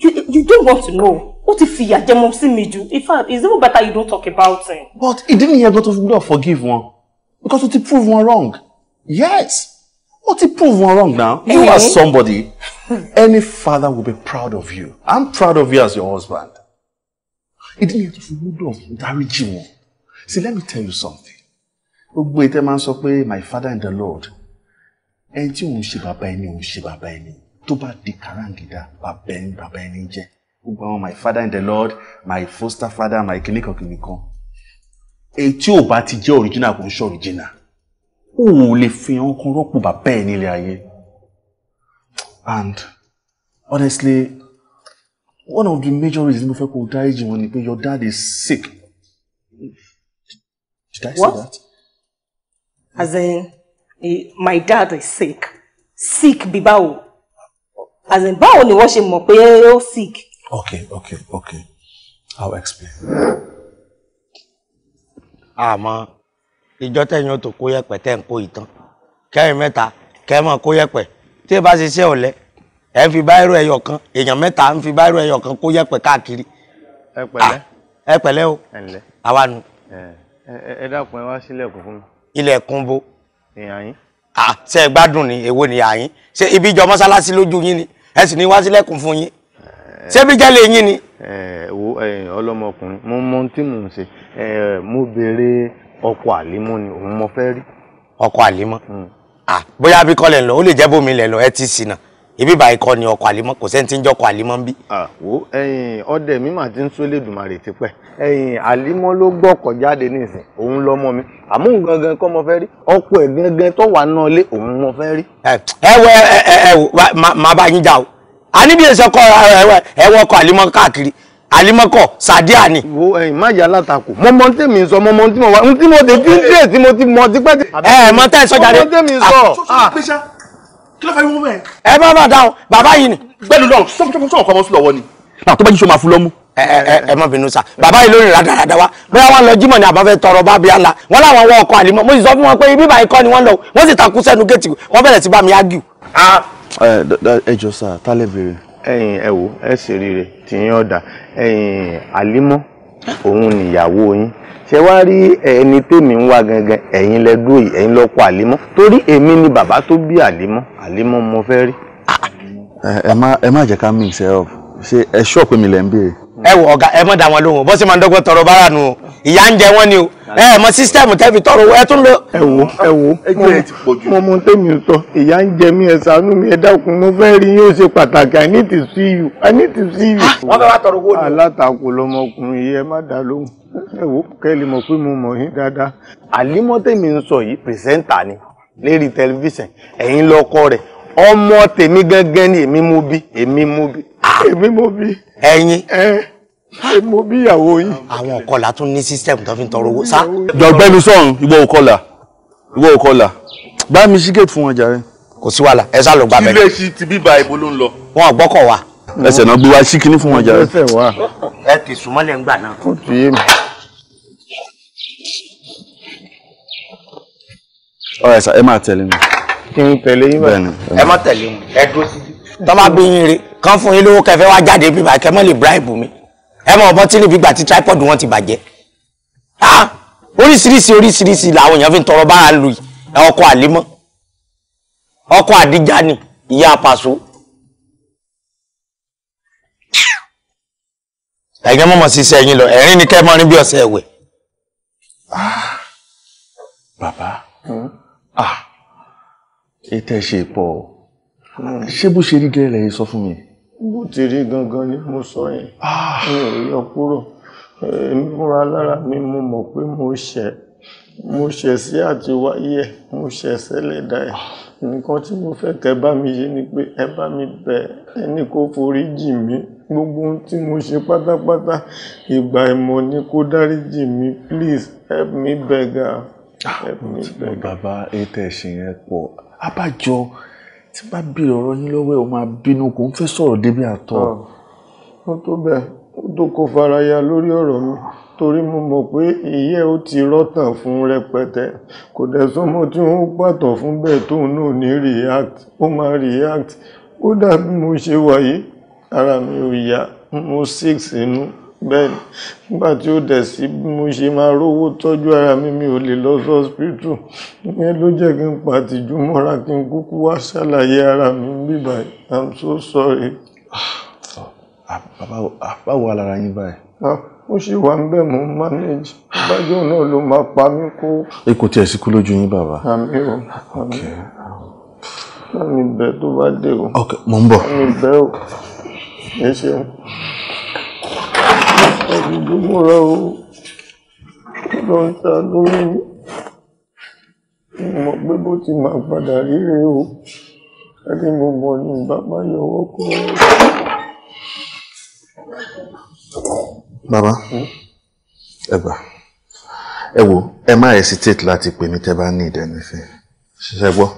you, you don't want to know What if fi ìyà jẹmọ sí mi jù in fact it's even better you don't talk about it. but ìdí nìyẹn gan tó fi gbọ́dọ̀ forgive one because ó prove one wrong yes. What ti prove wọn wrong now you hey. are somebody any father will be proud of you i'm proud of you as your husband ìdí yẹn tó fi gbọ́dọ̀ dáríjì wọn see let me tell you something gbogbo ètò máa ń sọ my father and the lord ẹni tí òun ṣe bàbá ẹni òun ṣe bàbá ẹni di karangida ba ẹni ba ẹni je. gbogbo my father and the lord my foster father my kìnìkan kìnìkan èyí tí ò bá ti jẹ́ original kò ń original òun ò lè fi hàn kan rọ́pò bàbá ẹ̀ nílé ayé and honestly one of the major reasons mo fẹ́ kó dáríjì wọn ni pé your dad is sick did I say What? that? as in my dad is sick sick bí báwo as in báwo ni wọ́n ṣe mọ̀ pé ó sick. okay okay okay I'll explain. àmọ́. Ah, ìjọ tẹ̀yìn ó tó kó yẹ̀pẹ̀ tẹ̀ ń kó ìtàn kẹ́yìn mẹ́ta kẹ́mọ̀ kó yẹ̀pẹ̀ tí ẹ bá ṣe iṣẹ́ ọ̀lẹ ẹ̀ ń fi báírò ẹyọ kan èèyàn mẹ́ta ń fi báírò ẹyọ kan kó yẹ̀pẹ̀ káàkiri. ẹ pẹ̀lẹ́ ah, ẹ pẹ̀lẹ́ o àwa nu. ẹ dákun ẹ wá sílẹ̀kùn fún mi. ilẹ̀kùn bo. èèyàn yín. à ṣe é gbádùn ni èwo ni àyín ṣe ibi ìjọ mọ́sálásí lójú yín ni ẹ sì ní wá sílẹ̀kùn fún yín ṣebí jẹ́lẹ̀ yín ni. ẹ wo ọlọmọkùnrin mo mọ ohun tí mò ń ṣe mo béèrè ọkọ àlímọ́ ni òun mo fẹ́ rí. ọkọ̀ àlímọ́ ah hmm. bóyá bí kọ́lẹ̀ lọ ó lè jẹ́ bómi lẹ̀ lọ ẹ ti sìnà ibi báyìí kọ́ ni ọkọ àlímọ́ kò sẹ́ni tí ń jọ́ ọkọ̀ àlímọ́ ń bí. àwo ẹyin ọdẹ mi mà ti ń sún Elédùmarè tipẹ́ ẹyin àlímọ́ ló gbọ́kọ̀ jáde nísìn òun lọ́mọ mi àmọ́ òun gangan kọ́ mo fẹ́ rí ọkọ ẹ gangan tó wà náà lé òun mo fẹ́ rí. ẹ wọ ẹ ẹ ẹ máa bá yín jà o a níbi èso ọkọ ẹ wọ ọkọ̀ àlímọ́ káàkiri alimọkọ sadia ni. wo ẹyin má yà látakò mọmọ tí mi sọ mọmọ tí mo wá tí mo ti fi ń tí mo ti mọ tipẹ́ tí. ẹ mọ tẹ́ ẹ sọ jáde. mọmọ tí mi sọ. Ah, kí ló fẹ́ wọ́n mẹ́. ẹ bá bá dáhùn bàbá yìí ni. gbẹ́lu lọ sọ́kùnkùn ọkọ̀ ọmọ sí lọ́wọ́ ni. náà tó bá yìí sọ máa fún lọ́mú. ẹ ẹ ẹ má bínú sa bàbá yìí lórí rádaràda wa bóyá wọn lọ jímọ̀ ni àbá fẹ́ tọrọ bá bíi àlà wọn làwọn wọ ọkọ àlìmọ mo sì sọ fún wọn pé bíbá ikọ ni wọn lọ wọn sì takú sẹnu géètì wọn bẹ̀rẹ̀ sí bá mi ágìw. Ah. ẹ ẹ jọ sá tálẹ̀ bèrè ẹ̀yin ẹ wò ẹ sì rire tí yín ọ̀dà ẹ̀yin àlímọ́ òun nìyàwó yín ṣe wá rí ẹni tèmi ń wá gangan ẹ̀yin lẹ dúró yìí ẹ̀yin lọ́kọ àlímọ́ torí èmi ni bàbá tó bí àlímọ́ àlímọ́ mo fẹ́ rí. ẹ má ẹ má jẹ́ ká mix ẹ up ṣe ẹ ṣọ́ọ̀pù mi lẹ́ ń béèrè. E wọ ọ̀gá ẹ mọ̀ da wọn lóhùn bó ṣe máa ń dọ́gbọ́n tọrọ bára ìyá ń jẹ ni o ẹ mọ sísítẹ́ẹ̀mù tọrọ ẹ tún lọ. ẹ wo ẹ wo mo mọ tẹ́mi sọ ìyá ń jẹ mí ẹ ṣàánú mi ẹ dákun mo fẹ́ rí ṣe pàtàkì i need to see you i need to see you. Ah, wọ́n fẹ́ wá tọrọ owó ni. alátakò lọmọkùnrin yìí ẹ má lóhùn ẹ wo kẹ́lí mọ̀ pé mo mọ̀ yín dáadáa. ń sọ ọmọ tèmi gangan ni èmi mú bí èmi mú bí. Ah! èmi mú bí. ẹ̀yin. èmi mú bí ìyàwó yín. àwọn ọ̀kọ́là tún ní sísẹ́mù tó fi ń tọrọ owó sá. jọ̀gbẹ́ni sọ̀rùn ìwọ òkọlà ìwọ òkọlà bá mi ṣí gate fún wọn jàre. kò sí wàhálà ẹ sá ló gbà bẹ́ẹ̀. ilé ṣi ti bíbá ibo ló ń lọ. wọn ò gbọ́kọ̀ wa. ẹsẹ̀ náà gbé wa ṣí kinní fún wọn jàre. ẹ ti sùnmọ́lẹ̀ ń gbà náà. ó ti ẹ máa tẹ̀lé mi kí n tẹ̀lé yín báyìí. ẹ má tẹ̀lé wọn ẹ dúró síbi. tọ́ bá bí yín rí kán fún yín lówó kẹfẹ́ wá jáde bíbá kẹ mọ́ lè bribe mi ẹ mọ̀ ọ̀bọ̀n tí níbi gbà tí tripod wọn ti bàjẹ́ oríṣiríṣi oríṣiríṣi làwọn èèyàn fi ń tọrọ bára lu ọkọ̀ àlímọ́ ọkọ̀ àdíjà ni ìyá pàṣọ. ẹ̀yin mọ̀mọ́ sí iṣẹ́ yín lọ ẹ̀rín ni kẹ́ mọ́ rí bí ọ̀sẹ̀ ẹ̀wẹ̀. Ah, bàbá hmm? ah ètò ẹ̀ṣẹ̀ pọ̀ hmm. ṣé bó ṣe rí gẹ́rẹ́ lẹ́yìn sọ fún mi. bó ti rí gangan ni mo sọ yẹn ah. mi ò yọ kúrò èmi fúnra lára mi mo mọ̀ pé mo ṣẹ̀ mo ṣẹ̀ sí àti wáyé mo ṣẹ̀ sẹ́lẹ̀dá ẹ̀ nǹkan tí mo fẹ́ kẹ́ bá mi ṣe ni pé ẹ bá mi bẹ̀ ẹni kó forí jì mí gbogbo ohun tí mo ṣe pátápátá ìgbà ìmọ̀ ni kó dáríjì mi please help me beggar. Ah, help me beggar. bàbá ètò ẹ̀ṣẹ̀ yẹn pọ̀ abájọ tí bá bèrè ọ̀rọ̀ yín lọ́wọ́ ẹ̀ o máa bínú kò ń fẹ́ sọ̀rọ̀ débi àtọ̀. Ah, ó tó bẹ́ẹ̀ ó tó kó faraya lórí ọ̀rọ̀ mi torí mo mọ̀ pé ìyẹ́ ó ti rọ́tàn fún rẹpẹtẹ kò dẹ̀ sọ́mọ tí wọ́n pàtọ̀ fún bẹ́ẹ̀ tóun náà ní react ó máa react ó dàbí mo ṣe wáyé ara mi ò yá mo six inú bẹ́ẹ̀ ni nígbà tí ó dẹ̀ sí bí mo ṣe máa rówó tọ́jú ara mi mi ò lè lọ sọ́spítù ìyẹn ló jẹ́ kí n pàtìjú mọ́ra kí n kúkú wá ṣàlàyé ara mi bíbá i'm so sorry. Ah, ah, báwo alára yín báyìí. ó ah, ṣì wà ń bẹ̀ mo manage ìbájọ́ náà ló máa pa mí kó. ẹ kò tiẹ̀ sí kú lójú yín bàbá. àmì o àmì bẹ́ẹ̀ ni bẹ́ẹ̀ tó bá dé o. ok mo ń bọ̀. bẹ́ẹ̀ o ẹ ṣeun ẹ̀rù múra o lọ ṣàánú mọ̀ pé bó ti máa padà ríre o ẹni mo mọ̀ ní bàbá yọwọ́ kọ́ bàbá ẹ gbà ẹ wo ẹ má hesitate láti pè mí tẹ́ bá ní ìdẹ́nifẹ́ ṣiṣẹ́ gbọ́.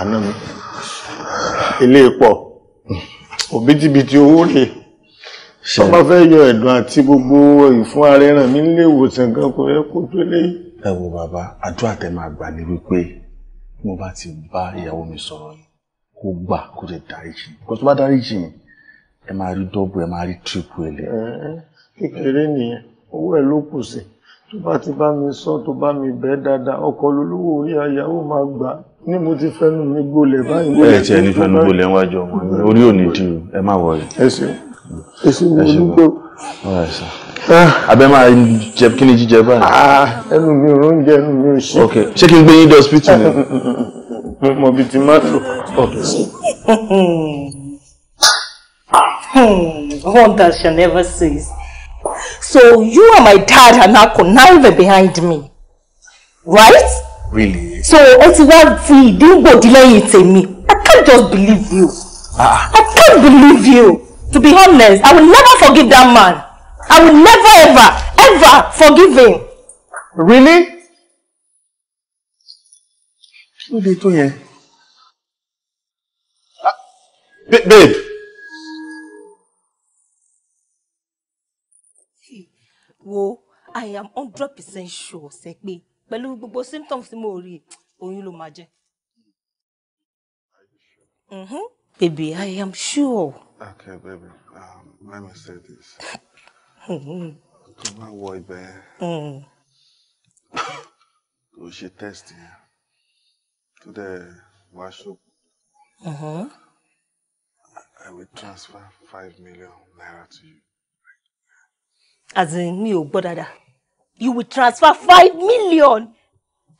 àná mi ilé pọ̀ òbítíbitì owó rèé wọ́n bá fẹ́ yọ ẹ̀dùn àti gbogbo ìfún arẹ́ràn mi nílé ìwòsàn kan kò yẹ kó tó lé. ẹ wo bàbá àdúrà tẹ máa gbà ní wípé bí mo bá ti bá ìyàwó mi sọ̀rọ̀ yìí kó gbà kó lè dáríjì kó tó bá dáríjì yìí ẹ máa rí dọ́bù ẹ máa rí tírípù ẹ lẹ. kékeré nìyẹn owó ẹ ló kù sí tó bá ti bá mi sọ tó bá mi bẹ dáadáa ọkọ lolówó orí ayáwó máa gbà ní mo ti fẹnu mi gbolẹ báyìí. ẹ tiẹ̀ ní fẹnu gbolẹ wájú ọmọ mi orí ò dì ẹ má wọlé. ẹ ṣeun èsì ni olúgbò. Ah. abẹ́ máa jẹ kí ni jíjẹ báyìí. Ah, ẹnu mi ò róúnjẹ ẹnu mi ò ṣe. ok ṣé kí n gbé yín dé hospital ni. mo mọ ibi tí máa lò. One that shall never cease. So you and my dad are now conniving behind me, right? Really? So ó ti wá fi ìdí ń gbòdì lẹ́yìn tèmi. I can't just believe you. Ah. I can't believe you. To be honest, I will never forgive that man. I will never, ever, ever forgive him. Really? Kí ló tó yẹn? Babe. Whoa, I am 100% sure ṣe But pẹ̀lú gbogbo symptoms are mo rí, you ló máa jẹ́. Mm-hmm. Baby, I am sure. Okay, baby. Um, let me say this. Tó bá wọ ibẹ̀ We tó ṣe test yẹn, tó dẹ̀ wá ṣòkò. I will transfer five million naira to you. As in mi ò gbọ́ You will transfer five million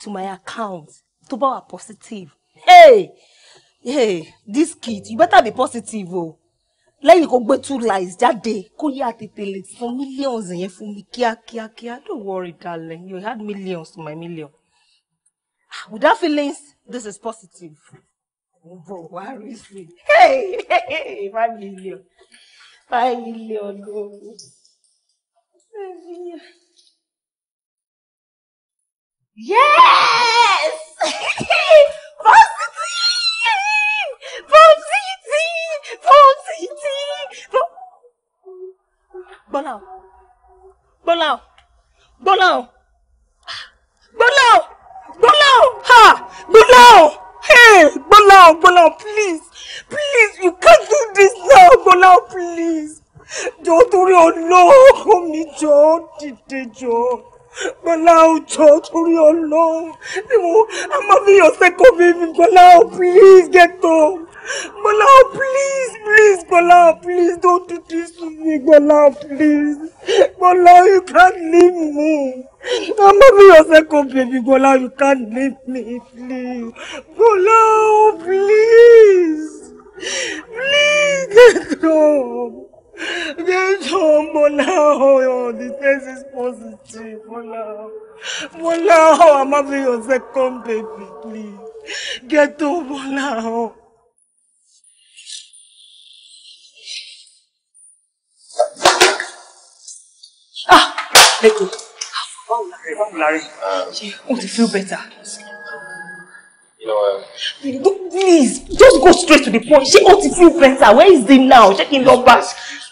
to my account To be positive. Hey! Hey! This kid, you better be positive Oh lẹ́yìn kó gbé two lies jáde kó yá tètè lè san millions yẹn fún mi kíákíákíá don't worry darling you had millions to my million ah, with that feelings this is positive bọ̀ wá rí sí i five million five million lóòrùn yes títí. Gbọ́lá o, gbọ́lá o, gbọ́lá ha, gbọ́lá hey, gbọ́lá o, please, please, you can't do this now, gbọ́lá o, please. Jọ̀ọ́ torí ọlọ́ọ̀kọ́ mi jọ̀ọ́ dìde Joe. Bọ́lá òjò torí ọlọ́run ni mo a máa fi ọ̀sẹ̀ kọ́ please get up Bọ́lá please please Bọ́lá please don't do this to me Bọ́lá please Bọ́lá you can't leave me a máa fi ọ̀sẹ̀ kọ́ bèbí you can't leave me please Bọ́lá please please get up. Jọ Mọ́láhàn, the test is positive, Mọ́láhàn. Mọ́láhàn, oh, I'm having your second baby, please. Get to Mọ́láhàn. Oh. Ah, let go. Báwo oh, la rẹ̀? Báwo la rẹ̀? Ṣé o ti feel better? You know, uh, Please, just go straight to the point. She o to feel better? Where is he now? Ṣé kí n lọ Excuse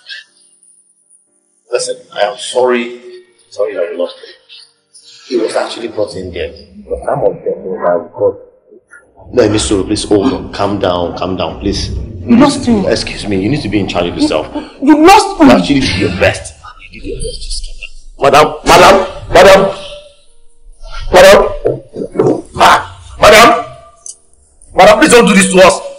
Listen, I am sorry. Sorry that you lost him. He was actually brought in there. The some of them will have got. No, Miss Soro, please hold on. Calm down, calm down, please. You lost him. Excuse me, you need to be in charge of yourself. You, you lost him. You actually did your best. You did your best. Just calm down. Madam, madam, madam. Madam. Madam. Madam, please don't do this to us.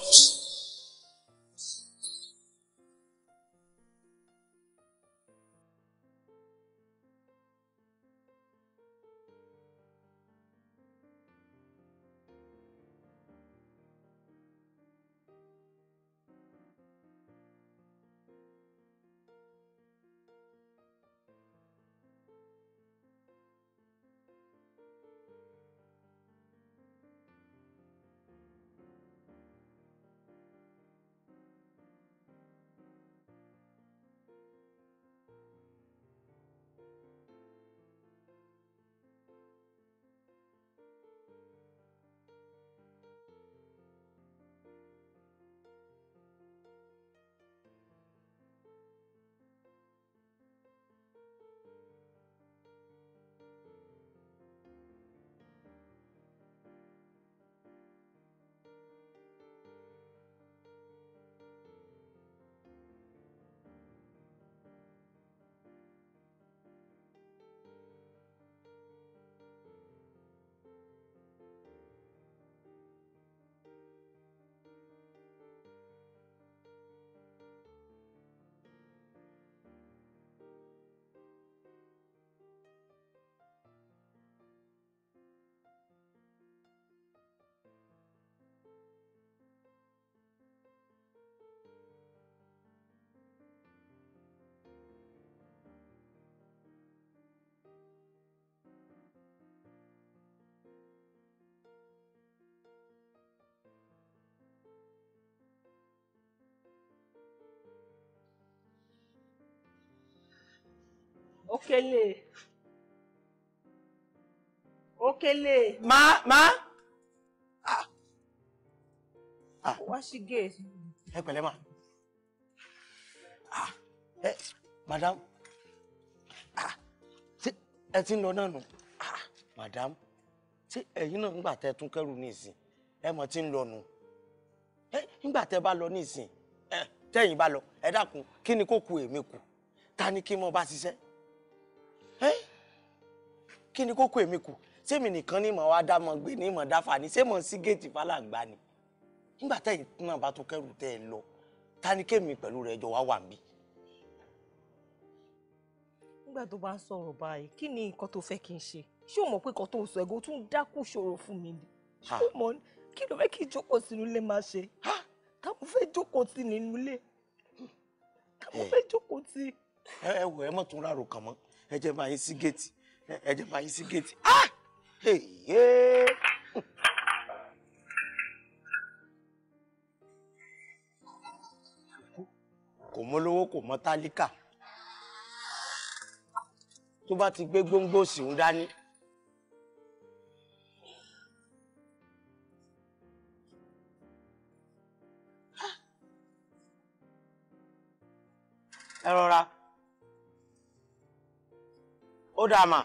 Òkèlè. Òkèlè. Má má. Wá sí gate. Ẹ pẹ̀lẹ́ mà. Ẹ ah. eh, madam ah. ẹ ti ń lọ náà nù ah, madam tí ẹ̀yin náà ńgbà tẹ tún kẹ́rù ní ìsìn ẹ mọ̀ tí ń lọ nù ńgbà eh, tẹ bá lọ ní ìsìn eh, tẹ́yìn bá lọ ẹ dákun kí ni kò ku èmi kù ta ni kí n mọ bá ṣiṣẹ́ kí ni kókó èmi kù sẹ́mi nìkan ní ìmọ̀ wa dá mọ̀ gbé ní ìmọ̀ dáfà ni sẹ́mọ̀ sí géètì fàlàǹgbà ni nígbà tẹ́yìn náà bá tún kẹ́rù tẹ́ ẹ lọ ta ni kémi pẹ̀lú rẹ̀ jọ wá wà mí. nígbà tó bá ń sọ̀rọ̀ báyìí kí ni nǹkan tó fẹ́ kí n ṣe ṣé o mọ̀ pé nǹkan tó ń sọ ẹ̀gọ́ tún dákú ṣòro fún mi ni ṣé o mọ̀ kí ló fẹ́ kí n jókòó sínú ilé máa ṣe táwọn fẹ́ jókòó sí nínú ilé táwọn fẹ́ jókòó sí. ẹ wọ ẹ mọ̀ tún rárò kàn mọ́ ẹ jẹ́ báyìí sí géètì ẹ jẹ́ bá yín sí géètì ah èyí. kò mólówó kò mọ tálíkà tó bá ti gbé gbóngbó sìún dání. ẹ rọra ó dáa mà.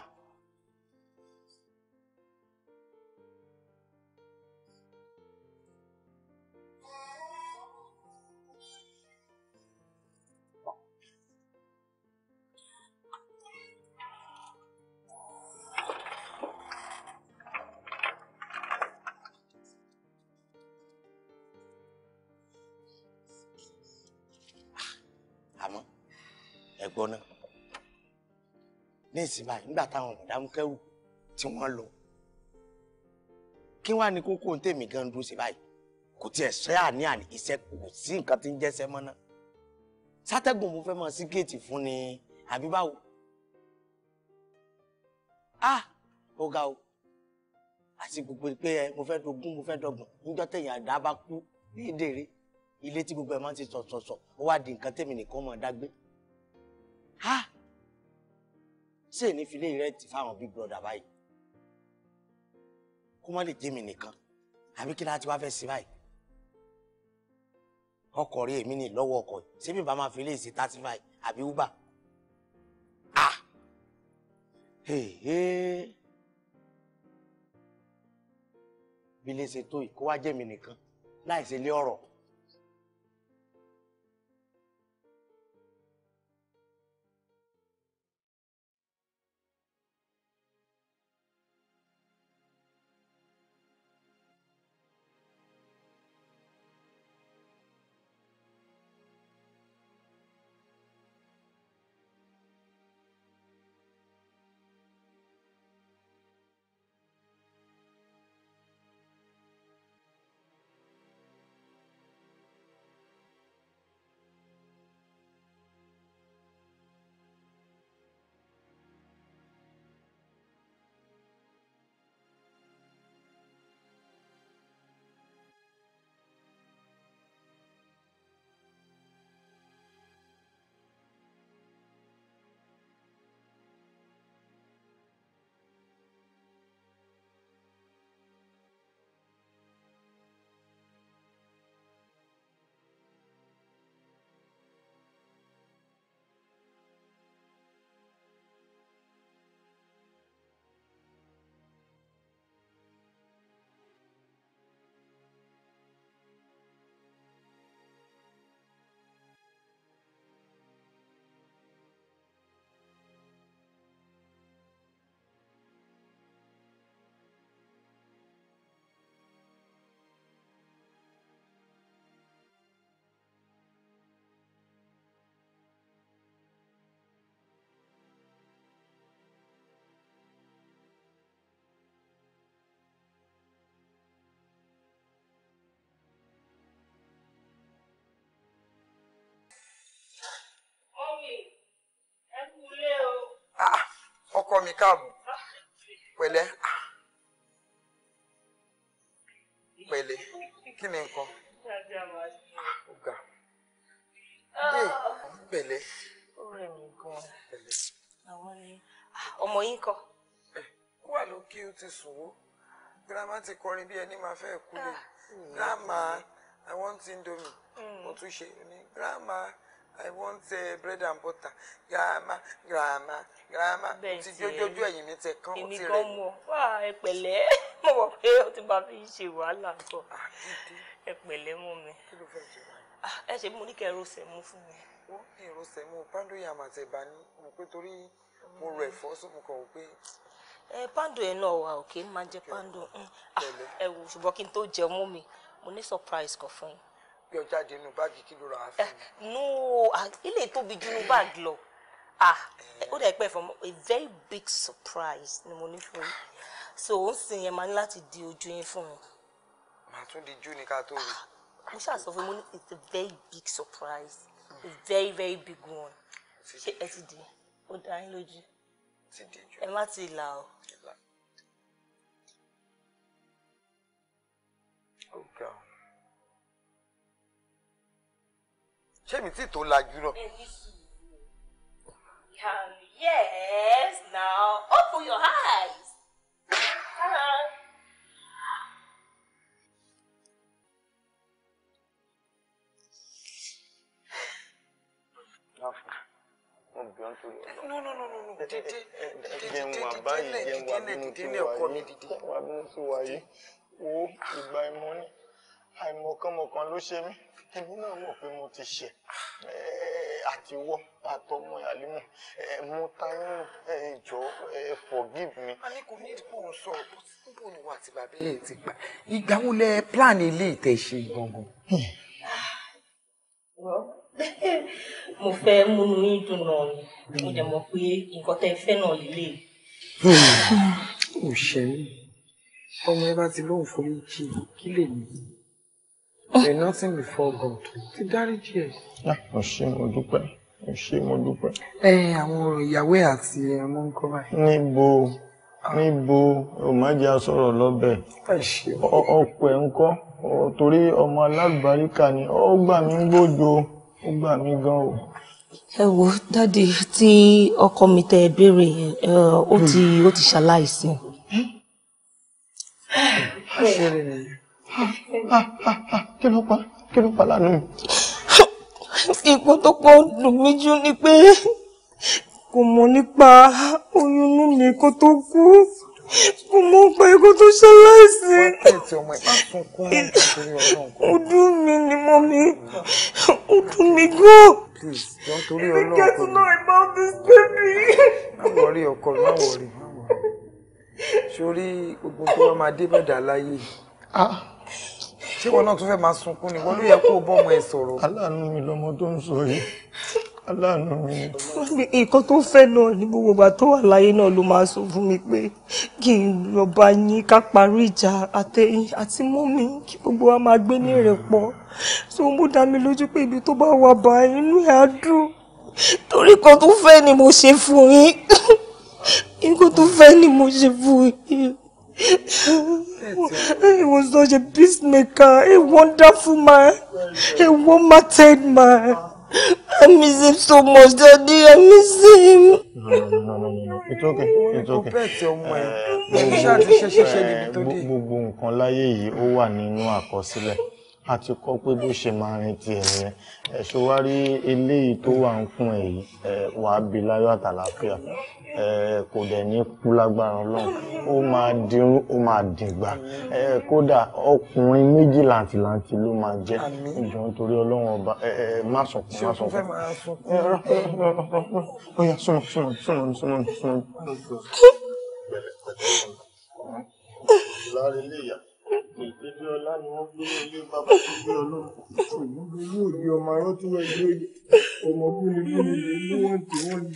ẹ̀gbọ́n náà ní ìsìn báyìí nígbà táwọn mọ̀dámú kẹ́wù tí wọ́n lọ kí wàá ní kókó tèmi gan dúró sí báyìí kò tiẹ̀ ṣẹ́ àní àní iṣẹ́ kò sí nǹkan tí ń jẹ́sẹ́ mọ́ náà sátẹ́gùn mo fẹ́ mọ sí géètì fún ni àbí báwo ah ó ga o àti gbogbo pé ẹ mo fẹ́ dogún mo fẹ́ dọgbọ̀n níjọ́ tẹ̀yìn àdá bá kú ní ìdèrè ilé tí gbogbo ẹ̀ máa ń ti sọ̀sọ̀sọ̀ ó wá di nǹkan tèmi nìkan mọ̀ dágbé ha ṣé èní fi lé rẹ́ǹtì fáwọn big brother báyìí kó má lè jẹ́ mi nìkan àbí kí láti wá fẹ́ sí báyìí ọkọ̀ rí èmi ní lọ́wọ́ ọkọ̀ yìí ṣé mi bá máa fi lè ṣe thirty five àbí uber ah hey, hey. bí lè ṣe tó yìí kó wá jẹ́ mi nìkan láì ṣe lé ọ̀rọ̀. ọkọ mi káàbọ̀ pẹ̀lẹ́ pẹ̀lẹ́ kí ni nǹkan ọ̀gá pẹ̀lẹ́ pẹ̀lẹ́ ọmọ yín kọ́. wà ló kí o ti sùn ó girama ti kọrin bí ẹni máa fẹ́ kú lè ah, girama mm. i want indomie mm. mo tún ṣe ní girama. I want uh, bread and butter. Grandma, grandma, grandma. Bẹ́ẹ̀ ti rí. Ojú ẹ̀yìn mi tẹ̀ kán. Èmi gan mọ̀. Wá ẹ pẹ̀lẹ́. Mo mọ̀ pé o ti bá fi ṣe wàhálà bọ̀. Ah, pẹ̀lẹ́ mọ́ mi. Kí ló fẹ́ jẹ báyìí? Ah, ẹ ṣe mo ní kẹ́ ro sẹ̀mú fún mi. Wọ́n ní ro sẹ̀mú pando yam àtẹ̀bà ni mo pé torí mo rọ ẹ̀fọ́ mm. sí mo kàn wò pé. Ẹ pando yẹn náà wà òkè máa jẹ pando. Mm. Ah, ẹ wò ṣùgbọ́n kí n tó jẹun mú mi, mo ní surprise kan fún yín gbé ọ jáde nínú báàgì kí ló ra fún mi. Eh, no ilé ah, tóbi jù nínú báàgì lọ ah, eh. ó dẹ̀ pẹ́ fún a very big surprise ni mo ní fún yín so ó ń sìn yẹn máa ní láti di ojú yín fún mi. màá tún di jú ni ká tó rí. Ah, mo ṣàṣọ fún mi it's a very big surprise a very very big one ṣé ẹ ti di ó dá yín lójú ẹ má ti là o. ṣé tí tó lajú náà. yes now open your eyes. No, no, no, no, no. Dìde, dìde, dìde, dìde, dìde, dìde, ọkọ mi dìde. Wà á bínú sí wa yìí. Wo ìgbà ìmọ̀ ni àìmọ̀kànmọ̀kàn ló ṣe mí èmi náà mọ̀ pé mo ti ṣe eh, àti wọ́ àtọmọ àlímọ̀ eh, mo ta yín ìjọ eh, forgive me. a ní kò ní ìdìbò ń sọ bó ni wà tí bàbá ẹ ti gbà ìgbà wo lẹ plan ilé ìtẹ̀ṣe gangan. mo fẹ́ múnú yín dùn náà ni mo dẹ̀ mọ̀ pé nǹkan tẹ́ fẹ́ náà lílé. òṣèré ọmọ ẹ bá ti lóun forí jì kí lè mí. There's nothing before God. Ti dáríjì ẹ̀. Ó ṣé mo dúpẹ́, ó ṣé mo dúpẹ́. Ẹ àwọn ìyàwó àti ọmọ nǹkan báyìí. Níbo níbo ò má jẹ́ sọ̀rọ̀ lọ́bẹ̀. Ọkọ ẹ̀ ń kọ́ torí ọmọ alágbàríkà ni ó gbà mí gbòdo ó gbà mí gan o. Ẹ wo dádì tí ọkọ mi tẹ béèrè ó ti ó ti ṣaláìsí. Ṣé rẹ̀ nìyí? kí ló pa kí ló pa lánàá yìí. ìpò tó pọ̀ dùn mí jù ni pé kò mọ̀ nípa oyún inú mi kó tó kú kò mọ̀ nípa ikú tó ṣaláìsí. ó dùn ni mọ́ mi ó dùn mí please don't worry. ọlọ́run kò ní. I need to know about this baby. Don't worry, your call. Don't worry. wọrí sórí gbogbo tó bá máa dé bàdà ṣé wọn náà tún fẹ́ máa sunkún ni wọn ló yẹ kó o ọmọ ẹ sọ̀rọ̀. aláàánú mi lọmọ tó ń sọ yìí aláàánú mi nǹkan tó fẹ́ náà ní gbogbo ìgbà tó wà láyé náà ló máa sọ fún mi pé kí n lọ bá yín ká parí ìjà àtẹ̀yìn àti mú mi kí gbogbo wa máa gbé ní ìrẹ́pọ̀ tó mú dá mi lójú pé ibi tó bá wà bá inú ẹ̀ á dùn torí kan tó fẹ́ ni mo ṣe fún yín nǹkan tó fẹ́ ni mo ṣe fún yín. He was such a peacemaker, a wonderful man, a warm-hearted man. I miss him so much, Daddy. I miss him. No, no, no, no, no. It's okay. It's okay. Eh, eh, gbogbo nǹkan láyé yìí ó wà nínú àkọsílẹ̀. A ti kọ́ pé bó ṣe máa rìn ti ẹ̀yẹn. Ẹ̀ṣọ́ wá rí eléyìí tó wà ń kún èyí, wàá bí láyọ̀ àtàlàáfíà kò dẹ̀ ní kú lágbára ọlọ́run ó máa dirú ó máa dìgbà kódà ọkùnrin méjì làǹtìlàǹtì ló máa jẹ́ ìjọ nítorí ọlọ́run ọba má sọkún má sọkún. ó yá súnmọ́ súnmọ́ súnmọ́ súnmọ́ súnmọ́. láàrin ilé ìyá. Ìdílé ọlá ni wọ́n gbé ilé bàbá tó gbé ọlọ́run. Ògùn lówó òde ọmọ arán tó wẹ̀ lóye. Ọmọ búni búni lè lówó ń tì wọ́n ní.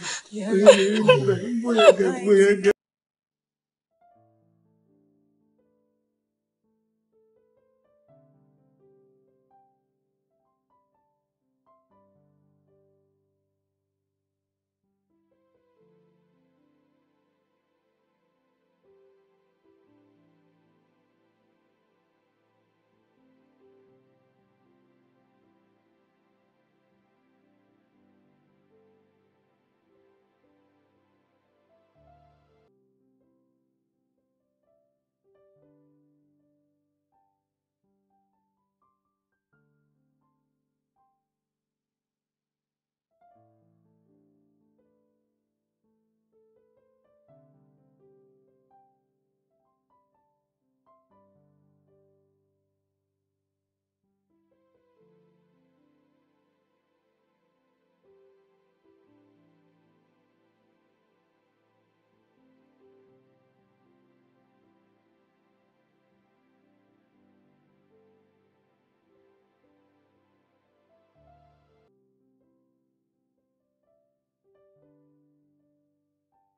Èyí ni ìlú rẹ̀ ń gbóyè gẹ̀ gbóyè gẹ̀.